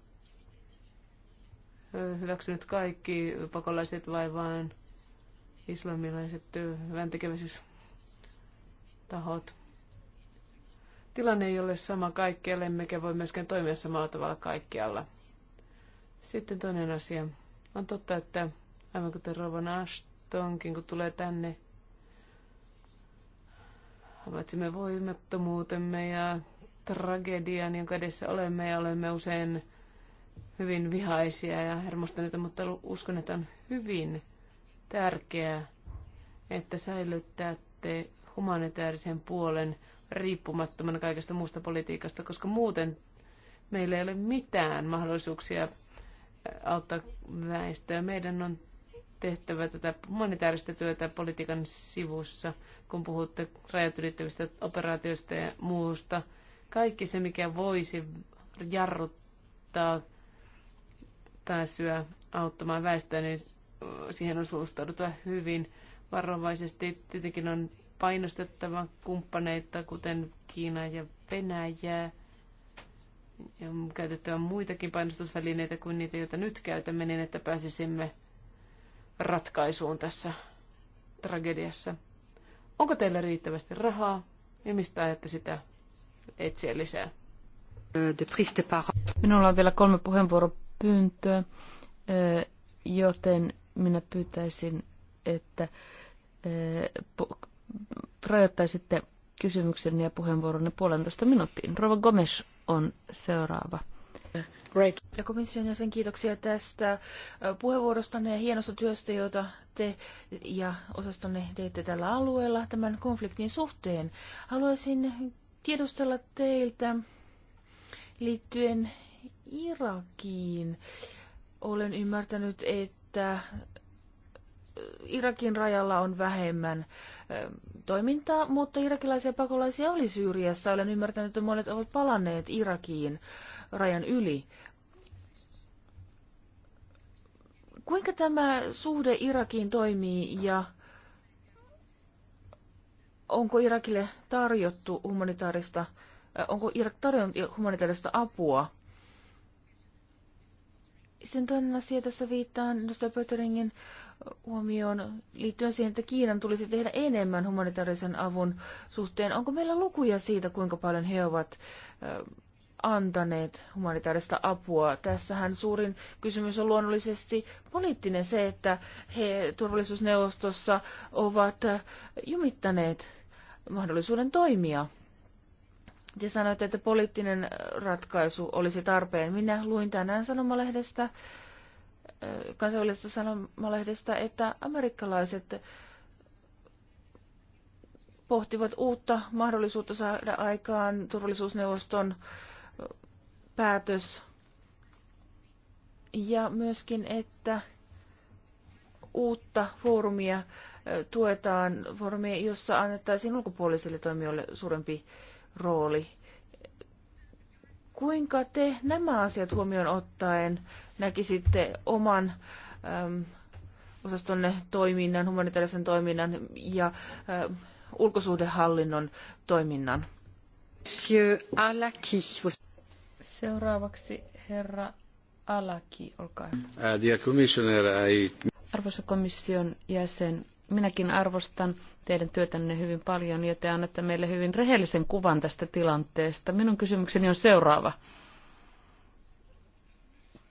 D: hyväksynyt kaikki pakolaiset vai vain islamilaiset hyväntekeväisyystahot? tahot Tilanne ei ole sama kaikkialle, emmekä voi myöskään toimia samalla tavalla kaikkialla. Sitten toinen asia. On totta, että aivan kuten Rovan Ashtonkin, kun tulee tänne, havaitsemme voimattomuutemme ja tragedian, jonka edessä olemme ja olemme usein hyvin vihaisia ja hermostuneita, mutta uskon, että on hyvin tärkeää, että säilyttää humanitaarisen puolen riippumattomana kaikesta muusta politiikasta, koska muuten meillä ei ole mitään mahdollisuuksia auttaa väestöä. Meidän on tehtävä tätä humanitaarista työtä politiikan sivussa, kun puhutte rajat ylittävistä operaatioista ja muusta. Kaikki se, mikä voisi jarruttaa pääsyä auttamaan väestöä, niin siihen on suhtauduttava hyvin varovaisesti. Tietenkin on painostettava kumppaneita, kuten Kiina ja Venäjää. Ja käytettävä muitakin painostusvälineitä kuin niitä, joita nyt käytämme, niin että pääsisimme ratkaisuun tässä tragediassa. Onko teillä riittävästi rahaa ja mistä ajatte sitä etsiä lisää?
B: Minulla on vielä kolme puheenvuoropyyntöä, eh, joten minä pyytäisin, että eh, rajoittaisitte kysymyksen ja puheenvuoronne puolentoista minuuttiin. Rova Gomes on seuraava.
E: Great. Ja komission jäsen, kiitoksia tästä äh, puheenvuorostanne ja hienosta työstä, jota te ja osastonne teette tällä alueella tämän konfliktin suhteen. Haluaisin tiedustella teiltä liittyen Irakiin. Olen ymmärtänyt, että äh, Irakin rajalla on vähemmän äh, toimintaa, mutta irakilaisia pakolaisia oli Syyriassa. Olen ymmärtänyt, että monet ovat palanneet Irakiin rajan yli. Kuinka tämä suhde Irakiin toimii ja onko Irakille tarjottu humanitaarista, äh, onko Irak tarjonnut humanitaarista apua? Sitten toinen asia tässä viittaan edustaja Pöteringin äh, huomioon liittyen siihen, että Kiinan tulisi tehdä enemmän humanitaarisen avun suhteen. Onko meillä lukuja siitä, kuinka paljon he ovat antaneet humanitaarista apua. Tässähän suurin kysymys on luonnollisesti poliittinen se, että he turvallisuusneuvostossa ovat jumittaneet mahdollisuuden toimia. Te sanoitte, että poliittinen ratkaisu olisi tarpeen. Minä luin tänään sanomalehdestä, kansainvälisestä sanomalehdestä, että amerikkalaiset pohtivat uutta mahdollisuutta saada aikaan turvallisuusneuvoston päätös ja myöskin, että uutta foorumia tuetaan, foorumia, jossa annettaisiin ulkopuolisille toimijoille suurempi rooli. Kuinka te nämä asiat huomioon ottaen näkisitte oman äm, osastonne toiminnan, humanitaarisen toiminnan ja äm, ulkosuhdehallinnon toiminnan? Seuraavaksi herra Alaki, olkaa
C: hyvä. Uh,
B: Arvoisa komission jäsen, minäkin arvostan teidän työtänne hyvin paljon ja te annatte meille hyvin rehellisen kuvan tästä tilanteesta. Minun kysymykseni on seuraava.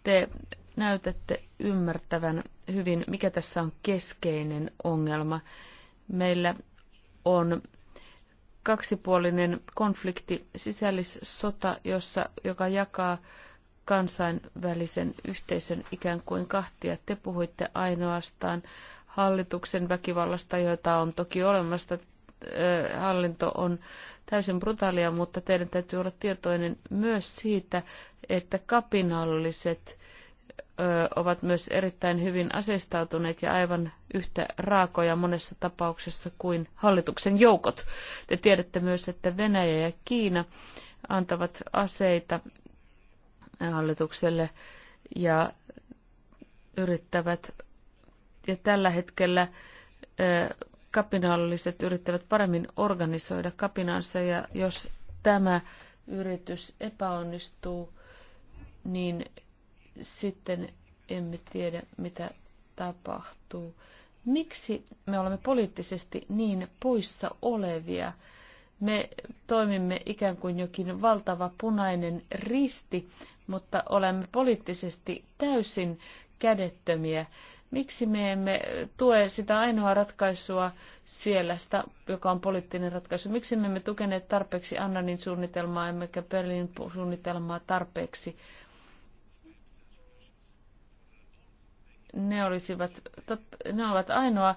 B: Te näytätte ymmärtävän hyvin, mikä tässä on keskeinen ongelma. Meillä on kaksipuolinen konflikti, sisällissota, jossa, joka jakaa kansainvälisen yhteisön ikään kuin kahtia. Te puhuitte ainoastaan äh, hallituksen väkivallasta, jota on toki olemassa. Hallinto on täysin brutaalia, mutta teidän täytyy olla tietoinen myös siitä, että kapinalliset ovat myös erittäin hyvin aseistautuneet ja aivan yhtä raakoja monessa tapauksessa kuin hallituksen joukot. Te tiedätte myös, että Venäjä ja Kiina antavat aseita hallitukselle ja yrittävät ja tällä hetkellä kapinalliset yrittävät paremmin organisoida kapinansa ja jos tämä yritys epäonnistuu, niin sitten emme tiedä, mitä tapahtuu. Miksi me olemme poliittisesti niin poissa olevia? Me toimimme ikään kuin jokin valtava punainen risti, mutta olemme poliittisesti täysin kädettömiä. Miksi me emme tue sitä ainoa ratkaisua siellä, sitä, joka on poliittinen ratkaisu? Miksi me emme tukeneet tarpeeksi Annanin suunnitelmaa, emmekä Berlin suunnitelmaa tarpeeksi? ne, olisivat, tot, ne ovat ainoa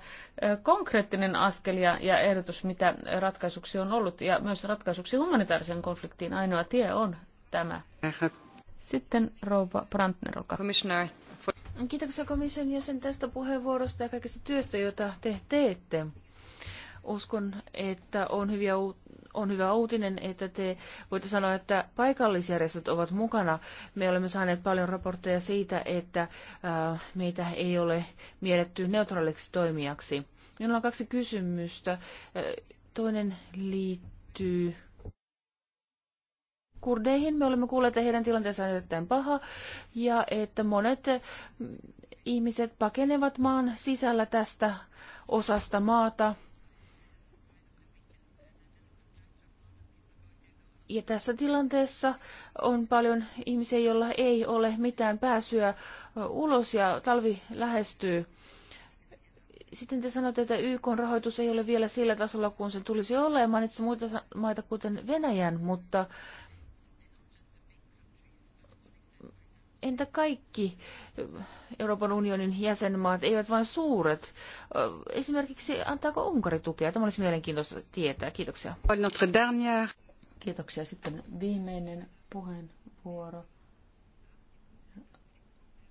B: konkreettinen askel ja, ja ehdotus, mitä ratkaisuksi on ollut. Ja myös ratkaisuksi humanitaarisen konfliktiin ainoa tie on tämä. Sitten rouva Brandner, olkaa. Commissioner,
E: Kiitoksia komission jäsen tästä puheenvuorosta ja kaikesta työstä, jota te teette. Uskon, että on, hyviä, on hyvä uutinen, että te voitte sanoa, että paikallisjärjestöt ovat mukana. Me olemme saaneet paljon raportteja siitä, että ää, meitä ei ole mielletty neutraaliksi toimijaksi. Minulla on kaksi kysymystä. Toinen liittyy kurdeihin. Me olemme kuulleet, että heidän tilanteensa on erittäin paha ja että monet ihmiset pakenevat maan sisällä tästä osasta maata. Ja tässä tilanteessa on paljon ihmisiä, joilla ei ole mitään pääsyä ulos ja talvi lähestyy. Sitten te sanotte, että YK rahoitus ei ole vielä sillä tasolla, kun se tulisi olla, ja mainitsin muita maita kuten Venäjän, mutta entä kaikki eh, Euroopan unionin jäsenmaat, eivät vain suuret? Eh, esimerkiksi antaako Unkari tukea? Tämä olisi mielenkiintoista tietää. Kiitoksia.
B: Kiitoksia. Sitten viimeinen puheenvuoro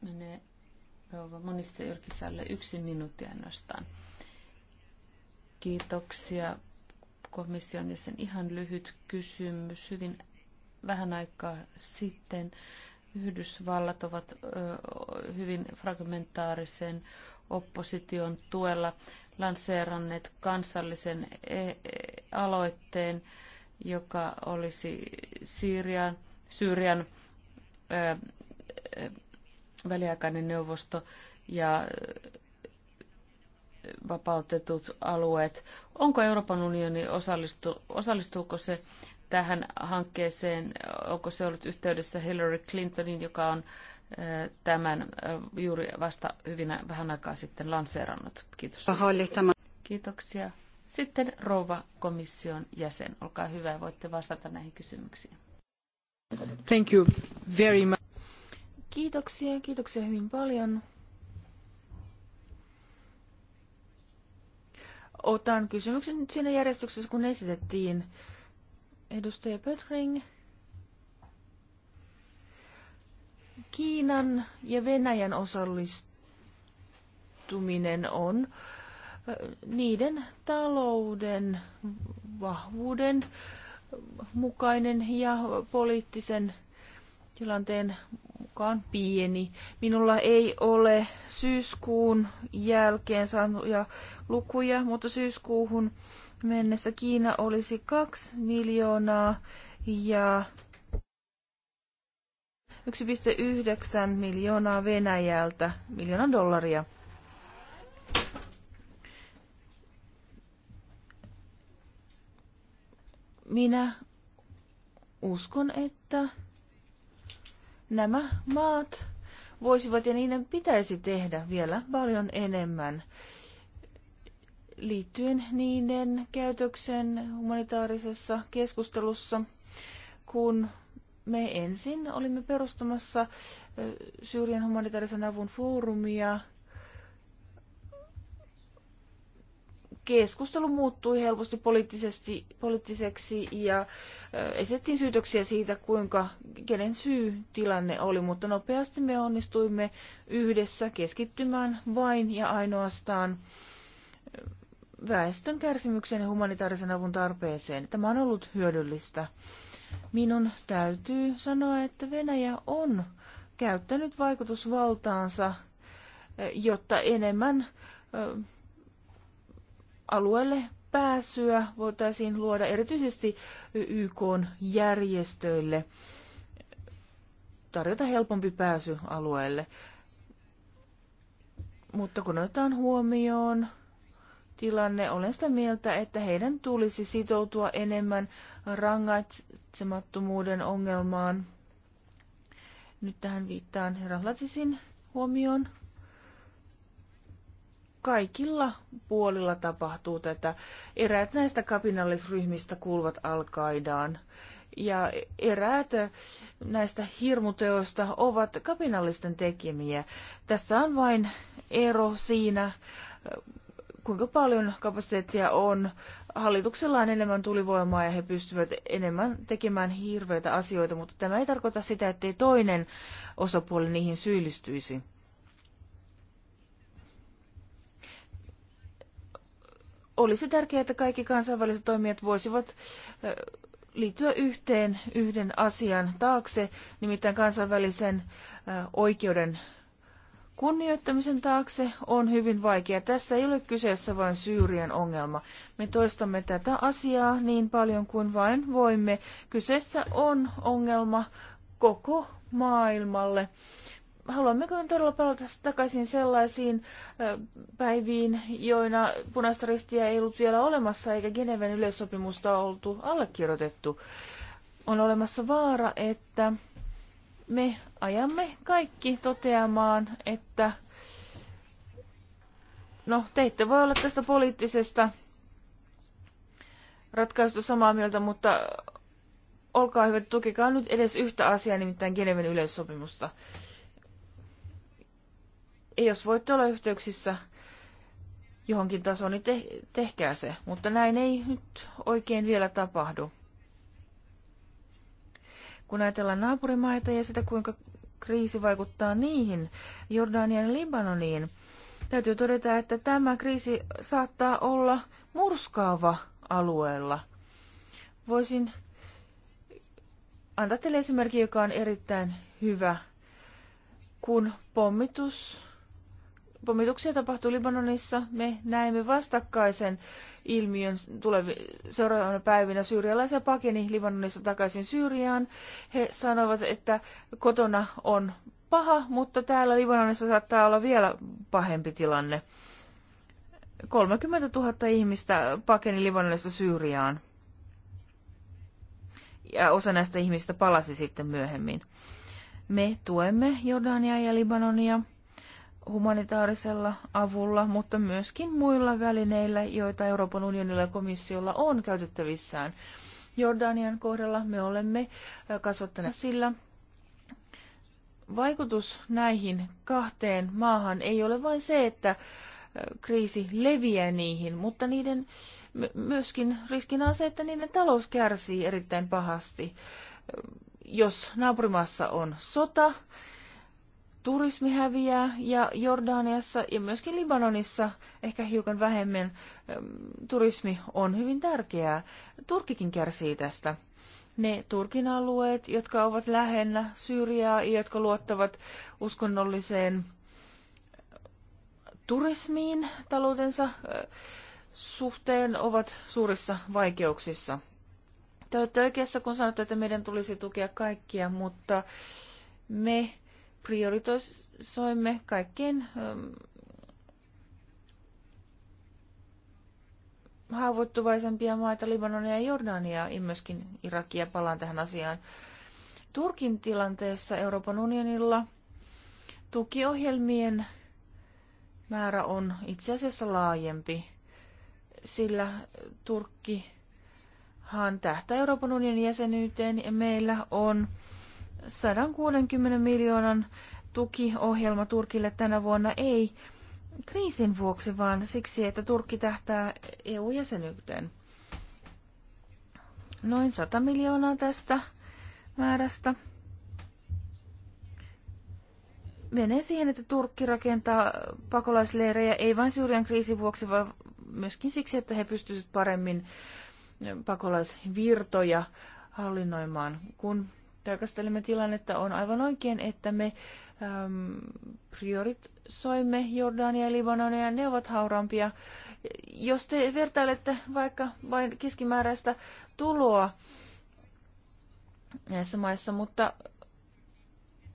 B: menee rouva monista yrkisälle yksi minuutti ainoastaan. Kiitoksia komission ja sen ihan lyhyt kysymys. Hyvin vähän aikaa sitten Yhdysvallat ovat hyvin fragmentaarisen opposition tuella lanseeranneet kansallisen e, e, aloitteen, joka olisi Syyrian, Syyrian väliaikainen neuvosto ja vapautetut alueet. Onko Euroopan unioni, osallistu, osallistuuko se tähän hankkeeseen? Onko se ollut yhteydessä Hillary Clintonin, joka on tämän juuri vasta hyvin vähän aikaa sitten lanseerannut? Kiitos. Kiitoksia. Sitten rouva komission jäsen, olkaa hyvä ja voitte vastata näihin kysymyksiin.
E: Thank you very much. Kiitoksia, kiitoksia hyvin paljon. Otan kysymyksen nyt siinä järjestyksessä, kun esitettiin. Edustaja Pötring. Kiinan ja Venäjän osallistuminen on äh, niiden talouden vahvuuden mukainen ja poliittisen tilanteen mukaan pieni. Minulla ei ole syyskuun jälkeen saanut ja lukuja, mutta syyskuuhun mennessä Kiina olisi 2 miljoonaa ja 1,9 miljoonaa Venäjältä, miljoonan dollaria. Minä uskon, että nämä maat voisivat ja niiden pitäisi tehdä vielä paljon enemmän liittyen niiden käytöksen humanitaarisessa keskustelussa, kun me ensin olimme perustamassa Syyrian humanitaarisen avun foorumia. Keskustelu muuttui helposti poliittisesti, poliittiseksi ja esitettiin syytöksiä siitä, kuinka kenen syy tilanne oli, mutta nopeasti me onnistuimme yhdessä keskittymään vain ja ainoastaan väestön kärsimykseen ja humanitaarisen avun tarpeeseen. Tämä on ollut hyödyllistä. Minun täytyy sanoa, että Venäjä on käyttänyt vaikutusvaltaansa, eh, jotta enemmän eh, alueelle pääsyä voitaisiin luoda erityisesti YK-järjestöille, tarjota helpompi pääsy alueelle. Mutta kun otetaan huomioon tilanne. Olen sitä mieltä, että heidän tulisi sitoutua enemmän rangaitsemattomuuden ongelmaan. Nyt tähän viittaan herra Latisin huomioon. Kaikilla puolilla tapahtuu tätä. Eräät näistä kapinallisryhmistä kuuluvat alkaidaan. Ja eräät näistä hirmuteoista ovat kapinallisten tekemiä. Tässä on vain ero siinä, kuinka paljon kapasiteettia on. Hallituksella on enemmän tulivoimaa ja he pystyvät enemmän tekemään hirveitä asioita, mutta tämä ei tarkoita sitä, ettei toinen osapuoli niihin syyllistyisi. Olisi tärkeää, että kaikki kansainväliset toimijat voisivat liittyä yhteen yhden asian taakse, nimittäin kansainvälisen oikeuden Kunnioittamisen taakse on hyvin vaikea. Tässä ei ole kyseessä vain Syyrien ongelma. Me toistamme tätä asiaa niin paljon kuin vain voimme. Kyseessä on ongelma koko maailmalle. Haluammeko me todella palata takaisin sellaisiin päiviin, joina punaista ristiä ei ollut vielä olemassa eikä Geneven yleissopimusta oltu allekirjoitettu? On olemassa vaara, että me ajamme kaikki toteamaan, että no teitte voi olla tästä poliittisesta ratkaisusta samaa mieltä, mutta olkaa hyvät, tukikaa nyt edes yhtä asiaa, nimittäin Geneven yleissopimusta. Ja jos voitte olla yhteyksissä johonkin tasoon, niin te- tehkää se, mutta näin ei nyt oikein vielä tapahdu kun ajatellaan naapurimaita ja sitä, kuinka kriisi vaikuttaa niihin, Jordanian ja Libanoniin, täytyy todeta, että tämä kriisi saattaa olla murskaava alueella. Voisin antaa teille esimerkki, joka on erittäin hyvä, kun pommitus Pommituksia tapahtui Libanonissa. Me näimme vastakkaisen ilmiön tulevi, seuraavana päivinä syyrialaisia pakeni Libanonissa takaisin Syyriaan. He sanovat, että kotona on paha, mutta täällä Libanonissa saattaa olla vielä pahempi tilanne. 30 000 ihmistä pakeni Libanonista Syyriaan. Ja osa näistä ihmistä palasi sitten myöhemmin. Me tuemme Jordania ja Libanonia – humanitaarisella avulla, mutta myöskin muilla välineillä, joita Euroopan unionilla ja komissiolla on käytettävissään. Jordanian kohdalla me olemme äh, kasvattaneet sillä vaikutus näihin kahteen maahan ei ole vain se, että äh, kriisi leviää niihin, mutta niiden myöskin riskinä on se, että niiden talous kärsii erittäin pahasti. Äh, jos naapurimaassa on sota, turismi häviää ja Jordaniassa ja myöskin Libanonissa ehkä hiukan vähemmän turismi on hyvin tärkeää. Turkikin kärsii tästä. Ne Turkin alueet, jotka ovat lähellä Syyriaa ja jotka luottavat uskonnolliseen turismiin taloutensa suhteen, ovat suurissa vaikeuksissa. Te olette oikeassa, kun sanotte, että meidän tulisi tukea kaikkia, mutta me Prioritoimme kaikkein ähm, haavoittuvaisempia maita, Libanonia ja Jordania, ja myöskin Irakia, palaan tähän asiaan. Turkin tilanteessa Euroopan unionilla tukiohjelmien määrä on itse asiassa laajempi, sillä Turkkihan tähtää Euroopan unionin jäsenyyteen ja meillä on 160 miljoonan tukiohjelma Turkille tänä vuonna ei kriisin vuoksi, vaan siksi, että Turkki tähtää EU-jäsenyyteen. Noin 100 miljoonaa tästä määrästä menee siihen, että Turkki rakentaa pakolaisleirejä ei vain Syyrian kriisin vuoksi, vaan myöskin siksi, että he pystyisivät paremmin pakolaisvirtoja hallinnoimaan. Kun tarkastelemme tilannetta, on aivan oikein, että me äm, priorisoimme Jordania ja Libanonia, ja ne ovat hauraampia. Jos te vertailette vaikka vain keskimääräistä tuloa näissä maissa, mutta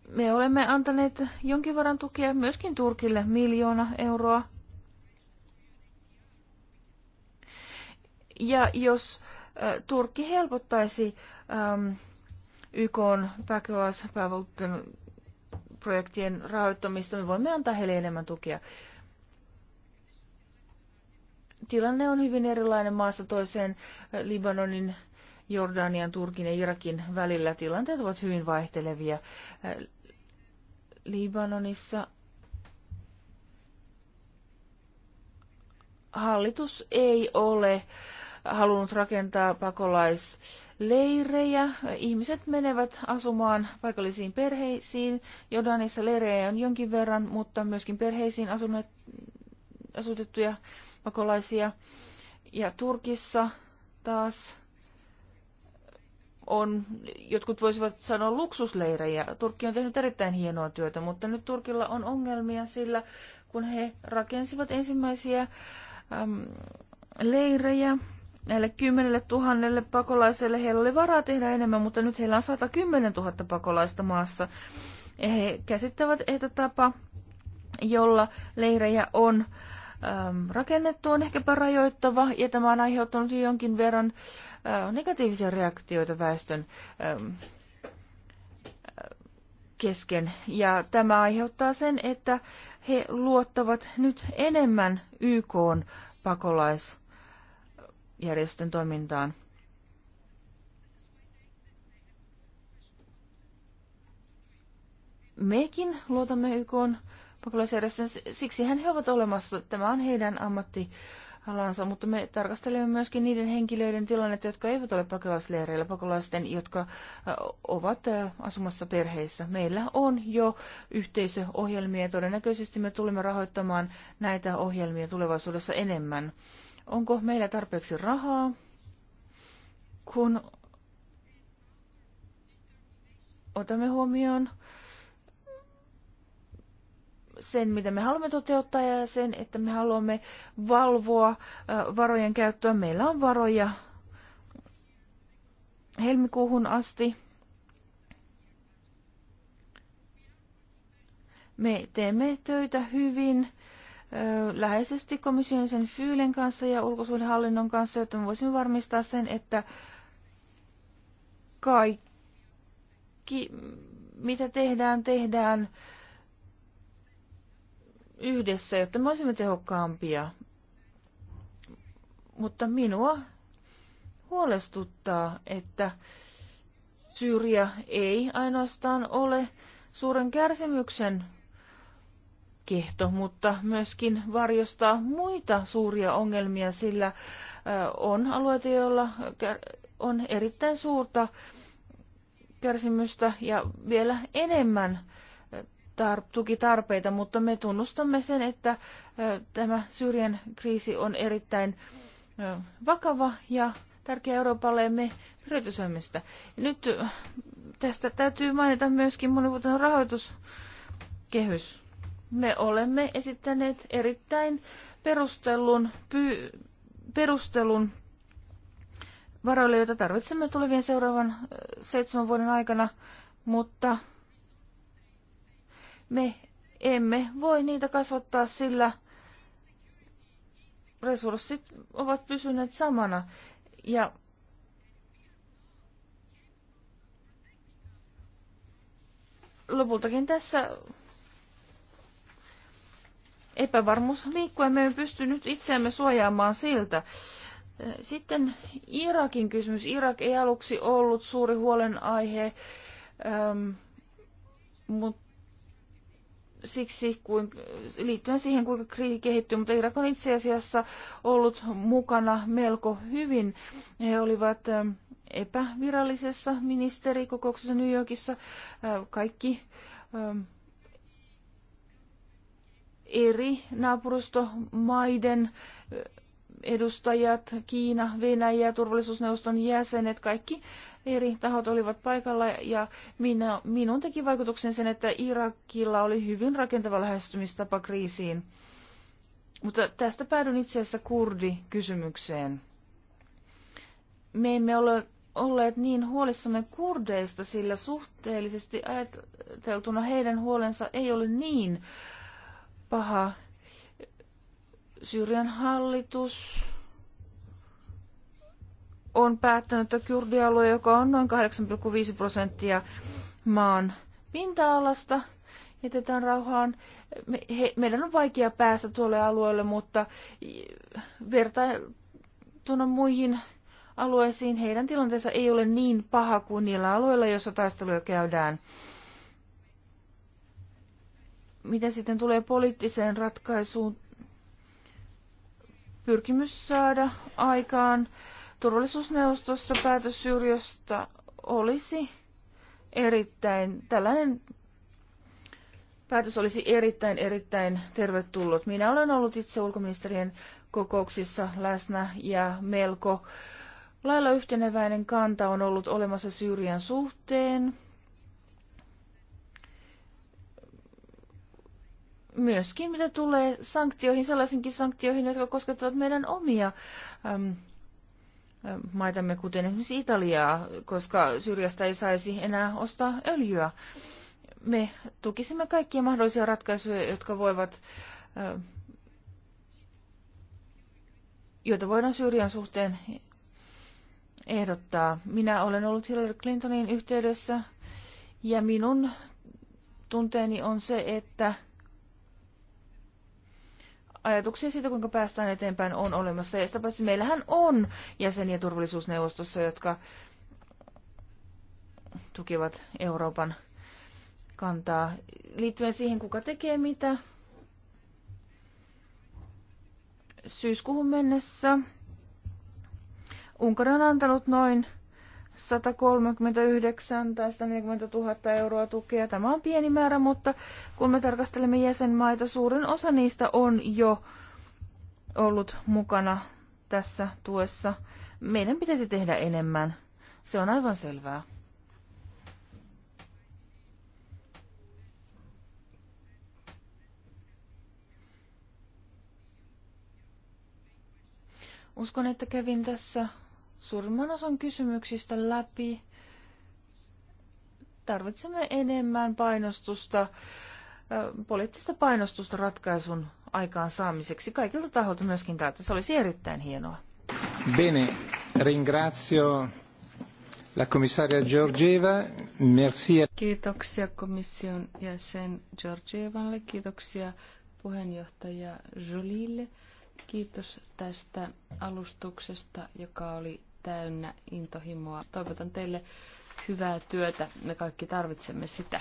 E: me olemme antaneet jonkin verran tukea myöskin Turkille miljoona euroa. Ja jos äh, Turkki helpottaisi ähm, YK on pakolaispäävaltuuden projektien rahoittamista, me voimme antaa heille enemmän tukea. Tilanne on hyvin erilainen maassa toiseen eh, Libanonin, Jordanian, Turkin ja Irakin välillä. Tilanteet ovat hyvin vaihtelevia. Eh, Libanonissa hallitus ei ole äh, halunnut rakentaa pakolaisleirejä. Ihmiset menevät asumaan paikallisiin perheisiin. Jordanissa leirejä on jonkin verran, mutta myöskin perheisiin asuneet, asutettuja pakolaisia. Ja Turkissa taas on, jotkut voisivat sanoa luksusleirejä. Turkki on tehnyt erittäin hienoa työtä, mutta nyt Turkilla on ongelmia, sillä kun he rakensivat ensimmäisiä äm, leirejä, näille kymmenelle tuhannelle pakolaiselle heillä oli varaa tehdä enemmän, mutta nyt heillä on 110 000 pakolaista maassa. He käsittävät, että tapa, jolla leirejä on äm, rakennettu, on ehkäpä rajoittava, ja tämä on aiheuttanut jonkin verran äh, negatiivisia reaktioita väestön ähm, kesken. Ja tämä aiheuttaa sen, että he luottavat nyt enemmän YK pakolaisuuteen järjestön toimintaan. Mekin luotamme YK pakolaisjärjestön, siksi he ovat olemassa. Tämä on heidän ammatti alansa, mutta me tarkastelemme myöskin niiden henkilöiden tilannetta, jotka eivät ole pakolaisleireillä, pakolaisten, jotka ovat asumassa perheissä. Meillä on jo yhteisöohjelmia ja todennäköisesti me tulemme rahoittamaan näitä ohjelmia tulevaisuudessa enemmän. Onko meillä tarpeeksi rahaa, kun otamme huomioon sen, mitä me haluamme toteuttaa ja sen, että me haluamme valvoa äh, varojen käyttöä. Meillä on varoja helmikuuhun asti. Me teemme töitä hyvin läheisesti komission sen Fyylen kanssa ja ulkosuhdehallinnon kanssa, jotta me voisimme varmistaa sen, että kaikki, mitä tehdään, tehdään yhdessä, jotta me olisimme tehokkaampia. Mutta minua huolestuttaa, että Syyria ei ainoastaan ole suuren kärsimyksen kehto, mutta myöskin varjostaa muita suuria ongelmia, sillä on alueita, joilla on erittäin suurta kärsimystä ja vielä enemmän tar- tukitarpeita, mutta me tunnustamme sen, että tämä Syyrian kriisi on erittäin vakava ja tärkeä Euroopalle ja me yritysämme sitä. Nyt tästä täytyy mainita myöskin monivuotinen rahoituskehys. Me olemme esittäneet erittäin perustellun, py, perustelun varoille, joita tarvitsemme tulevien seuraavan seitsemän vuoden aikana, mutta me emme voi niitä kasvattaa, sillä resurssit ovat pysyneet samana. Ja lopultakin tässä epävarmuus liikkuu ja me emme pysty nyt itseämme suojaamaan siltä. Sitten Irakin kysymys. Irak ei aluksi ollut suuri huolenaihe, ähm, mutta siksi, kuin, liittyen siihen, kuinka kriisi kehittyy, mutta Irak on itse asiassa ollut mukana melko hyvin. He olivat ähm, epävirallisessa ministerikokouksessa New Yorkissa. Äh, kaikki ähm, eri naapurustomaiden eh, edustajat, Kiina, Venäjä, turvallisuusneuvoston jäsenet, kaikki eri tahot olivat paikalla ja minä, minun teki vaikutuksen sen, että Irakilla oli hyvin rakentava lähestymistapa kriisiin. Mutta tästä päädyn itse asiassa kurdikysymykseen. Me emme ole olleet niin huolissamme kurdeista, sillä suhteellisesti ajateltuna heidän huolensa ei ole niin äh, paha. Syyrian hallitus on päättänyt, että kurdialue, joka on noin 8,5 prosenttia maan pinta-alasta, jätetään rauhaan. Me, he, meidän on vaikea päästä tuolle alueelle, mutta vertailtuna muihin alueisiin heidän tilanteensa ei ole niin paha kuin niillä alueilla, joissa taisteluja käydään mitä sitten tulee poliittiseen ratkaisuun, pyrkimys saada aikaan turvallisuusneuvostossa päätös olisi erittäin, tällainen päätös olisi erittäin, erittäin tervetullut. Minä olen ollut itse ulkoministerien kokouksissa läsnä ja melko lailla yhteneväinen kanta on ollut olemassa Syyrian suhteen. myöskin mitä tulee sanktioihin, sellaisinkin sanktioihin, jotka koskettavat meidän omia äm, maitamme, kuten esimerkiksi Italiaa, koska Syrjästä ei saisi enää ostaa öljyä. Me tukisimme kaikkia mahdollisia ratkaisuja, jotka voivat, joita voidaan Syyrian suhteen ehdottaa. Minä olen ollut Hillary Clintonin yhteydessä ja minun tunteeni on se, että ajatuksia siitä, kuinka päästään eteenpäin, on olemassa. Ja sitä paitsi meillähän on jäseniä turvallisuusneuvostossa, jotka tukivat Euroopan kantaa liittyen siihen, kuka tekee mitä. Syyskuuhun mennessä Unkari on antanut noin 139 tai 140 000 euroa tukea. Tämä on pieni määrä, mutta kun me tarkastelemme jäsenmaita, suurin osa niistä on jo ollut mukana tässä tuessa. Meidän pitäisi tehdä enemmän. Se on aivan selvää. Uskon, että kävin tässä suurimman osan kysymyksistä läpi. Tarvitsemme enemmän painostusta, poliittista painostusta ratkaisun aikaan saamiseksi kaikilta taholta myöskin täältä. Se olisi erittäin hienoa.
C: Bene, ringrazio la commissaria Georgieva. Merci.
B: Kiitoksia komission jäsen Georgievalle, kiitoksia puheenjohtaja Jolille. Kiitos tästä alustuksesta, joka oli täynnä intohimoa. Toivotan teille hyvää työtä. Me kaikki tarvitsemme sitä.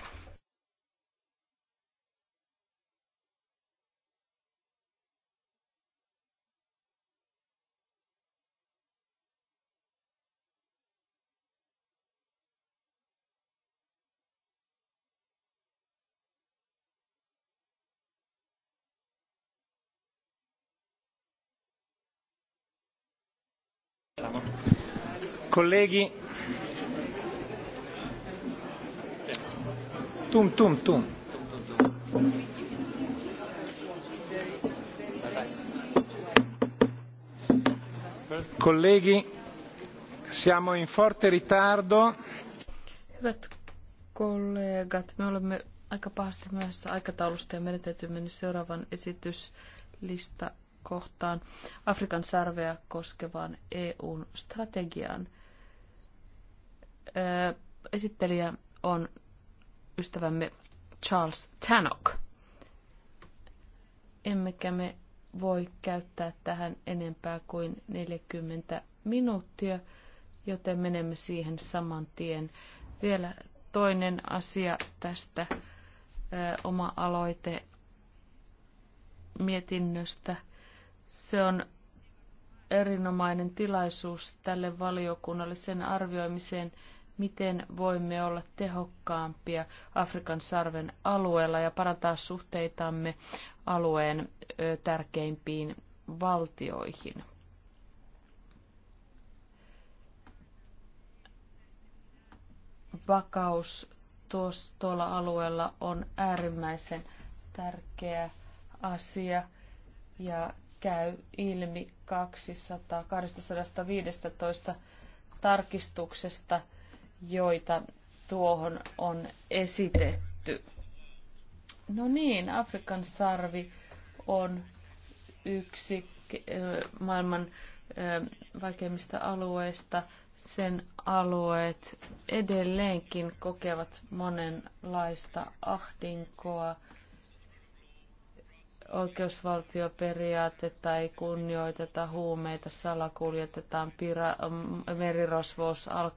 C: Colleghi, tum tum tum. Colleghi, siamo in forte ritardo.
B: Hyvät kollegat, me olemme aika pahasti myöhässä aikataulusta ja meidän täytyy mennä seuraavan esityslista kohtaan Afrikan sarvea koskevaan EUn strategiaan esittelijä on ystävämme Charles Tannock. Emmekä me voi käyttää tähän enempää kuin 40 minuuttia, joten menemme siihen saman tien. Vielä toinen asia tästä ö, oma aloite mietinnöstä. Se on erinomainen tilaisuus tälle valiokunnalle sen arvioimiseen, miten voimme olla tehokkaampia Afrikan sarven alueella ja parantaa suhteitamme alueen tärkeimpiin valtioihin. Vakaus tuossa, tuolla alueella on äärimmäisen tärkeä asia ja käy ilmi 200, 215 tarkistuksesta – joita tuohon on esitetty. No niin, Afrikan sarvi on yksi eh, maailman eh, vaikeimmista alueista. Sen alueet edelleenkin kokevat monenlaista ahdinkoa. Oikeusvaltioperiaatetta ei kunnioiteta, huumeita salakuljetetaan, pira- mm, merirosvous, al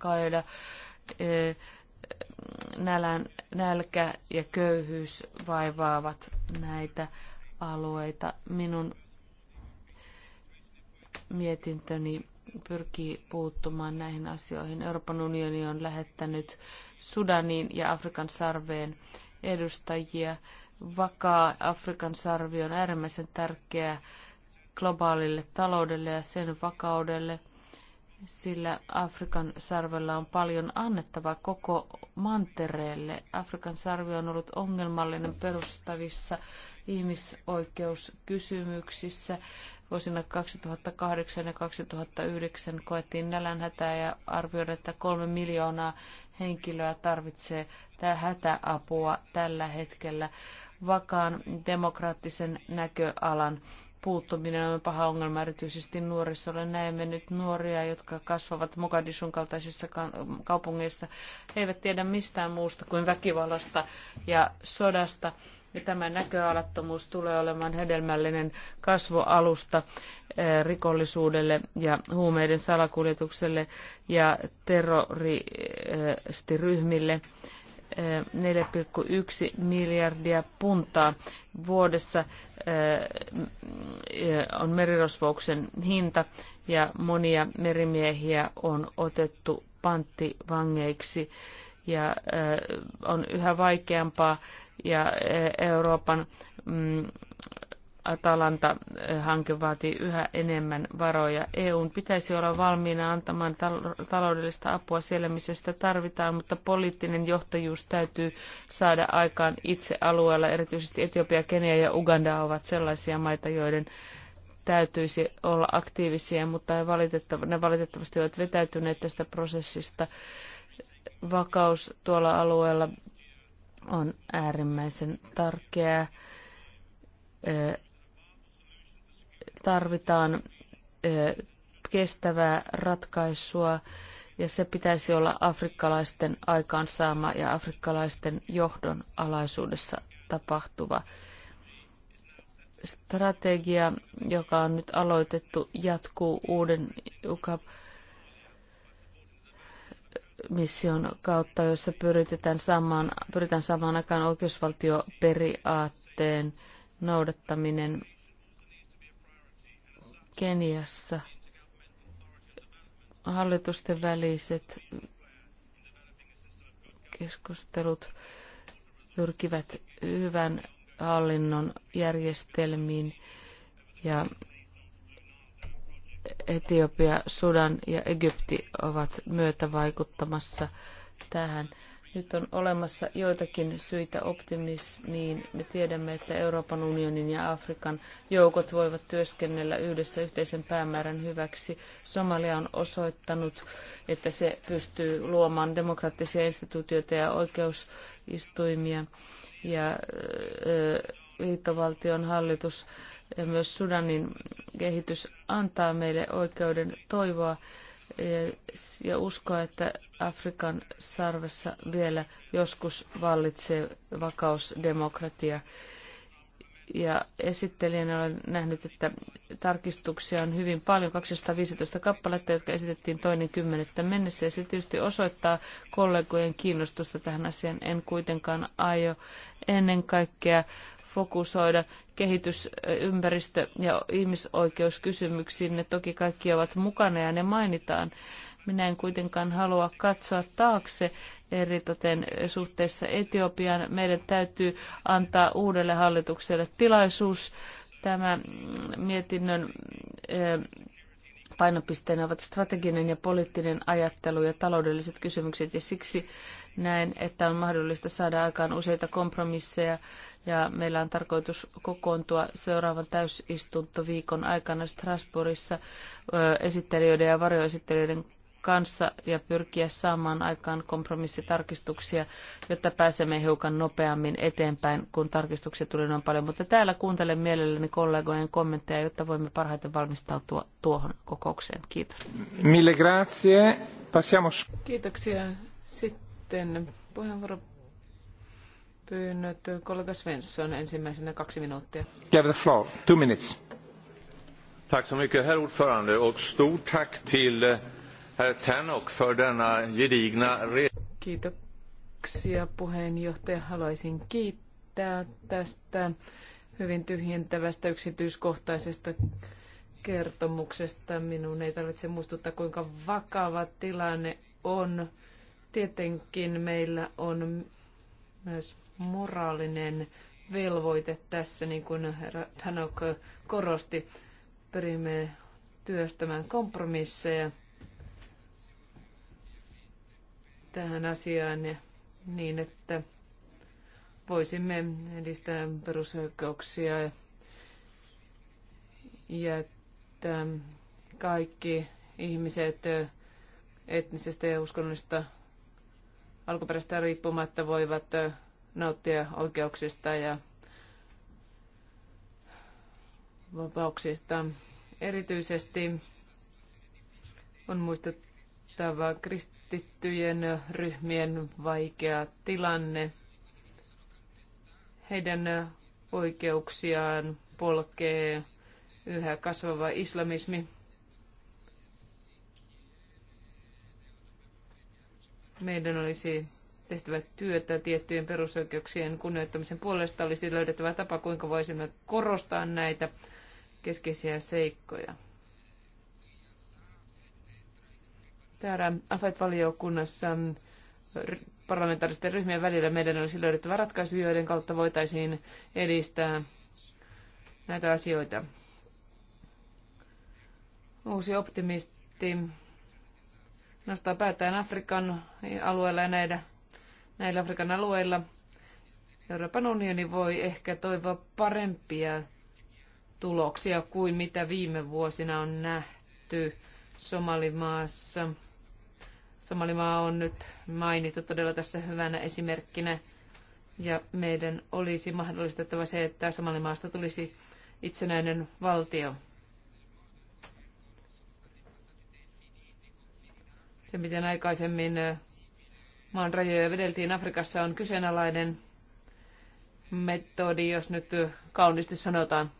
B: nälän, nälkä ja köyhyys vaivaavat näitä alueita. Minun mietintöni pyrkii puuttumaan näihin asioihin. Euroopan unioni on lähettänyt Sudaniin ja Afrikan sarveen edustajia. Vakaa Afrikan sarvi on äärimmäisen tärkeä globaalille taloudelle ja sen vakaudelle sillä Afrikan sarvella on paljon annettavaa koko mantereelle. Afrikan sarvi on ollut ongelmallinen perustavissa ihmisoikeuskysymyksissä. Vuosina 2008 ja 2009 koettiin nälänhätää ja arvioida, että kolme miljoonaa henkilöä tarvitsee tämä hätäapua tällä hetkellä vakaan demokraattisen näköalan puuttuminen on paha ongelma erityisesti nuorisolle. Näemme nyt nuoria, jotka kasvavat Mogadishun kaltaisissa kaupungeissa. He eivät tiedä mistään muusta kuin väkivallasta ja sodasta. Ja tämä näköalattomuus tulee olemaan hedelmällinen kasvoalusta eh, rikollisuudelle ja huumeiden salakuljetukselle ja terroristiryhmille. Äh, 4,1 miljardia puntaa vuodessa on merirosvouksen hinta ja monia merimiehiä on otettu panttivangeiksi ja on yhä vaikeampaa ja Euroopan mm, Atalanta-hanke vaatii yhä enemmän varoja. EUn pitäisi olla valmiina antamaan taloudellista apua siellä, missä sitä tarvitaan, mutta poliittinen johtajuus täytyy saada aikaan itse alueella. Erityisesti Etiopia, Kenia ja Uganda ovat sellaisia maita, joiden täytyisi olla aktiivisia, mutta he valitettav- ne valitettavasti ovat vetäytyneet tästä prosessista. Vakaus tuolla alueella on äärimmäisen tärkeää tarvitaan kestävää ratkaisua ja se pitäisi olla afrikkalaisten aikaansaama ja afrikkalaisten johdon alaisuudessa tapahtuva strategia, joka on nyt aloitettu, jatkuu uuden UCAP mission kautta, jossa pyritään saamaan, pyritään saamaan aikaan oikeusvaltioperiaatteen noudattaminen Keniassa hallitusten väliset keskustelut pyrkivät hyvän hallinnon järjestelmiin ja Etiopia, Sudan ja Egypti ovat myötävaikuttamassa tähän. Nyt on olemassa joitakin syitä optimismiin. Me tiedämme, että Euroopan unionin ja Afrikan joukot voivat työskennellä yhdessä yhteisen päämäärän hyväksi. Somalia on osoittanut, että se pystyy luomaan demokraattisia instituutioita ja oikeusistuimia. Ja liittovaltion hallitus ja myös Sudanin kehitys antaa meille oikeuden toivoa ja uskoa, että Afrikan sarvessa vielä joskus vallitsee vakausdemokratia. demokratia ja esittelijänä olen nähnyt, että tarkistuksia on hyvin paljon, 215 kappaletta, jotka esitettiin toinen kymmenettä mennessä, ja se tietysti osoittaa kollegojen kiinnostusta tähän asiaan. En kuitenkaan aio ennen kaikkea fokusoida kehitys-, ympäristö- ja ihmisoikeuskysymyksiin. Ne toki kaikki ovat mukana ja ne mainitaan minä en kuitenkaan halua katsoa taakse eritoten suhteessa Etiopian. Meidän täytyy antaa uudelle hallitukselle tilaisuus. Tämä mietinnön eh, painopisteenä ovat strateginen ja poliittinen ajattelu ja taloudelliset kysymykset, ja siksi näen, että on mahdollista saada aikaan useita kompromisseja, ja meillä on tarkoitus kokoontua seuraavan täysistuntoviikon aikana Strasbourgissa eh, esittelijöiden ja varjoesittelijöiden kanssa ja pyrkiä saamaan aikaan kompromissitarkistuksia, jotta pääsemme hiukan nopeammin eteenpäin, kun tarkistuksia tuli noin paljon. Mutta täällä kuuntelen mielelläni kollegojen kommentteja, jotta voimme parhaiten valmistautua tuohon kokoukseen. Kiitos.
D: Mille
C: grazie. Passiamos.
D: Kiitoksia. Sitten puheenvuoro pyynnöt. Kollega Svensson ensimmäisenä kaksi minuuttia.
C: Give the floor. Two minutes. Tack så mycket, herr ordförande, och stort tack till eh, herr Tanok för denna gedigna
D: Kiitoksia puheenjohtaja. Haluaisin kiittää tästä hyvin tyhjentävästä yksityiskohtaisesta kertomuksesta. Minun ei tarvitse muistuttaa, kuinka vakava tilanne on. Tietenkin meillä on myös moraalinen velvoite tässä, niin kuin herra Tanok korosti. Pyrimme työstämään kompromisseja tähän asiaan niin, että voisimme edistää perusoikeuksia ja että kaikki ihmiset etnisestä ja uskonnollisesta alkuperäistä riippumatta voivat nauttia oikeuksista ja vapauksista. Erityisesti on muistettava, huolestuttava kristittyjen ryhmien vaikea tilanne. Heidän oikeuksiaan polkee yhä kasvava islamismi. Meidän olisi tehtävä työtä tiettyjen perusoikeuksien kunnioittamisen puolesta. Olisi löydettävä tapa, kuinka voisimme korostaa näitä keskeisiä seikkoja. täällä AFET-valiokunnassa mm, parlamentaaristen ryhmien välillä meidän olisi löydettävä ratkaisu, joiden kautta voitaisiin edistää näitä asioita. Uusi optimisti nostaa päätään Afrikan alueella ja näillä, näillä Afrikan alueilla. Euroopan unioni voi ehkä toivoa parempia tuloksia kuin mitä viime vuosina on nähty Somalimaassa – Somalimaa on nyt mainittu todella tässä hyvänä esimerkkinä. Ja meidän olisi mahdollistettava se, että Somalimaasta tulisi itsenäinen valtio. Se, miten aikaisemmin maan rajoja vedeltiin Afrikassa, on kyseenalainen metodi, jos nyt kauniisti sanotaan.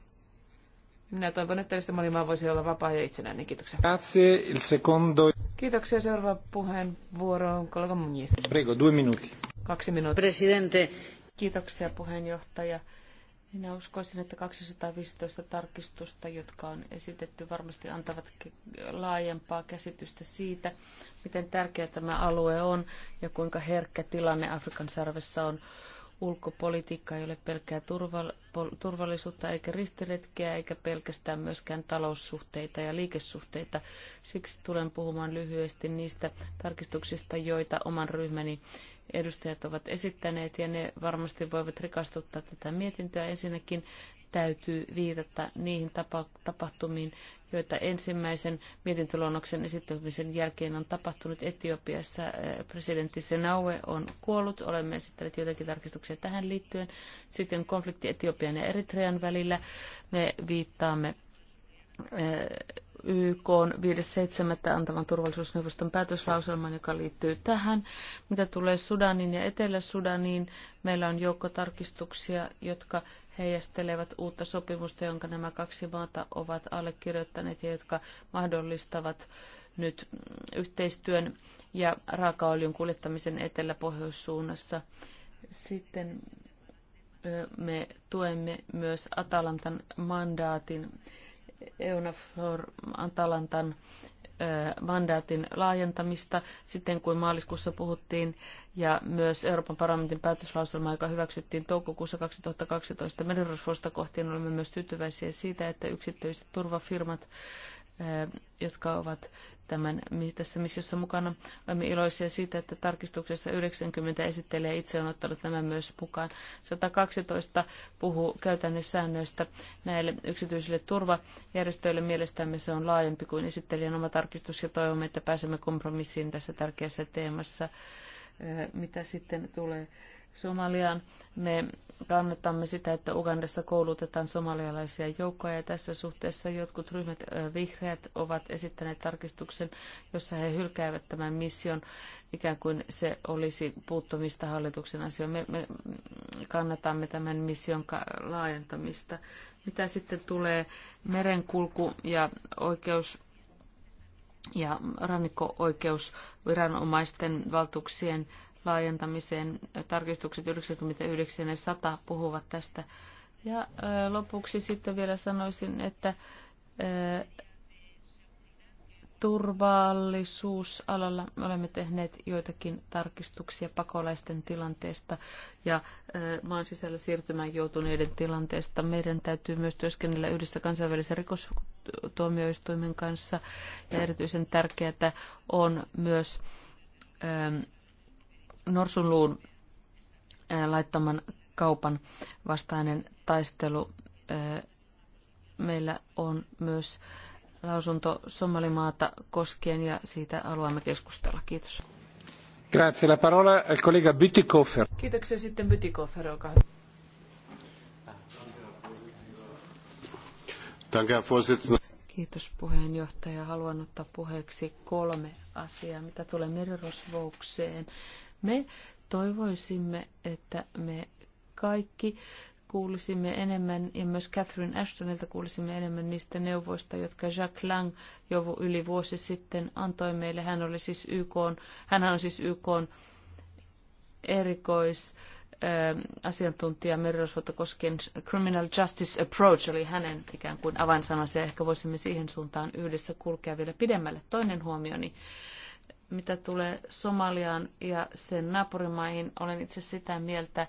D: Minä toivon, että Somalimaa voisi olla vapaa ja itsenäinen. Kiitoksia.
C: Grazie. Il secondo...
B: Kiitoksia. Seuraava puheenvuoro on kollega Muñiz.
C: Prego, due minuutti.
B: Kaksi minuuttia. Presidente. Kiitoksia puheenjohtaja. Minä uskoisin, että 215 tarkistusta, jotka on esitetty, varmasti antavat laajempaa käsitystä siitä, miten tärkeä tämä alue on ja kuinka herkkä tilanne Afrikan sarvessa on Ulkopolitiikka ei ole pelkkää turvallisuutta eikä ristiretkeä eikä pelkästään myöskään taloussuhteita ja liikesuhteita. Siksi tulen puhumaan lyhyesti niistä tarkistuksista, joita oman ryhmäni edustajat ovat esittäneet ja ne varmasti voivat rikastuttaa tätä mietintöä. Ensinnäkin täytyy viitata niihin tapahtumiin, joita ensimmäisen mietintöluonnoksen esittämisen jälkeen on tapahtunut Etiopiassa. Äh, presidentti Senaue on kuollut. Olemme esittäneet joitakin tarkistuksia tähän liittyen. Sitten konflikti Etiopian ja Eritrean välillä. Me viittaamme äh, YK 5.7. antavan turvallisuusneuvoston päätöslauselman, joka liittyy tähän. Mitä tulee Sudanin ja Etelä-Sudaniin, meillä on joukko tarkistuksia, jotka heijastelevat uutta sopimusta, jonka nämä kaksi maata ovat allekirjoittaneet ja jotka mahdollistavat nyt yhteistyön ja raakaöljyn kuljettamisen etelä-pohjoissuunnassa. Sitten me tuemme myös Atalantan mandaatin EUNAFOR Antalantan mandaatin laajentamista sitten, kun maaliskuussa puhuttiin, ja myös Euroopan parlamentin päätöslauselma, joka hyväksyttiin toukokuussa 2012 merirosvoista kohtien, olemme myös tyytyväisiä siitä, että yksityiset turvafirmat, jotka ovat tämän tässä missiossa mukana. Olemme iloisia siitä, että tarkistuksessa 90 esittelee itse on ottanut nämä myös mukaan. 112 puhuu käytännön säännöistä näille yksityisille turvajärjestöille. Mielestämme se on laajempi kuin esittelijän oma tarkistus ja toivomme, että pääsemme kompromissiin tässä tärkeässä teemassa. Mitä sitten tulee Somaliaan. Me kannatamme sitä, että Ugandassa koulutetaan somalialaisia joukkoja ja tässä suhteessa jotkut ryhmät vihreät ovat esittäneet tarkistuksen, jossa he hylkäävät tämän mission ikään kuin se olisi puuttumista hallituksen asioihin. Me, me kannatamme tämän mission laajentamista. Mitä sitten tulee merenkulku ja oikeus ja rannikko-oikeusviranomaisten valtuuksien laajentamiseen. Tarkistukset 99 ja 100 puhuvat tästä. Ja lopuksi sitten vielä sanoisin, että turvallisuusalalla me olemme tehneet joitakin tarkistuksia pakolaisten tilanteesta ja maan sisällä siirtymään joutuneiden tilanteesta. Meidän täytyy myös työskennellä yhdessä kansainvälisen rikostuomioistuimen kanssa ja erityisen tärkeää on myös norsunluun laittoman kaupan vastainen taistelu. Meillä on myös lausunto Somalimaata koskien ja siitä haluamme keskustella. Kiitos.
C: Grazie. La parola al collega Bütikofer.
B: Kiitoksia sitten Bütikofer, olkaa hyvä. Kiitos puheenjohtaja. Haluan ottaa puheeksi kolme asiaa, mitä tulee merirosvoukseen. Me toivoisimme, että me kaikki kuulisimme enemmän, ja myös Catherine Ashtonilta kuulisimme enemmän niistä neuvoista, jotka Jacques Lang jo yli vuosi sitten antoi meille. Hän oli siis YK, hän on siis YK erikois ähm, asiantuntija merirosvoutta koskien Criminal Justice Approach oli hänen ikään kuin avainsanansa ja ehkä voisimme siihen suuntaan yhdessä kulkea vielä pidemmälle. Toinen huomioni. Niin mitä tulee Somaliaan ja sen naapurimaihin, olen itse sitä mieltä,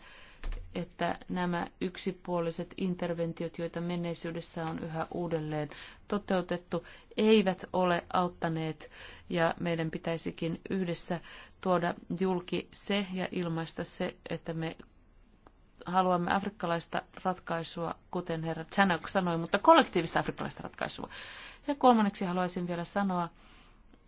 B: että nämä yksipuoliset interventiot, joita menneisyydessä on yhä uudelleen toteutettu, eivät ole auttaneet ja meidän pitäisikin yhdessä tuoda julki se ja ilmaista se, että me haluamme afrikkalaista ratkaisua, kuten herra Chanok sanoi, mutta kollektiivista afrikkalaista ratkaisua. Ja kolmanneksi haluaisin vielä sanoa,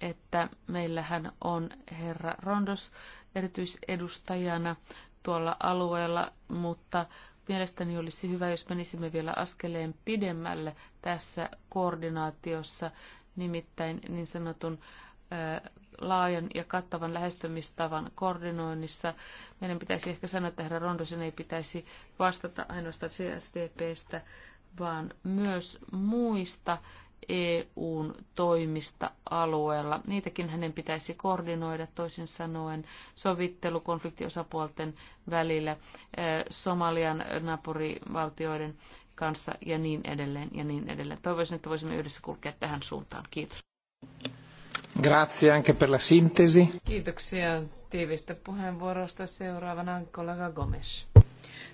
B: että meillähän on herra Rondos erityisedustajana tuolla alueella, mutta mielestäni olisi hyvä, jos menisimme vielä askeleen pidemmälle tässä koordinaatiossa, nimittäin niin sanotun laajan ja kattavan lähestymistavan koordinoinnissa. Meidän pitäisi ehkä sanoa, että herra Rondosen ei pitäisi vastata ainoastaan CSDPstä, vaan myös muista EUn toimista alueella. Niitäkin hänen pitäisi koordinoida, toisin sanoen sovittelu konfliktiosapuolten välillä, e, Somalian naapurivaltioiden kanssa ja niin edelleen ja niin edelleen. Toivoisin, että voisimme yhdessä kulkea tähän suuntaan. Kiitos.
C: Grazie anche per la sintesi.
B: Kiitoksia tiivistä puheenvuorosta. Seuraavana
D: kollega Gomes.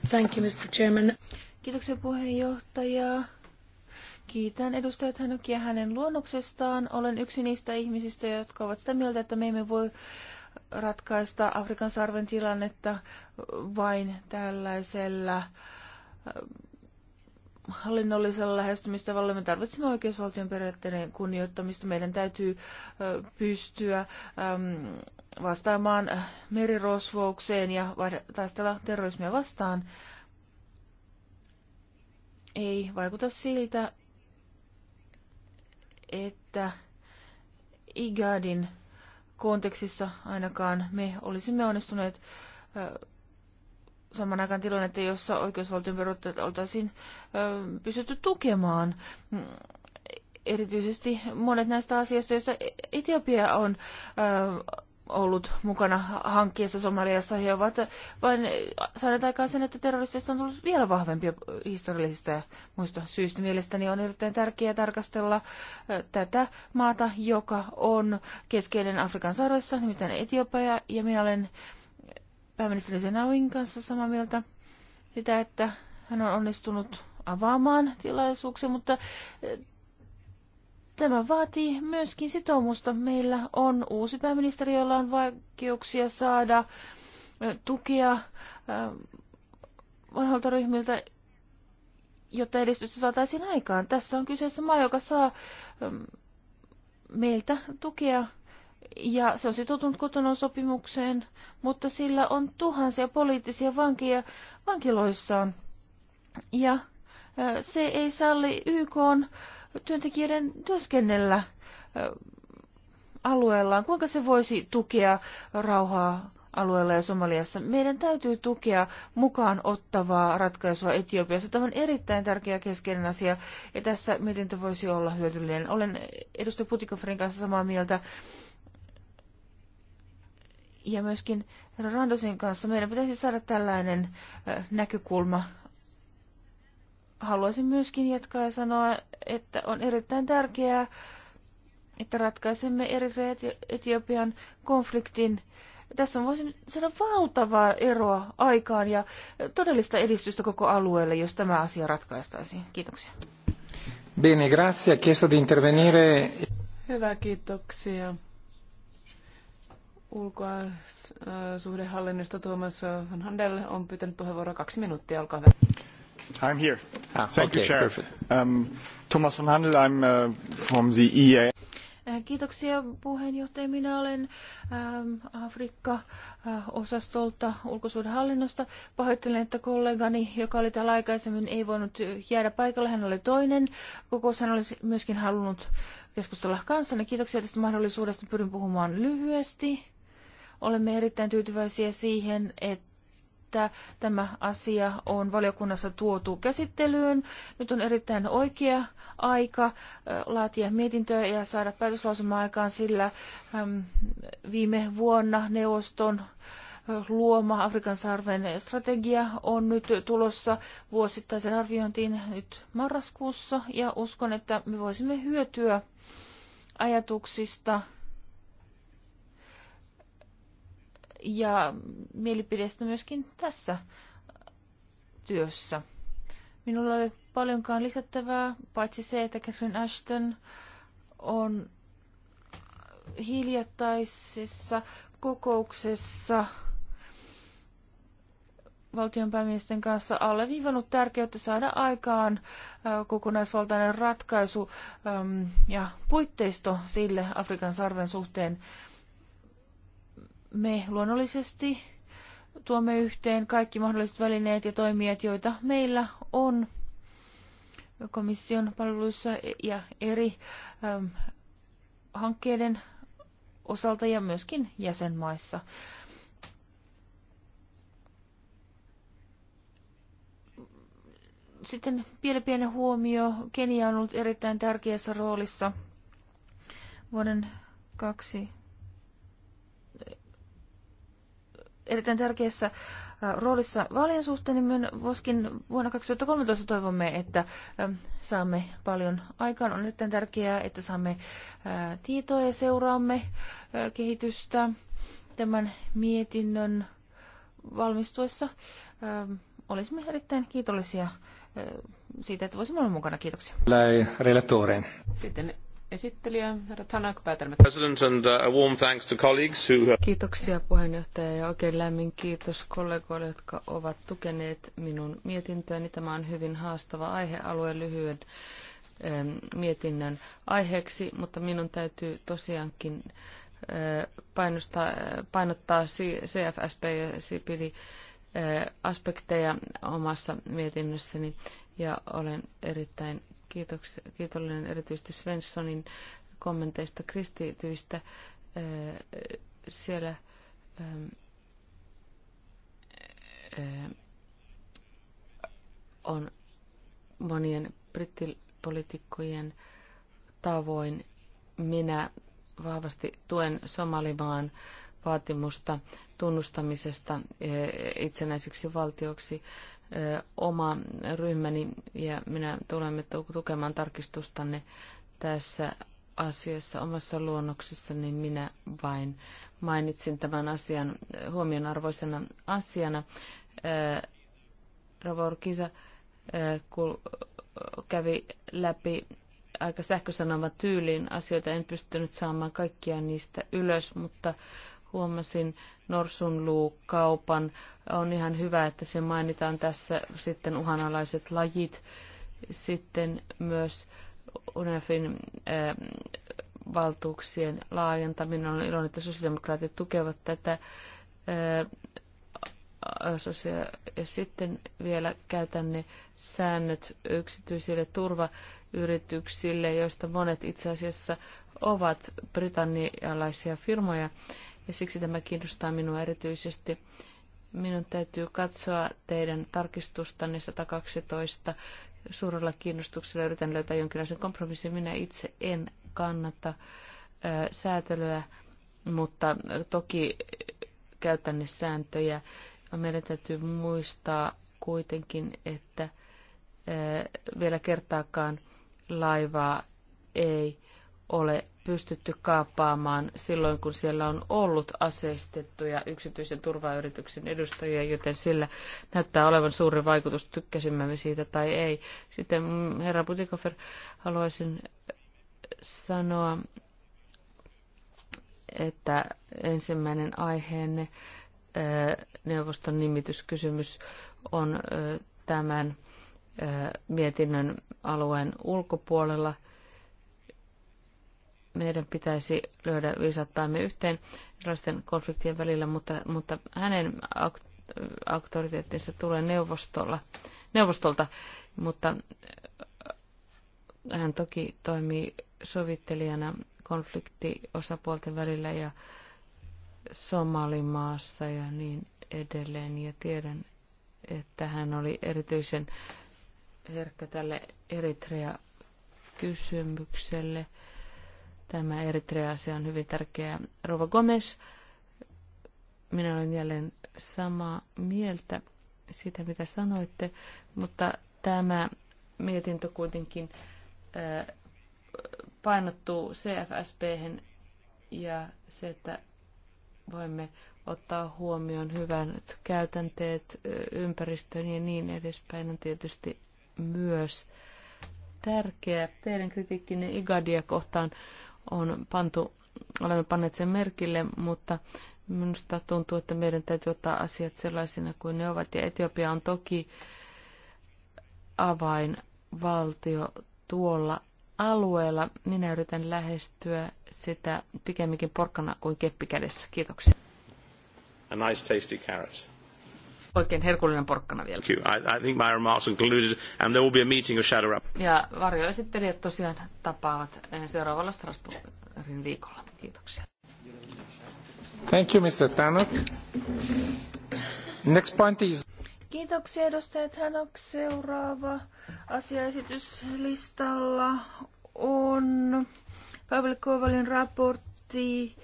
D: Thank you, Mr. Chairman.
E: Kiitoksia puheenjohtaja. Kiitän edustajat Hanukia hänen luonnoksestaan. Olen yksi niistä ihmisistä, jotka ovat sitä mieltä, että me emme voi ratkaista Afrikan sarven tilannetta vain tällaisella äh, hallinnollisella lähestymistavalla. Me tarvitsemme oikeusvaltion periaatteiden kunnioittamista. Meidän täytyy äh, pystyä vastaamaan äh, merirosvoukseen ja taistella terrorismia vastaan. Ei vaikuta siltä, että IGADin kontekstissa ainakaan me olisimme onnistuneet saman aikaan tilannetta, jossa oikeusvaltion perusteet oltaisiin pystytty tukemaan. Mm, erityisesti monet näistä asioista, joissa Etiopia on ollut mukana hankkeessa Somaliassa. He ovat vain saaneet aikaan sen, että terroristeista on tullut vielä vahvempia historiallisista ja muista syistä. Mielestäni on erittäin tärkeää tarkastella tätä maata, joka on keskeinen Afrikan sarvessa, nimittäin Etiopia, ja minä olen pääministeri Senauin kanssa samaa mieltä sitä, että hän on onnistunut avaamaan tilaisuuksia, mutta Tämä vaatii myöskin sitoumusta. Meillä on uusi pääministeri, jolla on vaikeuksia saada tukea vanhoilta ryhmiltä, jotta edistystä saataisiin aikaan. Tässä on kyseessä maa, joka saa meiltä tukea ja se on sitoutunut kotonon sopimukseen, mutta sillä on tuhansia poliittisia vankia vankiloissaan. Ja se ei salli YK on työntekijöiden työskennellä alueellaan? Kuinka se voisi tukea rauhaa alueella ja Somaliassa? Meidän täytyy tukea mukaan ottavaa ratkaisua Etiopiassa. Tämä on erittäin tärkeä keskeinen asia ja tässä mietintö voisi olla hyödyllinen. Olen edustaja Putikofrin kanssa samaa mieltä ja myöskin Randosin kanssa. Meidän pitäisi saada tällainen näkökulma haluaisin myöskin jatkaa ja sanoa, että on erittäin tärkeää, että ratkaisemme Eritrea ja Etiopian konfliktin. Tässä on voisin sanoa valtavaa eroa aikaan ja todellista edistystä koko alueelle, jos tämä asia ratkaistaisiin. Kiitoksia.
C: Bene, grazie. Chiesto di intervenire.
E: Hyvä, kiitoksia.
D: Ulkosuhdehallinnosta Tuomas Van Handel on pyytänyt puheenvuoroa kaksi minuuttia. Olkaa hyvä.
F: I'm here.
C: Ah, Thank okay, you, Chair. Perfect.
F: Um, Thomas von Handel, I'm uh, from the EA.
E: Äh, kiitoksia puheenjohtaja. Minä olen ähm, Afrikka-osastolta äh, ulkosuudenhallinnosta. Pahoittelen, että kollegani, joka oli täällä aikaisemmin, ei voinut jäädä paikalle. Hän oli toinen. Kokous hän olisi myöskin halunnut keskustella kanssanne. Kiitoksia tästä mahdollisuudesta. Pyrin puhumaan lyhyesti. Olemme erittäin tyytyväisiä siihen, että että tämä asia on valiokunnassa tuotu käsittelyyn. Nyt on erittäin oikea aika äh, laatia mietintöä ja saada päätöslausuma aikaan, sillä viime vuonna neuvoston äh, luoma Afrikan sarven strategia on nyt tulossa vuosittaisen arviointiin nyt marraskuussa ja uskon, että me voisimme hyötyä ajatuksista – ja mielipidestä myöskin tässä työssä. Minulla oli paljonkaan lisättävää, paitsi se, että Catherine Ashton on hiljattaisessa kokouksessa valtionpäämiesten kanssa alleviivannut tärkeyttä saada aikaan kokonaisvaltainen ratkaisu ja puitteisto sille Afrikan sarven suhteen me luonnollisesti tuomme yhteen kaikki mahdolliset välineet ja toimijat, joita meillä on komission palveluissa ja eri ähm, hankkeiden osalta ja myöskin jäsenmaissa. Sitten pieni pieni huomio. Kenia on ollut erittäin tärkeässä roolissa vuoden kaksi erittäin tärkeässä äh, roolissa vaalien suhteen, niin myös Voskin vuonna 2013 toivomme, että ähm, saamme paljon aikaan. On erittäin tärkeää, että saamme äh, tietoa ja seuraamme äh, kehitystä tämän mietinnön valmistuessa. Ähm, olisimme erittäin kiitollisia siitä, että voisimme olla mukana. Kiitoksia. Sitten esittelijä, herra Tanak, President
C: and uh, a
F: warm thanks to colleagues who... Uh,
B: Kiitoksia puheenjohtaja ja oikein lämmin kiitos kollegoille, jotka ovat tukeneet minun mietintöäni. Tämä on hyvin haastava aihealue lyhyen ähm, mietinnön aiheeksi, mutta minun täytyy tosiaankin äh, painostaa, äh, painottaa CFSP ja Sipili äh, aspekteja omassa mietinnössäni ja olen erittäin Kiitoks, kiitollinen erityisesti Svenssonin kommenteista kristityistä. Siellä on monien brittipolitiikkojen tavoin minä vahvasti tuen Somalimaan vaatimusta tunnustamisesta itsenäiseksi valtioksi oma ryhmäni ja minä tulemme tukemaan tarkistustanne tässä asiassa omassa niin minä vain mainitsin tämän asian huomionarvoisena asiana. Ravor Kisa kävi läpi aika sähkösanoma tyyliin asioita. En pystynyt saamaan kaikkia niistä ylös, mutta huomasin norsunluukaupan. On ihan hyvä, että se mainitaan tässä sitten uhanalaiset lajit. Sitten myös UNEFin eh, valtuuksien laajentaminen. on iloinen, että sosiaalidemokraatit tukevat tätä. Eh, ja sitten vielä käytän ne säännöt yksityisille turvayrityksille, joista monet itse asiassa ovat britannialaisia firmoja ja siksi tämä kiinnostaa minua erityisesti. Minun täytyy katsoa teidän tarkistustanne 112. Suurella kiinnostuksella yritän löytää jonkinlaisen kompromissin. Minä itse en kannata säätelyä, mutta toki käytän ne sääntöjä. Meidän täytyy muistaa kuitenkin, että vielä kertaakaan laivaa ei ole pystytty kaappaamaan silloin, kun siellä on ollut aseistettuja yksityisen turvayrityksen edustajia, joten sillä näyttää olevan suuri vaikutus, tykkäsimme me siitä tai ei. Sitten mm, herra Butikofer, haluaisin sanoa, että ensimmäinen aiheenne neuvoston nimityskysymys on tämän mietinnön alueen ulkopuolella – meidän pitäisi löydä viisat päämme yhteen erilaisten konfliktien välillä, mutta, mutta hänen auktoriteettinsa tulee neuvostolla, neuvostolta, mutta äh, hän toki toimii sovittelijana konfliktiosapuolten välillä ja Somalimaassa ja niin edelleen. Ja tiedän, että hän oli erityisen herkkä tälle Eritrea-kysymykselle. Tämä Eritrea-asia on hyvin tärkeä. Rova Gomes, minä olen jälleen samaa mieltä siitä, mitä sanoitte, mutta tämä mietintö kuitenkin painottuu cfsp ja se, että voimme ottaa huomioon hyvät käytänteet ympäristöön ja niin edespäin on tietysti myös tärkeä. Teidän kritiikkinne Igadia kohtaan on pantu, olemme panneet sen merkille, mutta minusta tuntuu, että meidän täytyy ottaa asiat sellaisina kuin ne ovat. Ja Etiopia on toki avainvaltio tuolla alueella. Minä yritän lähestyä sitä pikemminkin porkkana kuin keppikädessä. Kiitoksia.
F: A nice tasty carrot.
B: Oikein herkullinen porkkana vielä.
F: I, I think my remarks concluded and there will be a meeting of shadow up.
B: Ja varjoesittelijät tosiaan tapaavat eh, seuraavalla Strasbourgin viikolla. Kiitoksia.
C: Thank you, Mr. Tanuk. Next point is...
E: Kiitoksia edustaja Tanok. Seuraava asiaesityslistalla on Pavel Kovalin raportti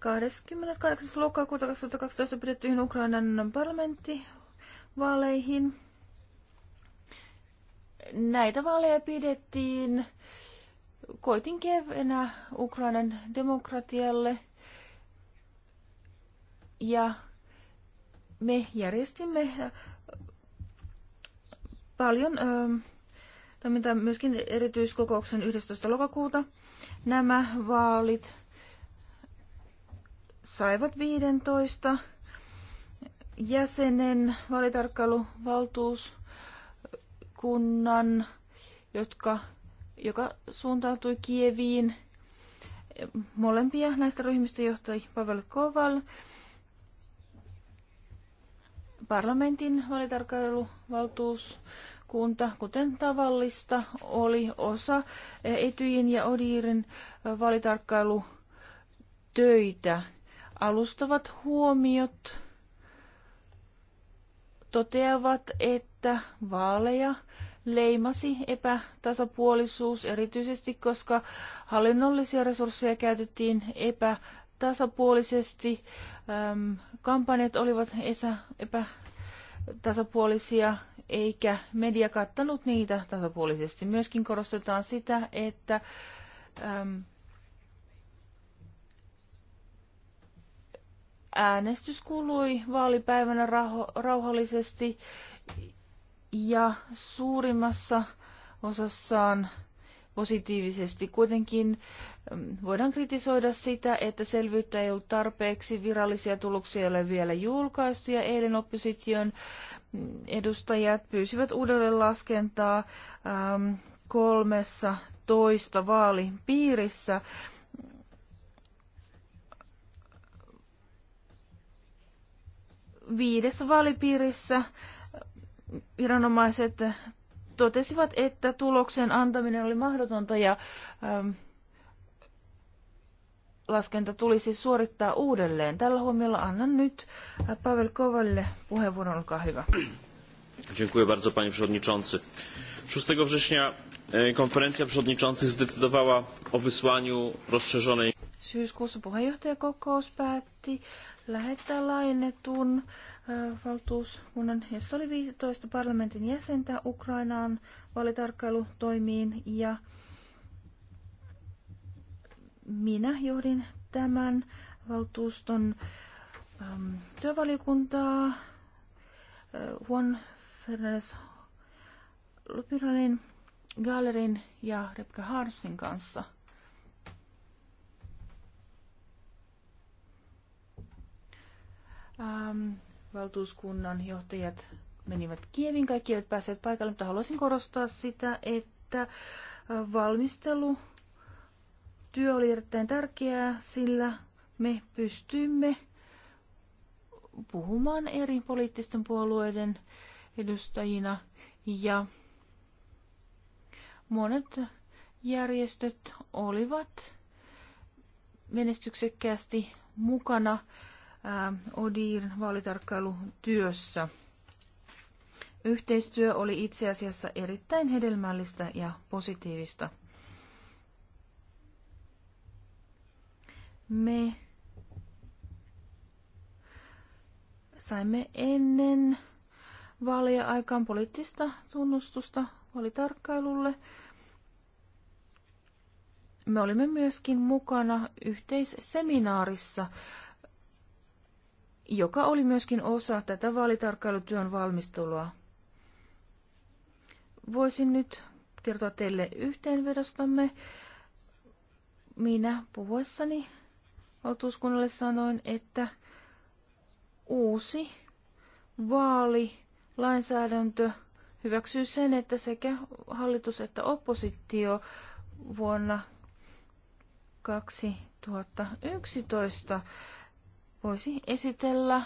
E: 28. lokakuuta 2012 pidettyihin Ukrainan parlamenttivaaleihin. Näitä vaaleja pidettiin koitin kevenä Ukrainan demokratialle ja me järjestimme paljon toimintaa myöskin erityiskokouksen 11. lokakuuta. Nämä vaalit saivat 15 jäsenen vaalitarkkailuvaltuuskunnan, jotka, joka suuntautui Kieviin. Molempia näistä ryhmistä johtoi Pavel Koval. Parlamentin valitarkkailuvaltuuskunta, kuten tavallista, oli osa Etyjin ja Odiirin vaalitarkkailutöitä alustavat huomiot toteavat, että vaaleja leimasi epätasapuolisuus erityisesti, koska hallinnollisia resursseja käytettiin epätasapuolisesti, äm, kampanjat olivat esä, epätasapuolisia eikä media kattanut niitä tasapuolisesti. Myöskin korostetaan sitä, että Äänestys kului vaalipäivänä rauho- rauhallisesti ja suurimmassa osassaan positiivisesti. Kuitenkin mm, voidaan kritisoida sitä, että selvyyttä ei ollut tarpeeksi, virallisia tuloksia ei ole vielä julkaistu ja eilen opposition mm, edustajat pyysivät uudelleen laskentaa kolmessa toista vaalipiirissä. viidessä vaalipiirissä viranomaiset totesivat, että tuloksen antaminen oli mahdotonta ja ähm, laskenta tulisi suorittaa uudelleen. Tällä huomiolla annan nyt äh, Pavel Kovalle puheenvuoron, olkaa hyvä.
F: Dziękuję bardzo panie przewodniczący. 6 września e, konferencja przewodniczących zdecydowała o wysłaniu rozszerzonej
E: Syyskuussa puheenjohtajakokous päätti lähettää laajennetun valtuuskunnan, jossa oli 15 parlamentin jäsentä Ukrainaan valitarkkailutoimiin ja minä johdin tämän valtuuston äm, työvaliokuntaa äh, Juan Fernandez Lupiralin, Gallerin ja Rebecca Harsin kanssa – Ähm, valtuuskunnan johtajat menivät Kievin, kaikki eivät päässeet paikalle, mutta haluaisin korostaa sitä, että äh, valmistelu työ oli erittäin tärkeää, sillä me pystymme puhumaan eri poliittisten puolueiden edustajina ja monet järjestöt olivat menestyksekkäästi mukana ODIR vaalitarkkailutyössä. Yhteistyö oli itse asiassa erittäin hedelmällistä ja positiivista. Me saimme ennen vaalia aikaan poliittista tunnustusta vaalitarkkailulle. Me olimme myöskin mukana yhteisseminaarissa joka oli myöskin osa tätä vaalitarkkailutyön valmistelua. Voisin nyt kertoa teille yhteenvedostamme. Minä puhuessani valtuuskunnalle sanoin, että uusi vaalilainsäädäntö hyväksyy sen, että sekä hallitus että oppositio vuonna 2011 voisi esitellä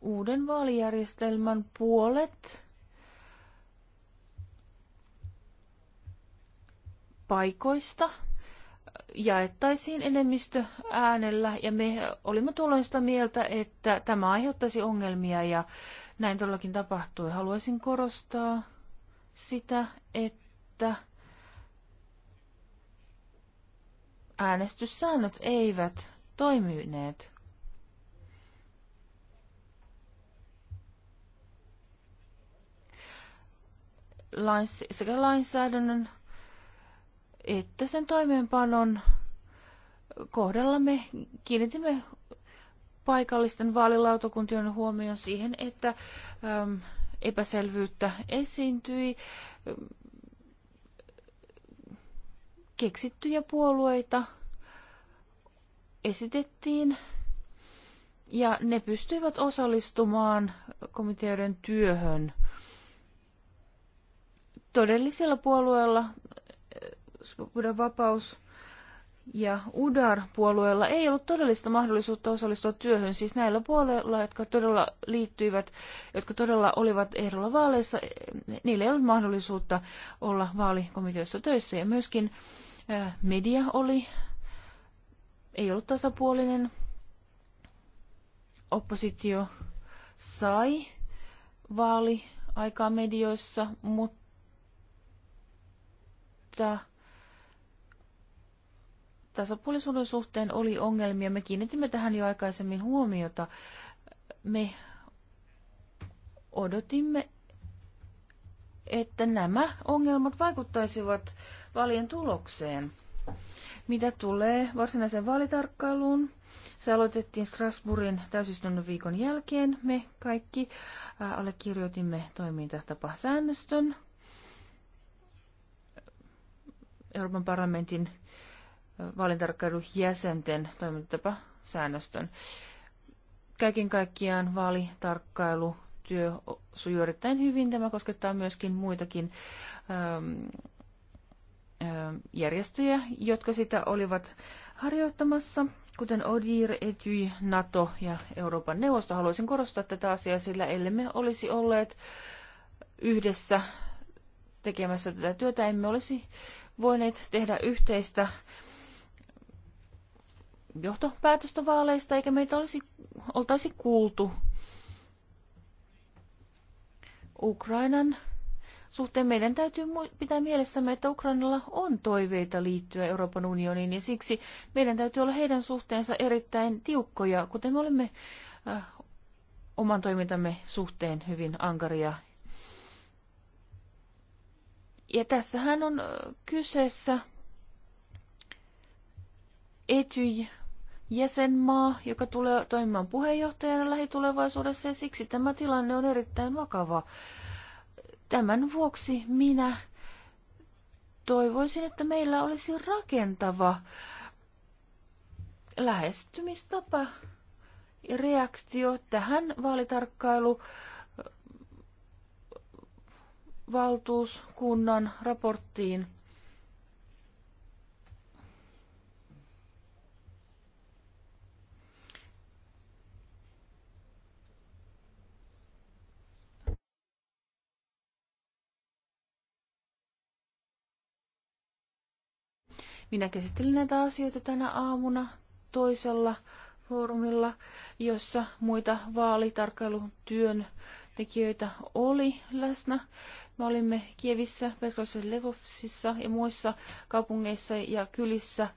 E: uuden vaalijärjestelmän puolet paikoista jaettaisiin enemmistö äänellä ja me olimme tuolloin sitä mieltä, että tämä aiheuttaisi ongelmia ja näin todellakin tapahtui. Haluaisin korostaa sitä, että äänestyssäännöt eivät toimineet. Lains, sekä lainsäädännön että sen toimeenpanon kohdalla me kiinnitimme paikallisten vaalilautakuntien huomioon siihen, että äm, epäselvyyttä esiintyi keksittyjä puolueita esitettiin ja ne pystyivät osallistumaan komiteoiden työhön. Todellisella puolueella Svobodan vapaus ja UDAR-puolueella ei ollut todellista mahdollisuutta osallistua työhön, siis näillä puolueilla, jotka todella liittyivät, jotka todella olivat ehdolla vaaleissa, niillä ei ollut mahdollisuutta olla vaalikomiteossa töissä ja myöskin äh, media oli, ei ollut tasapuolinen. Oppositio sai vaali aikaa medioissa, mutta tasapuolisuuden suhteen oli ongelmia. Me kiinnitimme tähän jo aikaisemmin huomiota. Me odotimme, että nämä ongelmat vaikuttaisivat vaalien tulokseen. Mitä tulee varsinaiseen vaalitarkkailuun, se aloitettiin Strasbourgin täysistunnon viikon jälkeen. Me kaikki äh, allekirjoitimme toimintatapasäännöstön Euroopan parlamentin äh, jäsenten toimintatapasäännöstön. Kaiken kaikkiaan vaalitarkkailu työ sujuu erittäin hyvin. Tämä koskettaa myöskin muitakin ähm, ähm, järjestöjä, jotka sitä olivat harjoittamassa, kuten ODIR, ETY, NATO ja Euroopan neuvosto. Haluaisin korostaa tätä asiaa, sillä ellemme olisi olleet yhdessä tekemässä tätä työtä, emme olisi voineet tehdä yhteistä johtopäätöstä vaaleista, eikä meitä olisi, oltaisi kuultu Ukrainan suhteen meidän täytyy pitää mielessämme, että Ukrainalla on toiveita liittyä Euroopan unioniin ja siksi meidän täytyy olla heidän suhteensa erittäin tiukkoja, kuten me olemme äh, oman toimintamme suhteen hyvin ankaria. Ja tässähän on äh, kyseessä Etyj jäsenmaa, joka tulee toimimaan puheenjohtajana lähitulevaisuudessa ja siksi tämä tilanne on erittäin vakava. Tämän vuoksi minä toivoisin, että meillä olisi rakentava lähestymistapa ja reaktio tähän vaalitarkkailu äh, valtuuskunnan raporttiin. Minä käsittelin näitä asioita tänä aamuna toisella foorumilla, jossa muita vaalitarkkailutyön tekijöitä oli läsnä. Me olimme Kievissä, Petrosen Levovsissa ja muissa kaupungeissa ja kylissä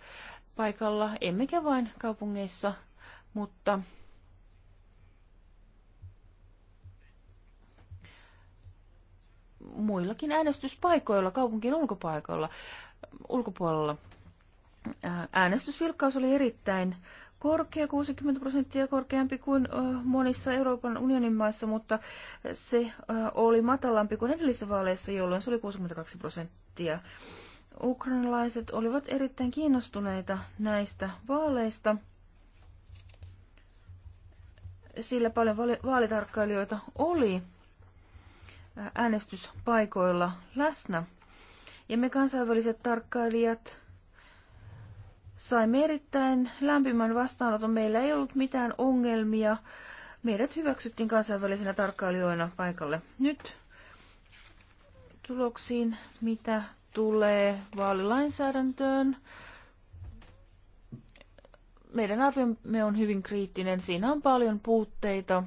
E: paikalla, emmekä vain kaupungeissa, mutta muillakin äänestyspaikoilla, kaupunkien ulkopaikoilla, ulkopuolella äänestysvilkkaus oli erittäin korkea, 60 prosenttia korkeampi kuin monissa Euroopan unionin maissa, mutta se oli matalampi kuin edellisissä vaaleissa, jolloin se oli 62 prosenttia. Ukrainalaiset olivat erittäin kiinnostuneita näistä vaaleista, sillä paljon vaalitarkkailijoita oli äänestyspaikoilla läsnä. Ja me kansainväliset tarkkailijat Saimme erittäin lämpimän vastaanoton. Meillä ei ollut mitään ongelmia. Meidät hyväksyttiin kansainvälisenä tarkkailijoina paikalle. Nyt tuloksiin, mitä tulee vaalilainsäädäntöön. Meidän arviomme on hyvin kriittinen. Siinä on paljon puutteita,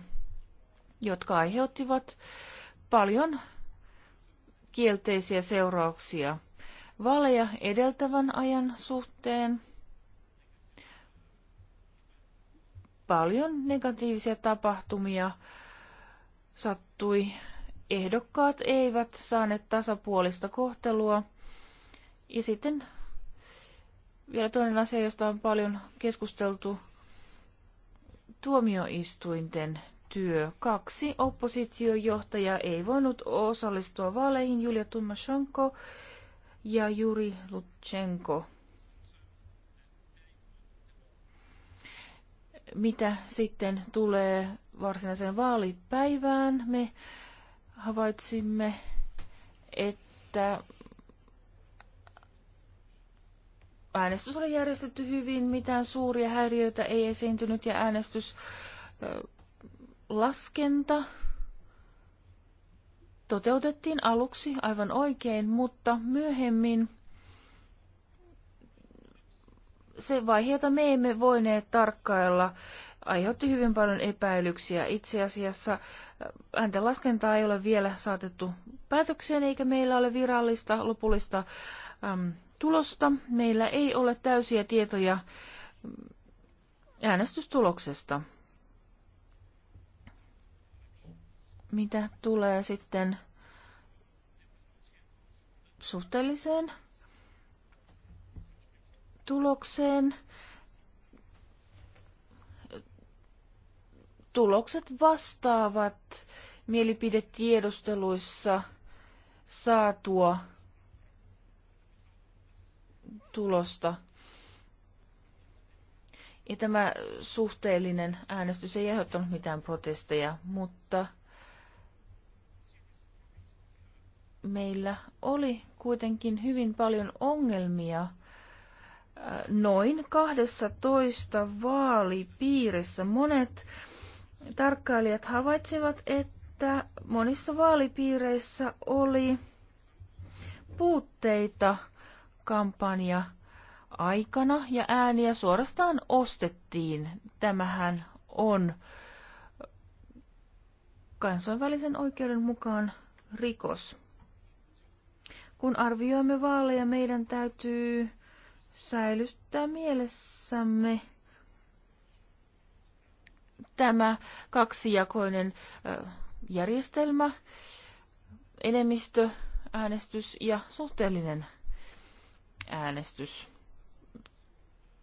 E: jotka aiheuttivat paljon kielteisiä seurauksia vaaleja edeltävän ajan suhteen. paljon negatiivisia tapahtumia sattui. Ehdokkaat eivät saaneet tasapuolista kohtelua. Ja sitten vielä toinen asia, josta on paljon keskusteltu, tuomioistuinten työ. Kaksi oppositiojohtajaa ei voinut osallistua vaaleihin, Julia Tumashenko ja Juri Lutsenko. mitä sitten tulee varsinaiseen vaalipäivään, me havaitsimme, että äänestys oli järjestetty hyvin, mitään suuria häiriöitä ei esiintynyt ja äänestyslaskenta toteutettiin aluksi aivan oikein, mutta myöhemmin se vaihe, jota me emme voineet tarkkailla, aiheutti hyvin paljon epäilyksiä. Itse asiassa äänten äh, laskentaa ei ole vielä saatettu päätökseen, eikä meillä ole virallista lopullista äm, tulosta. Meillä ei ole täysiä tietoja äänestystuloksesta. Mitä tulee sitten suhteelliseen tulokseen. Tulokset vastaavat mielipidetiedusteluissa saatua tulosta. Ja tämä suhteellinen äänestys ei aiheuttanut mitään protesteja, mutta meillä oli kuitenkin hyvin paljon ongelmia noin 12 vaalipiirissä. Monet tarkkailijat havaitsivat, että monissa vaalipiireissä oli puutteita kampanja aikana ja ääniä suorastaan ostettiin. Tämähän on kansainvälisen oikeuden mukaan rikos. Kun arvioimme vaaleja, meidän täytyy säilyttää mielessämme tämä kaksijakoinen järjestelmä, enemmistö, äänestys ja suhteellinen äänestys.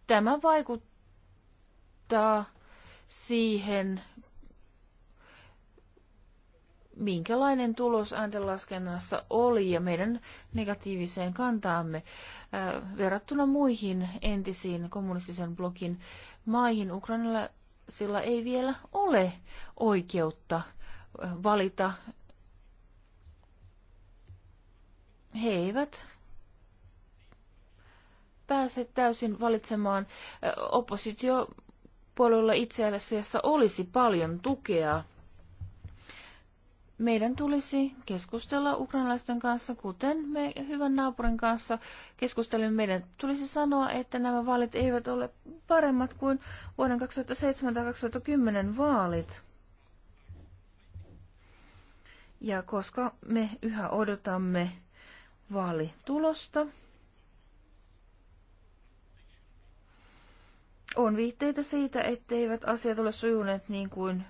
E: Tämä vaikuttaa siihen, minkälainen tulos ääntenlaskennassa oli ja meidän negatiiviseen kantaamme verrattuna muihin entisiin kommunistisen blokin maihin. Ukrainalaisilla ei vielä ole oikeutta valita. He eivät pääse täysin valitsemaan. Oppositiopuolella itse asiassa olisi paljon tukea meidän tulisi keskustella ukrainalaisten kanssa, kuten me hyvän naapurin kanssa keskustelimme. Meidän tulisi sanoa, että nämä vaalit eivät ole paremmat kuin vuoden 2007 tai 2010 vaalit. Ja koska me yhä odotamme vaalitulosta, on viitteitä siitä, etteivät asiat ole sujuneet niin kuin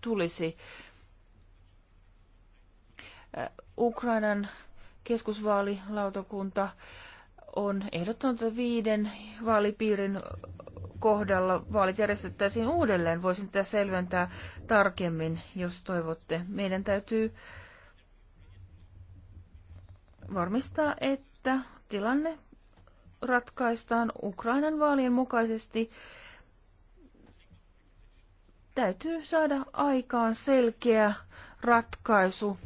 E: tulisi. Ukrainan keskusvaalilautakunta on ehdottanut, että viiden vaalipiirin kohdalla vaalit järjestettäisiin uudelleen. Voisin tätä selventää tarkemmin, jos toivotte. Meidän täytyy varmistaa, että tilanne ratkaistaan Ukrainan vaalien mukaisesti. Täytyy saada aikaan selkeä ratkaisu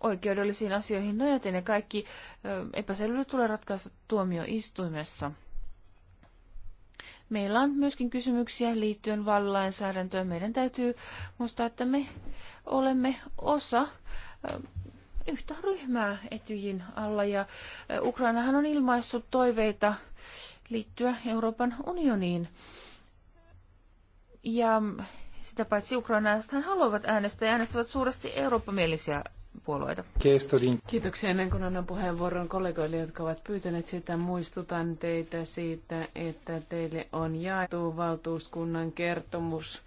E: oikeudellisiin asioihin nojaten ja kaikki epäselvyydet tulee ratkaista tuomioistuimessa. Meillä on myöskin kysymyksiä liittyen vallainsäädäntöön. Meidän täytyy muistaa, että me olemme osa yhtä ryhmää Etyjin alla ja Ukrainahan on ilmaissut toiveita liittyä Euroopan unioniin. Ja sitä paitsi ukrainalaisethan haluavat äänestää ja äänestävät suuresti eurooppamielisiä puolueita. Kiitoksia ennen kuin annan puheenvuoron kollegoille, jotka ovat pyytäneet sitä. Muistutan teitä
D: siitä, että teille on jaettu valtuuskunnan kertomus,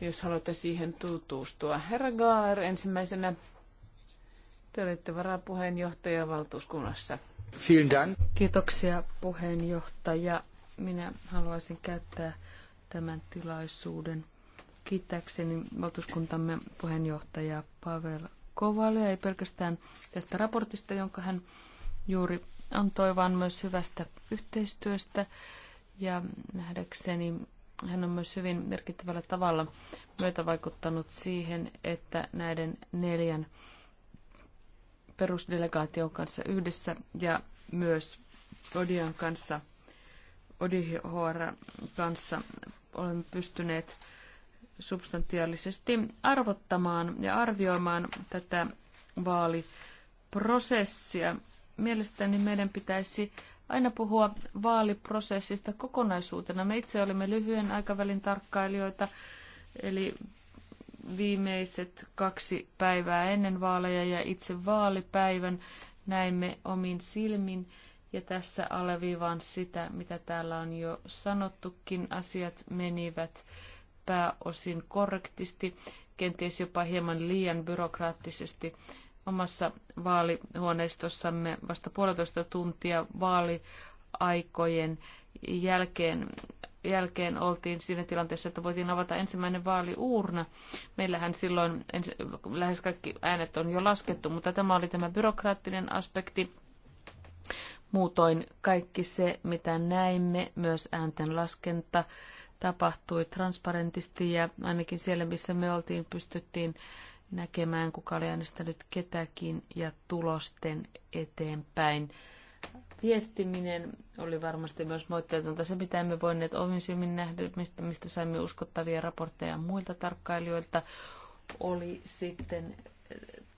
D: jos haluatte siihen tutustua. Herra Gaaler ensimmäisenä. Te
B: olette varapuheenjohtaja
D: valtuuskunnassa.
B: Kiitoksia puheenjohtaja. Minä haluaisin käyttää tämän tilaisuuden kiittääkseni valtuuskuntamme puheenjohtaja Pavel Kovalia, ei pelkästään tästä raportista, jonka hän juuri antoi, vaan myös hyvästä yhteistyöstä. Ja nähdäkseni hän on myös hyvin merkittävällä tavalla myötävaikuttanut siihen, että näiden neljän perusdelegaation kanssa yhdessä ja myös Odian kanssa, Odihoara kanssa olemme pystyneet substantiaalisesti arvottamaan ja arvioimaan tätä vaaliprosessia. Mielestäni meidän pitäisi aina puhua vaaliprosessista kokonaisuutena. Me itse olimme lyhyen aikavälin tarkkailijoita, eli viimeiset kaksi päivää ennen vaaleja ja itse vaalipäivän näimme omin silmin. Ja tässä alleviivaan sitä, mitä täällä on jo sanottukin, asiat menivät pääosin korrektisti, kenties jopa hieman liian byrokraattisesti. Omassa vaalihuoneistossamme vasta puolitoista tuntia vaaliaikojen jälkeen jälkeen oltiin siinä tilanteessa, että voitiin avata ensimmäinen vaaliuurna. Meillähän silloin ens, lähes kaikki äänet on jo laskettu, mutta tämä oli tämä byrokraattinen aspekti. Muutoin kaikki se, mitä näimme, myös äänten laskenta, tapahtui transparentisti ja ainakin siellä, missä me oltiin, pystyttiin näkemään, kuka oli äänestänyt ketäkin ja tulosten eteenpäin. Viestiminen oli varmasti myös moitteetonta. Se, mitä emme voineet silmin nähdä, mistä, mistä saimme uskottavia raportteja muilta tarkkailijoilta, oli sitten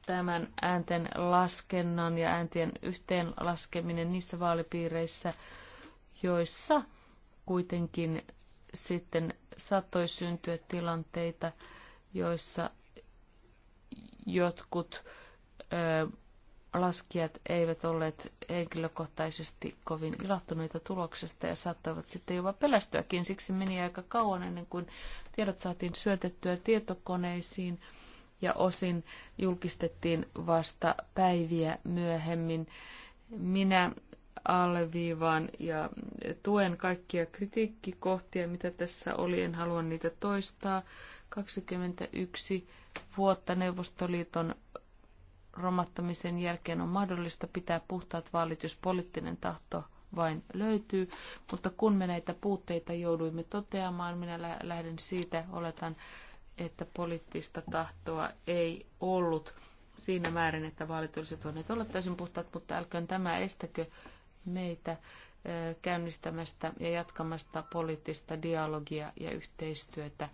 B: tämän äänten laskennan ja ääntien yhteenlaskeminen niissä vaalipiireissä, joissa kuitenkin sitten saattoi syntyä tilanteita, joissa jotkut ö, laskijat eivät olleet henkilökohtaisesti kovin ilahtuneita tuloksesta ja saattoivat sitten jopa pelästyäkin. Siksi meni aika kauan ennen kuin tiedot saatiin syötettyä tietokoneisiin ja osin julkistettiin vasta päiviä myöhemmin. Minä alleviivaan ja tuen kaikkia kritiikkikohtia, mitä tässä oli. En halua niitä toistaa. 21 vuotta Neuvostoliiton romattamisen jälkeen on mahdollista pitää puhtaat vaalit, jos poliittinen tahto vain löytyy. Mutta kun me näitä puutteita jouduimme toteamaan, minä lähden siitä, oletan, että poliittista tahtoa ei ollut siinä määrin, että vaalit olisivat voineet olla täysin puhtaat, mutta älköön tämä estäkö meitä käynnistämästä ja jatkamasta poliittista dialogia ja yhteistyötä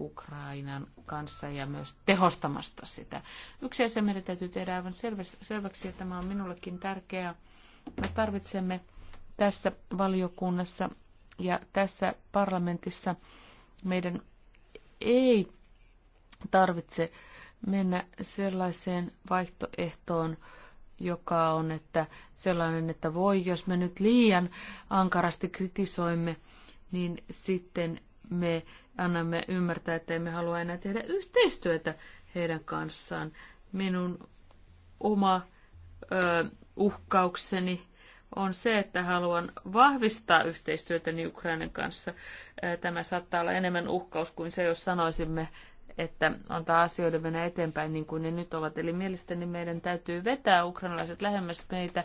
B: Ukrainan kanssa ja myös tehostamasta sitä. Yksi asia meidän täytyy tehdä aivan selväksi, ja tämä on minullekin tärkeää. Me tarvitsemme tässä valiokunnassa ja tässä parlamentissa meidän ei tarvitse mennä sellaiseen vaihtoehtoon, joka on että sellainen, että voi, jos me nyt liian ankarasti kritisoimme, niin sitten me annamme ymmärtää, että emme halua enää tehdä yhteistyötä heidän kanssaan. Minun oma ö, uhkaukseni on se, että haluan vahvistaa yhteistyötäni Ukrainan kanssa. Tämä saattaa olla enemmän uhkaus kuin se, jos sanoisimme, että antaa asioiden mennä eteenpäin niin kuin ne nyt ovat. Eli mielestäni meidän täytyy vetää ukrainalaiset lähemmäs meitä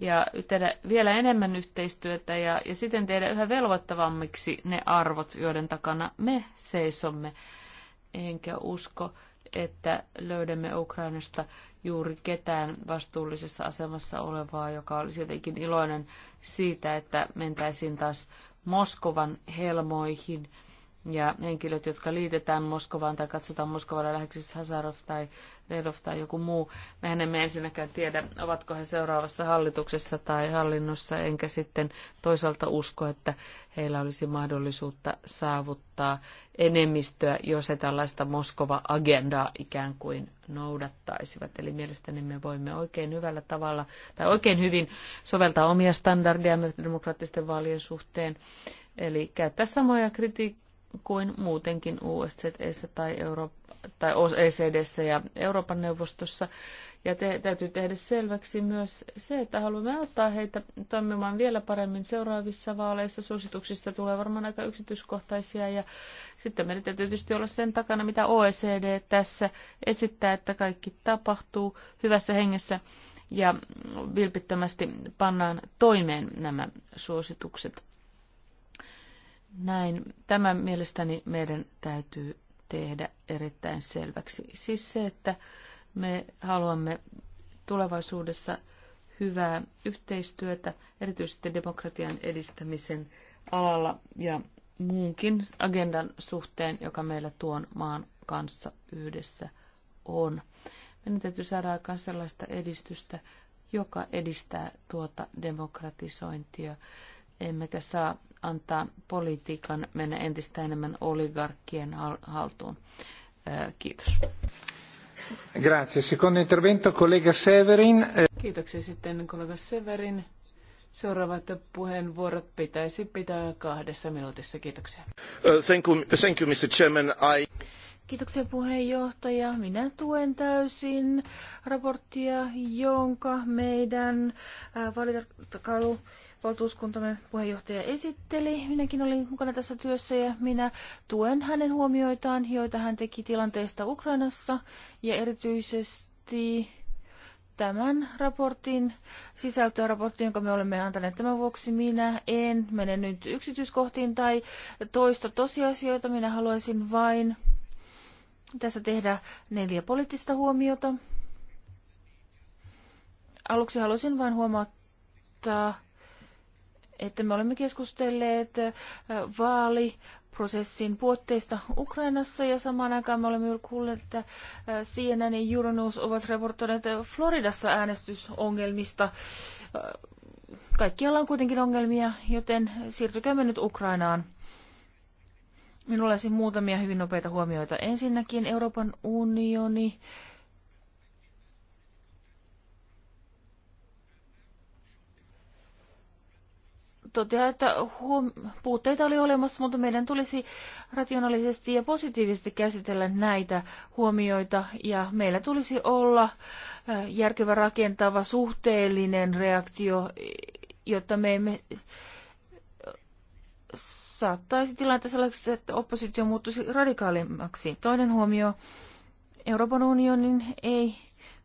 B: ja tehdä vielä enemmän yhteistyötä ja, ja siten tehdä yhä velvoittavammiksi ne arvot, joiden takana me seisomme. Enkä usko, että löydämme Ukrainasta juuri ketään vastuullisessa asemassa olevaa, joka olisi jotenkin iloinen siitä, että mentäisiin taas Moskovan helmoihin – ja henkilöt, jotka liitetään Moskovaan tai katsotaan Moskovalla läheksi Hazarov tai Redov tai joku muu. Mehän emme ensinnäkään tiedä, ovatko he seuraavassa hallituksessa tai hallinnossa, enkä sitten toisaalta usko, että heillä olisi mahdollisuutta saavuttaa enemmistöä, jos he tällaista Moskova-agendaa ikään kuin noudattaisivat. Eli mielestäni me voimme oikein hyvällä tavalla tai oikein hyvin soveltaa omia standardeja demokraattisten vaalien suhteen. Eli käyttää samoja kritiikkiä kuin muutenkin USZEssä tai, Euro- tai OECDssä ja Euroopan neuvostossa. Ja te- täytyy tehdä selväksi myös se, että haluamme auttaa heitä toimimaan vielä paremmin seuraavissa vaaleissa. Suosituksista tulee varmaan aika yksityiskohtaisia ja sitten meidän täytyy tietysti olla sen takana, mitä OECD tässä esittää, että kaikki tapahtuu hyvässä hengessä ja vilpittömästi pannaan toimeen nämä suositukset. Näin. Tämä mielestäni meidän täytyy tehdä erittäin selväksi. Siis se, että me haluamme tulevaisuudessa hyvää yhteistyötä, erityisesti demokratian edistämisen alalla ja muunkin agendan suhteen, joka meillä tuon maan kanssa yhdessä on. Meidän täytyy saada aikaan sellaista edistystä, joka edistää tuota demokratisointia emmekä saa antaa politiikan mennä entistä enemmän oligarkkien haltuun. Kiitos.
C: Grazie. Secondo intervento, collega
D: Severin. Kiitoksia sitten kollega Severin. Seuraavat puheenvuorot pitäisi pitää kahdessa minuutissa. Kiitoksia. Uh, thank, you, thank you, Mr. Chairman. I...
E: Kiitoksia puheenjohtaja. Minä tuen täysin raporttia, jonka meidän äh, valtuuskuntamme puheenjohtaja esitteli. Minäkin olin mukana tässä työssä ja minä tuen hänen huomioitaan, joita hän teki tilanteesta Ukrainassa ja erityisesti tämän raportin sisältöä, raportti, jonka me olemme antaneet tämän vuoksi. Minä en mene nyt yksityiskohtiin tai toista tosiasioita. Minä haluaisin vain tässä tehdä neljä poliittista huomiota. Aluksi haluaisin vain huomauttaa että me olemme keskustelleet vali-prosessin puotteista Ukrainassa ja samaan aikaan me olemme kuulleet, että CNN ja Euronews ovat raportoineet Floridassa äänestysongelmista. Kaikkialla on kuitenkin ongelmia, joten siirtykäämme nyt Ukrainaan. Minulla olisi muutamia hyvin nopeita huomioita. Ensinnäkin Euroopan unioni äh, toteaa, että huom- puutteita oli olemassa, mutta meidän tulisi rationaalisesti ja positiivisesti käsitellä näitä huomioita ja meillä tulisi olla järkevä rakentava suhteellinen reaktio, jotta me emme saattaisi tilanteessa sellaiseksi, että oppositio muuttuisi radikaalimmaksi. Toinen huomio, Euroopan unionin ei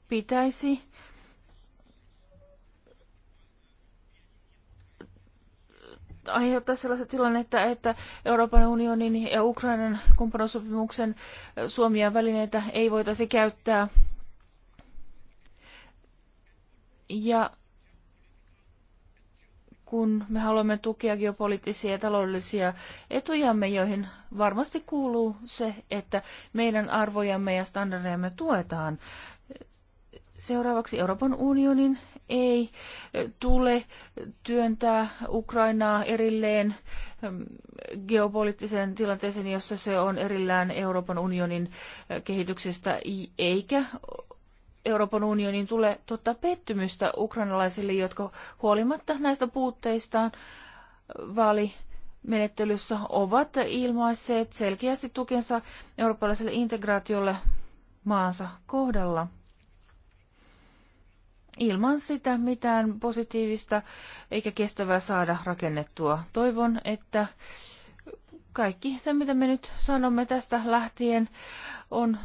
E: pitäisi aiheuttaa sellaista tilannetta, että Euroopan unionin ja Ukrainan kumppanuussopimuksen suomia välineitä ei voitaisi käyttää. Ja kun me haluamme tukea geopoliittisia ja taloudellisia etujamme, joihin varmasti kuuluu se, että meidän arvojamme ja standardejamme tuetaan. Seuraavaksi Euroopan unionin ei tule työntää Ukrainaa erilleen mm, geopoliittiseen tilanteeseen, jossa se on erillään Euroopan unionin eh, kehityksestä, eikä Euroopan unionin tule tuottaa pettymystä ukrainalaisille, jotka huolimatta näistä puutteistaan eh, vaali menettelyssä ovat ilmaisseet selkeästi tukensa eurooppalaiselle integraatiolle maansa kohdalla ilman sitä mitään positiivista eikä kestävää saada rakennettua. Toivon, että kaikki se, mitä me nyt sanomme tästä lähtien, on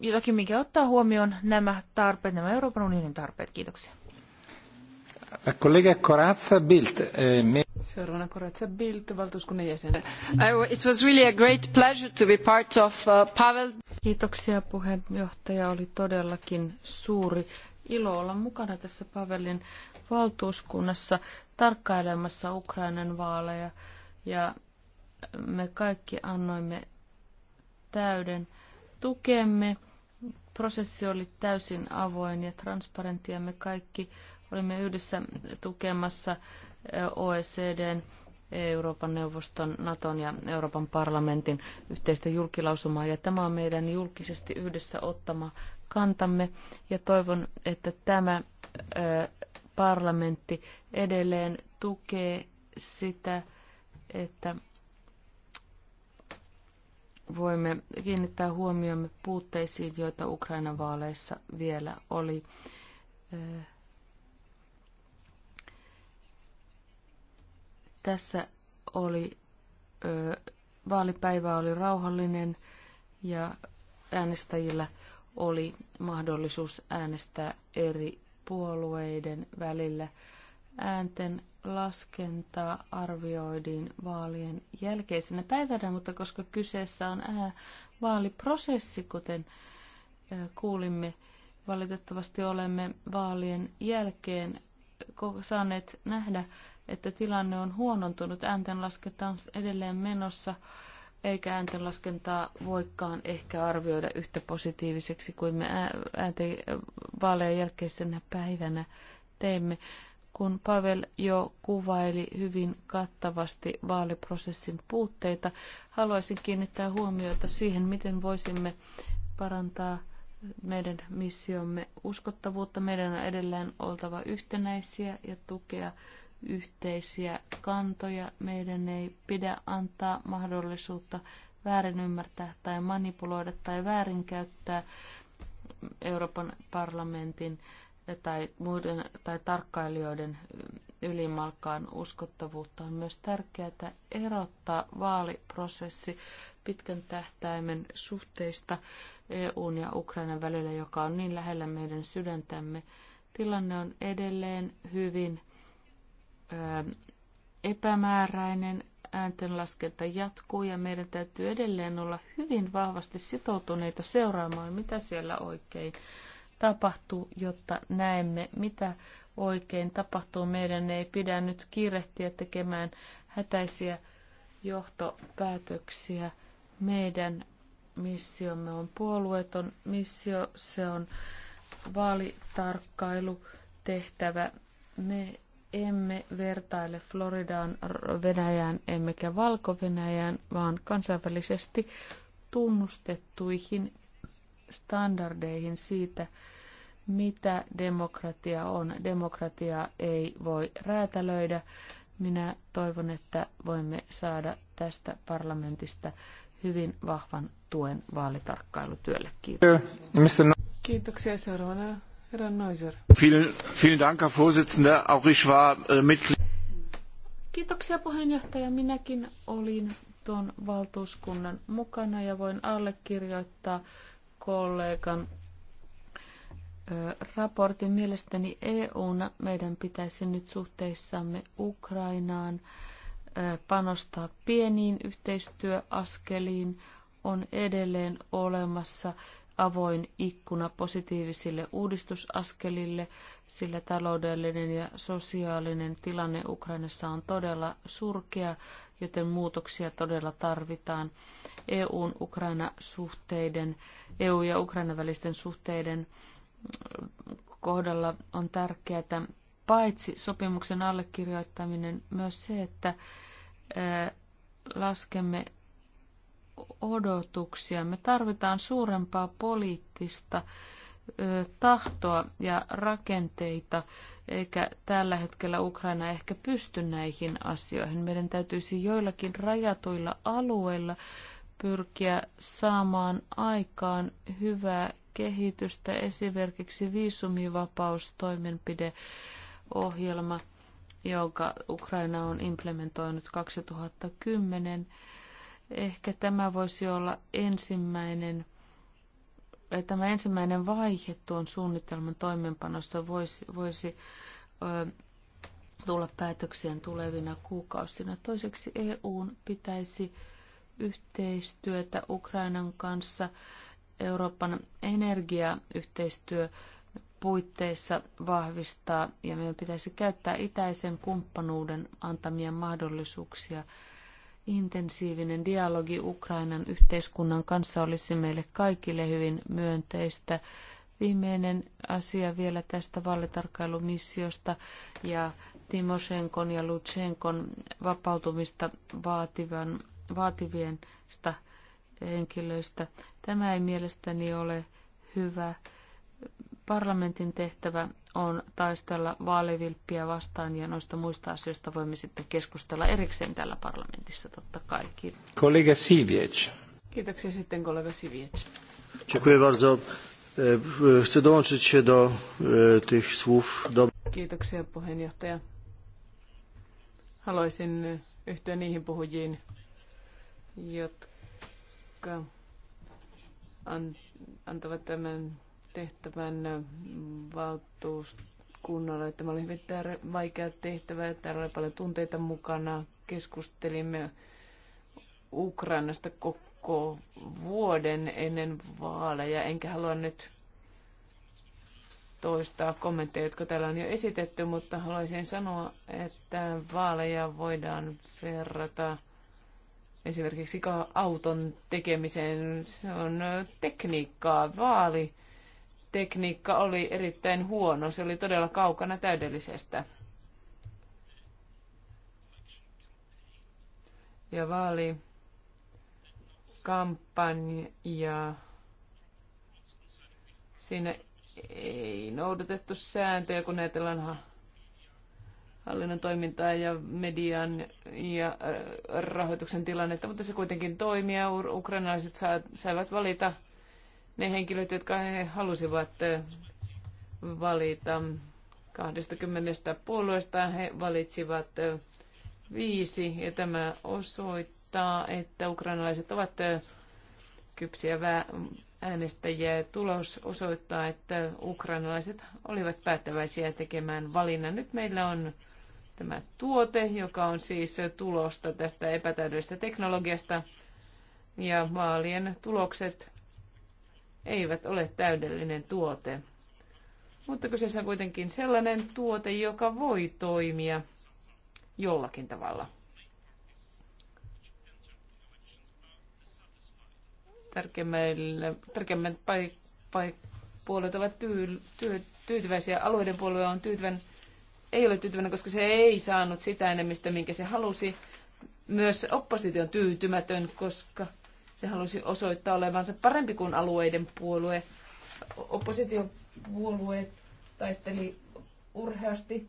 E: jotakin, mikä ottaa huomioon nämä tarpeet, nämä Euroopan unionin tarpeet. Kiitoksia.
C: Kollega Corazza Bildt. Eh,
D: Seuraavana Corazza Bildt, valtuuskunnan jäsen. It was really a great pleasure to be part of
B: uh, Pavel. Kiitoksia puheenjohtaja. Oli todellakin suuri ilo olla mukana tässä Pavelin valtuuskunnassa tarkkailemassa Ukrainan vaaleja ja me kaikki annoimme täyden tukemme. Prosessi oli täysin avoin ja transparentti ja me kaikki olimme yhdessä tukemassa OECDn Euroopan neuvoston, Naton ja Euroopan parlamentin yhteistä julkilausumaa. Ja tämä on meidän julkisesti yhdessä ottama kantamme ja toivon, että tämä parlamentti edelleen tukee sitä, että voimme kiinnittää huomiomme puutteisiin, joita Ukrainan vaaleissa vielä oli. Tässä oli, vaalipäivä oli rauhallinen ja äänestäjillä – oli mahdollisuus äänestää eri puolueiden välillä. Äänten laskentaa arvioidiin vaalien jälkeisenä päivänä, mutta koska kyseessä on vaaliprosessi, kuten kuulimme, valitettavasti olemme vaalien jälkeen saaneet nähdä, että tilanne on huonontunut. Äänten on edelleen menossa eikä ääntenlaskentaa voikaan ehkä arvioida yhtä positiiviseksi kuin me äänten jälkeisenä päivänä teimme, kun Pavel jo kuvaili hyvin kattavasti vaaliprosessin puutteita. Haluaisin kiinnittää huomiota siihen, miten voisimme parantaa meidän missiomme uskottavuutta. Meidän on edelleen oltava yhtenäisiä ja tukea yhteisiä kantoja. Meidän ei pidä antaa mahdollisuutta väärin ymmärtää tai manipuloida tai väärinkäyttää Euroopan parlamentin tai, muiden, tai tarkkailijoiden ylimalkaan uskottavuutta on myös tärkeää erottaa vaaliprosessi pitkän tähtäimen suhteista EUn ja Ukrainan välillä, joka on niin lähellä meidän sydäntämme. Tilanne on edelleen hyvin epämääräinen ääntenlaskenta jatkuu ja meidän täytyy edelleen olla hyvin vahvasti sitoutuneita seuraamaan, mitä siellä oikein tapahtuu, jotta näemme, mitä oikein tapahtuu. Meidän ei pidä nyt kiirehtiä tekemään hätäisiä johtopäätöksiä. Meidän missiomme on puolueeton missio, se on vaalitarkkailutehtävä. tehtävä. Me emme vertaile Floridaan, Venäjään emmekä Valko-Venäjään, vaan kansainvälisesti tunnustettuihin standardeihin siitä, mitä demokratia on. Demokratia ei voi räätälöidä. Minä toivon, että voimme saada tästä parlamentista hyvin vahvan tuen vaalitarkkailutyölle. Kiitos.
D: Kiitoksia seuraavana Herra
B: Neuser.
A: Vielen, vielen Dank, Herr Vorsitzender. Auch ich war äh, Mitglied.
B: Kiitoksia puheenjohtaja. Minäkin olin tuon valtuuskunnan mukana ja voin allekirjoittaa kollegan raportin. Mielestäni EUna meidän pitäisi nyt suhteissamme Ukrainaan panostaa pieniin yhteistyöaskeliin. On edelleen olemassa avoin ikkuna positiivisille uudistusaskelille, sillä taloudellinen ja sosiaalinen tilanne Ukrainassa on todella surkea, joten muutoksia todella tarvitaan. EUn Ukraina-suhteiden, EU ja Ukraina välisten suhteiden kohdalla on tärkeää paitsi sopimuksen allekirjoittaminen, myös se, että laskemme odotuksia. Me tarvitaan suurempaa poliittista tahtoa ja rakenteita, eikä tällä hetkellä Ukraina ehkä pysty näihin asioihin. Meidän täytyisi joillakin rajatuilla alueilla pyrkiä saamaan aikaan hyvää kehitystä, esimerkiksi viisumivapaustoimenpideohjelma, jonka Ukraina on implementoinut 2010 Ehkä tämä voisi olla ensimmäinen, eh, tämä ensimmäinen vaihe tuon suunnitelman toimeenpanossa voisi, voisi ö, eh, tulla päätökseen tulevina kuukausina. Toiseksi EUn pitäisi yhteistyötä Ukrainan kanssa Euroopan energiayhteistyö puitteissa vahvistaa ja meidän pitäisi käyttää itäisen kumppanuuden antamia mahdollisuuksia intensiivinen dialogi Ukrainan yhteiskunnan kanssa olisi meille kaikille hyvin myönteistä. Viimeinen asia vielä tästä vaalitarkkailumissiosta ja Timoshenkon ja Lutsenkon vapautumista vaativan, vaativien henkilöistä. Tämä ei mielestäni ole hyvä. Parlamentin tehtävä on taistella vaalivilppiä vastaan ja noista muista asioista voimme sitten keskustella erikseen täällä parlamentissa totta kai.
C: Kollega Siviec.
B: Kiitoksia sitten kollega
D: Siviec.
A: bardzo. E, e, chcę dołączyć się do e, tych
C: słów.
D: Kiitoksia puheenjohtaja. Haluaisin yhtyä niihin puhujiin, jotka antavat tämän tehtävän mm, valtuuskunnalle. Tämä oli hyvin vaikea tehtävä. Täällä oli paljon tunteita mukana. Keskustelimme Ukrainasta koko vuoden ennen vaaleja, enkä halua nyt toistaa kommentteja, jotka täällä on jo esitetty, mutta haluaisin sanoa, että vaaleja voidaan verrata esimerkiksi auton tekemiseen. Se on tekniikkaa. Vaali tekniikka oli erittäin huono. Se oli todella kaukana täydellisestä. Ja vaali kampanja. Siinä ei noudatettu sääntöjä, kun ajatellaan hallinnon toimintaa ja median ja äh, rahoituksen tilannetta, mutta se kuitenkin toimii ja ukrainalaiset saivat valita ne henkilöt, jotka he halusivat valita 20 puolueesta, he valitsivat viisi ja tämä osoittaa, että ukrainalaiset ovat kypsiä äänestäjiä. Tulos osoittaa, että ukrainalaiset olivat päättäväisiä tekemään valinnan. Nyt meillä on tämä tuote, joka on siis tulosta tästä epätäydellisestä teknologiasta. Ja vaalien tulokset eivät ole täydellinen tuote. Mutta kyseessä on kuitenkin sellainen tuote, joka voi toimia jollakin tavalla. Tärkeimmät paik- paik- puolet ovat tyy- tyy- tyytyväisiä. Alueiden puolue on tyytyväinen, ei ole tyytyväinen, koska se ei saanut sitä enemmistöä, minkä se halusi. Myös oppositio on tyytymätön, koska se halusi osoittaa olevansa parempi kuin alueiden puolue. Oppositiopuolue taisteli urheasti,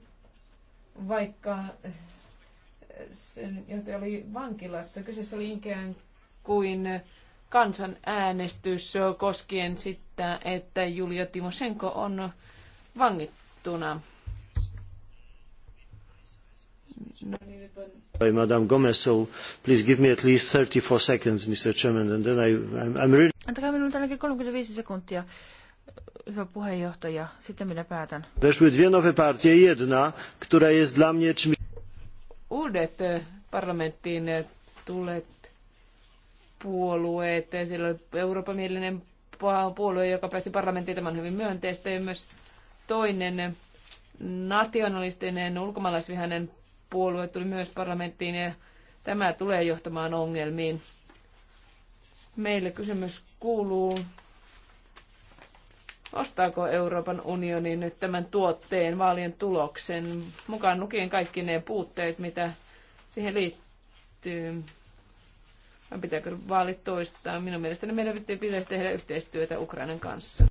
D: vaikka eh, sen johtaja oli vankilassa. Kyseessä oli ikään kuin kansanäänestys koskien sitä, että Julia Timoshenko on vangittuna. Madam
A: Gomez, so please give me at least 34 seconds, Mr. Chairman, and then I, I'm, really...
E: Antakaa minulle ainakin 35 sekuntia, hyvä puheenjohtaja, sitten minä päätän.
A: Weszły dwie nowe partie, jedna, która jest dla mnie czymś...
E: Uudet e,
D: parlamenttiin e, tulet puolueet, e, siellä oli Euroopan mielinen puolue, joka pääsi parlamenttiin, tämä on hyvin myönteistä, ja myös toinen nationalistinen ulkomaalaisvihainen puolue tuli myös parlamenttiin ja tämä tulee johtamaan ongelmiin. Meille kysymys kuuluu, ostaako Euroopan unioni nyt tämän tuotteen vaalien tuloksen, mukaan lukien kaikki ne puutteet, mitä siihen liittyy. Vai pitääkö vaalit toistaa? Minun mielestäni meidän pitäisi tehdä yhteistyötä Ukrainan kanssa.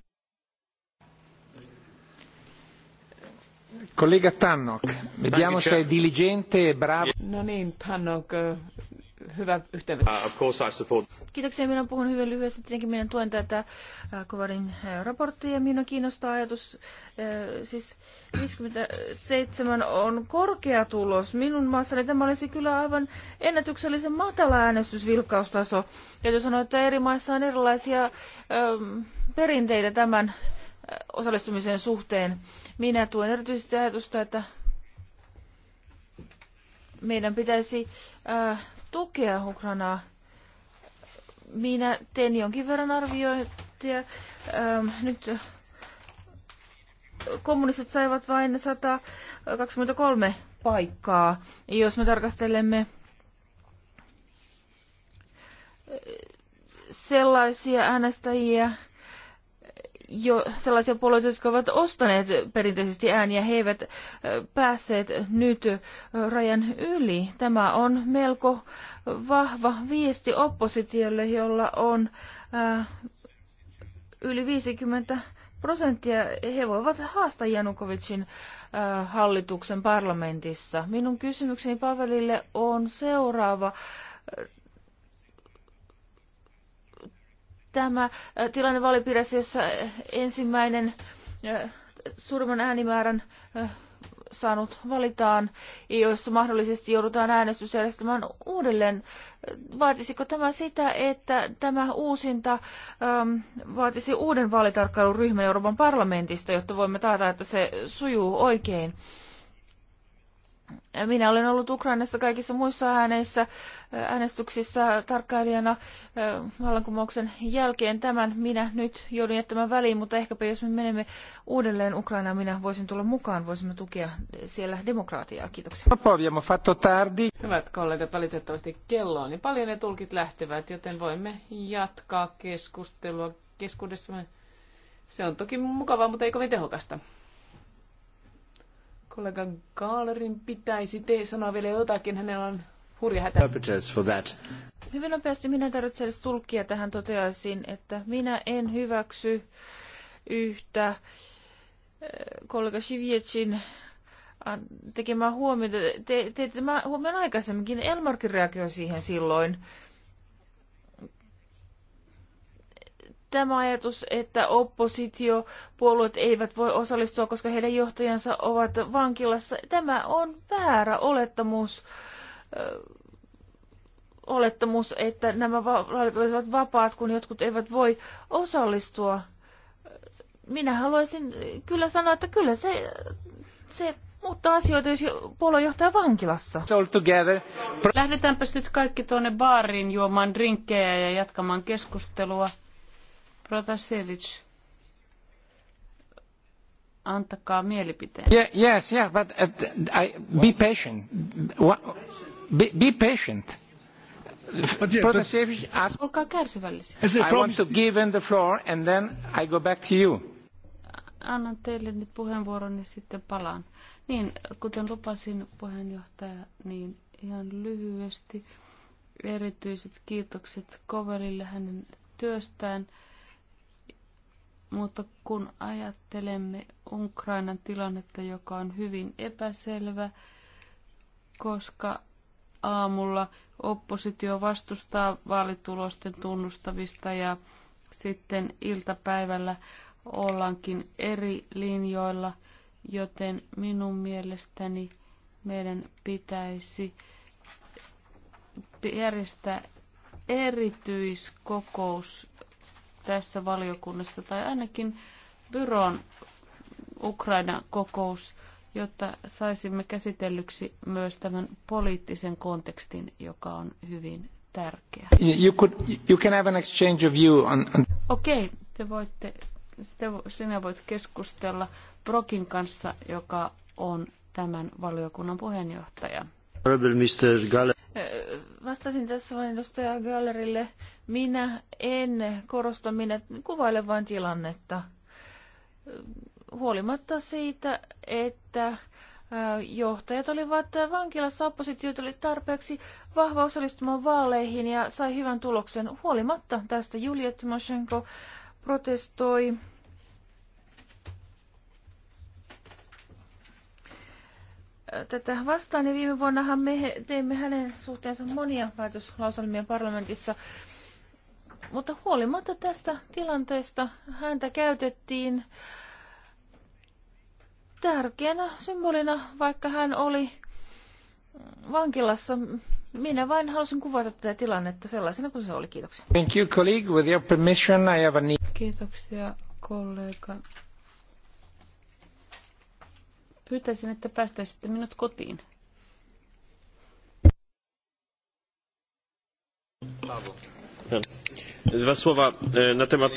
C: Kollega Tannock, vediamo se è diligente e bravo.
D: No niin, Tannock, hyvä yhteenveto. Uh,
E: Kiitoksia, minä puhun hyvin lyhyesti. Tietenkin minä tuen tätä Kovarin raporttia ja minua kiinnostaa ajatus. Siis 57 on korkea tulos. Minun maassani tämä olisi kyllä aivan ennätyksellisen matala äänestysvilkkaustaso. jos sanoa, että eri maissa on erilaisia perinteitä tämän osallistumisen suhteen. Minä tuen erityisesti ajatusta, että meidän pitäisi äh, tukea Ukrainaa. Minä teen jonkin verran arviointia. Ähm, nyt kommunistit saivat vain 123 paikkaa. Jos me tarkastelemme äh, sellaisia äänestäjiä, jo sellaisia puolueita, jotka ovat ostaneet perinteisesti ääniä, he eivät päässeet nyt rajan yli. Tämä on melko vahva viesti oppositiolle, jolla on yli 50 prosenttia. He voivat haastaa Janukovicin hallituksen parlamentissa. Minun kysymykseni Pavelille on seuraava tämä tilanne vaalipiirissä, jossa ensimmäinen suurimman äänimäärän saanut valitaan, joissa mahdollisesti joudutaan äänestys järjestämään uudelleen. Vaatisiko tämä sitä, että tämä uusinta vaatisi uuden vaalitarkkailuryhmän Euroopan parlamentista, jotta voimme taata, että se sujuu oikein? Minä olen ollut Ukrainassa kaikissa muissa ääneissä, äh, äänestyksissä tarkkailijana äh, vallankumouksen jälkeen. Tämän minä nyt joudun jättämään väliin, mutta ehkäpä jos me menemme uudelleen Ukrainaan, minä voisin tulla mukaan, voisimme tukea siellä demokraatiaa. Kiitoksia.
C: tardi. Hyvät kollegat,
D: valitettavasti kello on niin paljon ne tulkit lähtevät, joten voimme jatkaa keskustelua keskuudessamme. Se on toki mukavaa, mutta ei kovin tehokasta.
E: Kollega Gaalerin pitäisi te sanoa vielä jotakin, hänellä on hurja hätä. For that. Hyvin nopeasti minä tarvitsen edes tulkkia tähän toteaisin, että minä en hyväksy yhtä eh, kollega Shivietsin tekemään huomiota. Te, te, te, mä huomioon aikaisemminkin, Elmarkin reagoi siihen silloin. tämä ajatus, että oppositiopuolueet eivät voi osallistua, koska heidän johtajansa ovat vankilassa, tämä on väärä olettamus olettamus, että nämä vaalit olisivat vapaat, kun jotkut eivät voi osallistua. Minä haluaisin kyllä sanoa, että kyllä se, se mutta asioita, jos puoluejohtaja vankilassa.
B: Lähdetäänpä nyt kaikki tuonne baariin juomaan drinkkejä ja jatkamaan keskustelua. Protasevich, antakaa mielipiteen.
C: Yeah, yes, yeah, but uh, I, be patient. Be, be patient. But yeah, Protasevich,
B: but... Olkaa kärsivällisiä. I want
C: to give in the floor and then I go back to you.
B: Annan teille nyt puheenvuoron ja sitten palaan. Niin, kuten lupasin puheenjohtaja, niin ihan lyhyesti erityiset kiitokset Kovelille hänen työstään. Mutta kun ajattelemme Ukrainan tilannetta, joka on hyvin epäselvä, koska aamulla oppositio vastustaa vaalitulosten tunnustamista ja sitten iltapäivällä ollaankin eri linjoilla, joten minun mielestäni meidän pitäisi järjestää erityiskokous tässä valiokunnassa tai ainakin byron Ukraina-kokous, jotta saisimme käsitellyksi myös tämän poliittisen kontekstin, joka on hyvin tärkeä.
C: You could, you can have an exchange of view on, on...
B: Okei, okay, te voitte, te, sinä voit keskustella Brokin kanssa,
E: joka on tämän valiokunnan puheenjohtaja. Vastasin tässä vain edustaja Gallerille. Minä en korosta, minä kuvailen vain tilannetta. Huolimatta siitä, että johtajat olivat vankilassa, oppositiot oli tarpeeksi vahva osallistumaan vaaleihin ja sai hyvän tuloksen. Huolimatta tästä Julia Tymoshenko protestoi tätä vastaan, niin viime vuonnahan me teimme hänen suhteensa monia päätöslauselmia parlamentissa. Mutta huolimatta tästä tilanteesta häntä käytettiin tärkeänä symbolina, vaikka hän oli vankilassa. Minä vain halusin kuvata tätä tilannetta sellaisena kuin se oli. Kiitoksia.
C: Thank you, colleague. With your permission, I
B: have a need.
E: Kiitoksia, kollega.
B: Pyytäisin, että päästäisitte minut kotiin.
F: Dwa słowa e, na temat.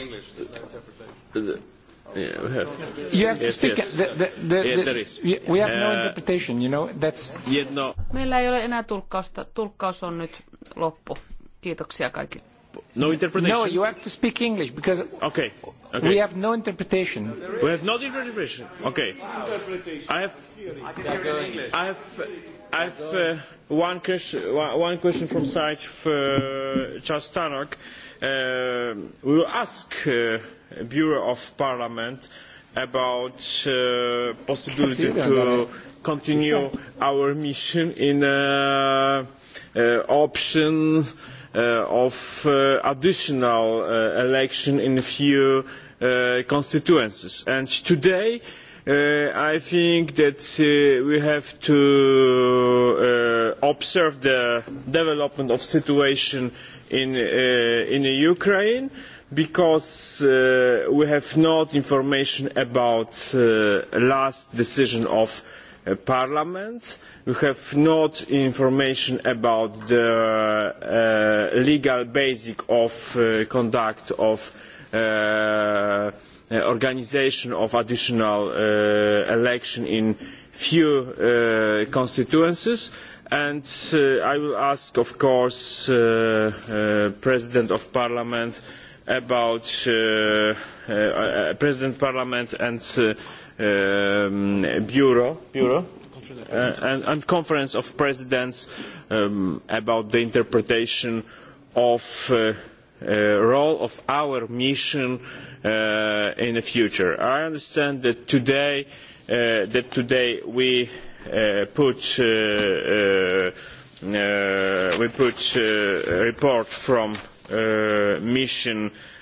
B: Meillä ei ole enää tulkkausta. Tulkkaus on nyt loppu. Kiitoksia kaikille.
C: No interpretation? No, you
B: have to speak English because okay.
C: Okay. we have no interpretation. we
B: have no interpretation.
C: Okay.
F: I have, I have, I have uh, one, question, one question from side for Charles Tannock. Uh, we will ask uh, Bureau of Parliament about uh, possibility to uh, continue our mission in uh, uh, option Uh, of uh, additional uh, election in a few constituencies. And today, Uh, I think that uh, we have to uh, observe the development of situation in, in Ukraine because we have not information about the last decision of Uh, parliament. We have not information about the uh, legal basis of uh, conduct of organisation of additional election in few constituencies and uh, I will ask, of course, uh, uh, President of Parliament about President Parliament and Um, bureau, bureau? Uh, and, and conference of presidents um, about the interpretation of uh, uh, role of our mission uh, in the future. I understand that today, uh, that today we uh, put uh, uh, uh, we put uh, a report from uh, mission uh,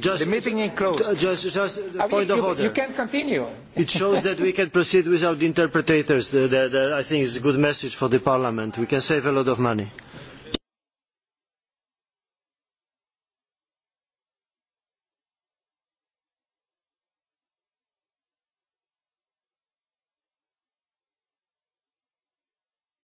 C: Just, the meeting is closed. Just, just a point I mean, of you, order. You can continue. it
A: shows that we can proceed without interpreters. The, the, the, I think it's a good message for the Parliament. We can save a lot of money.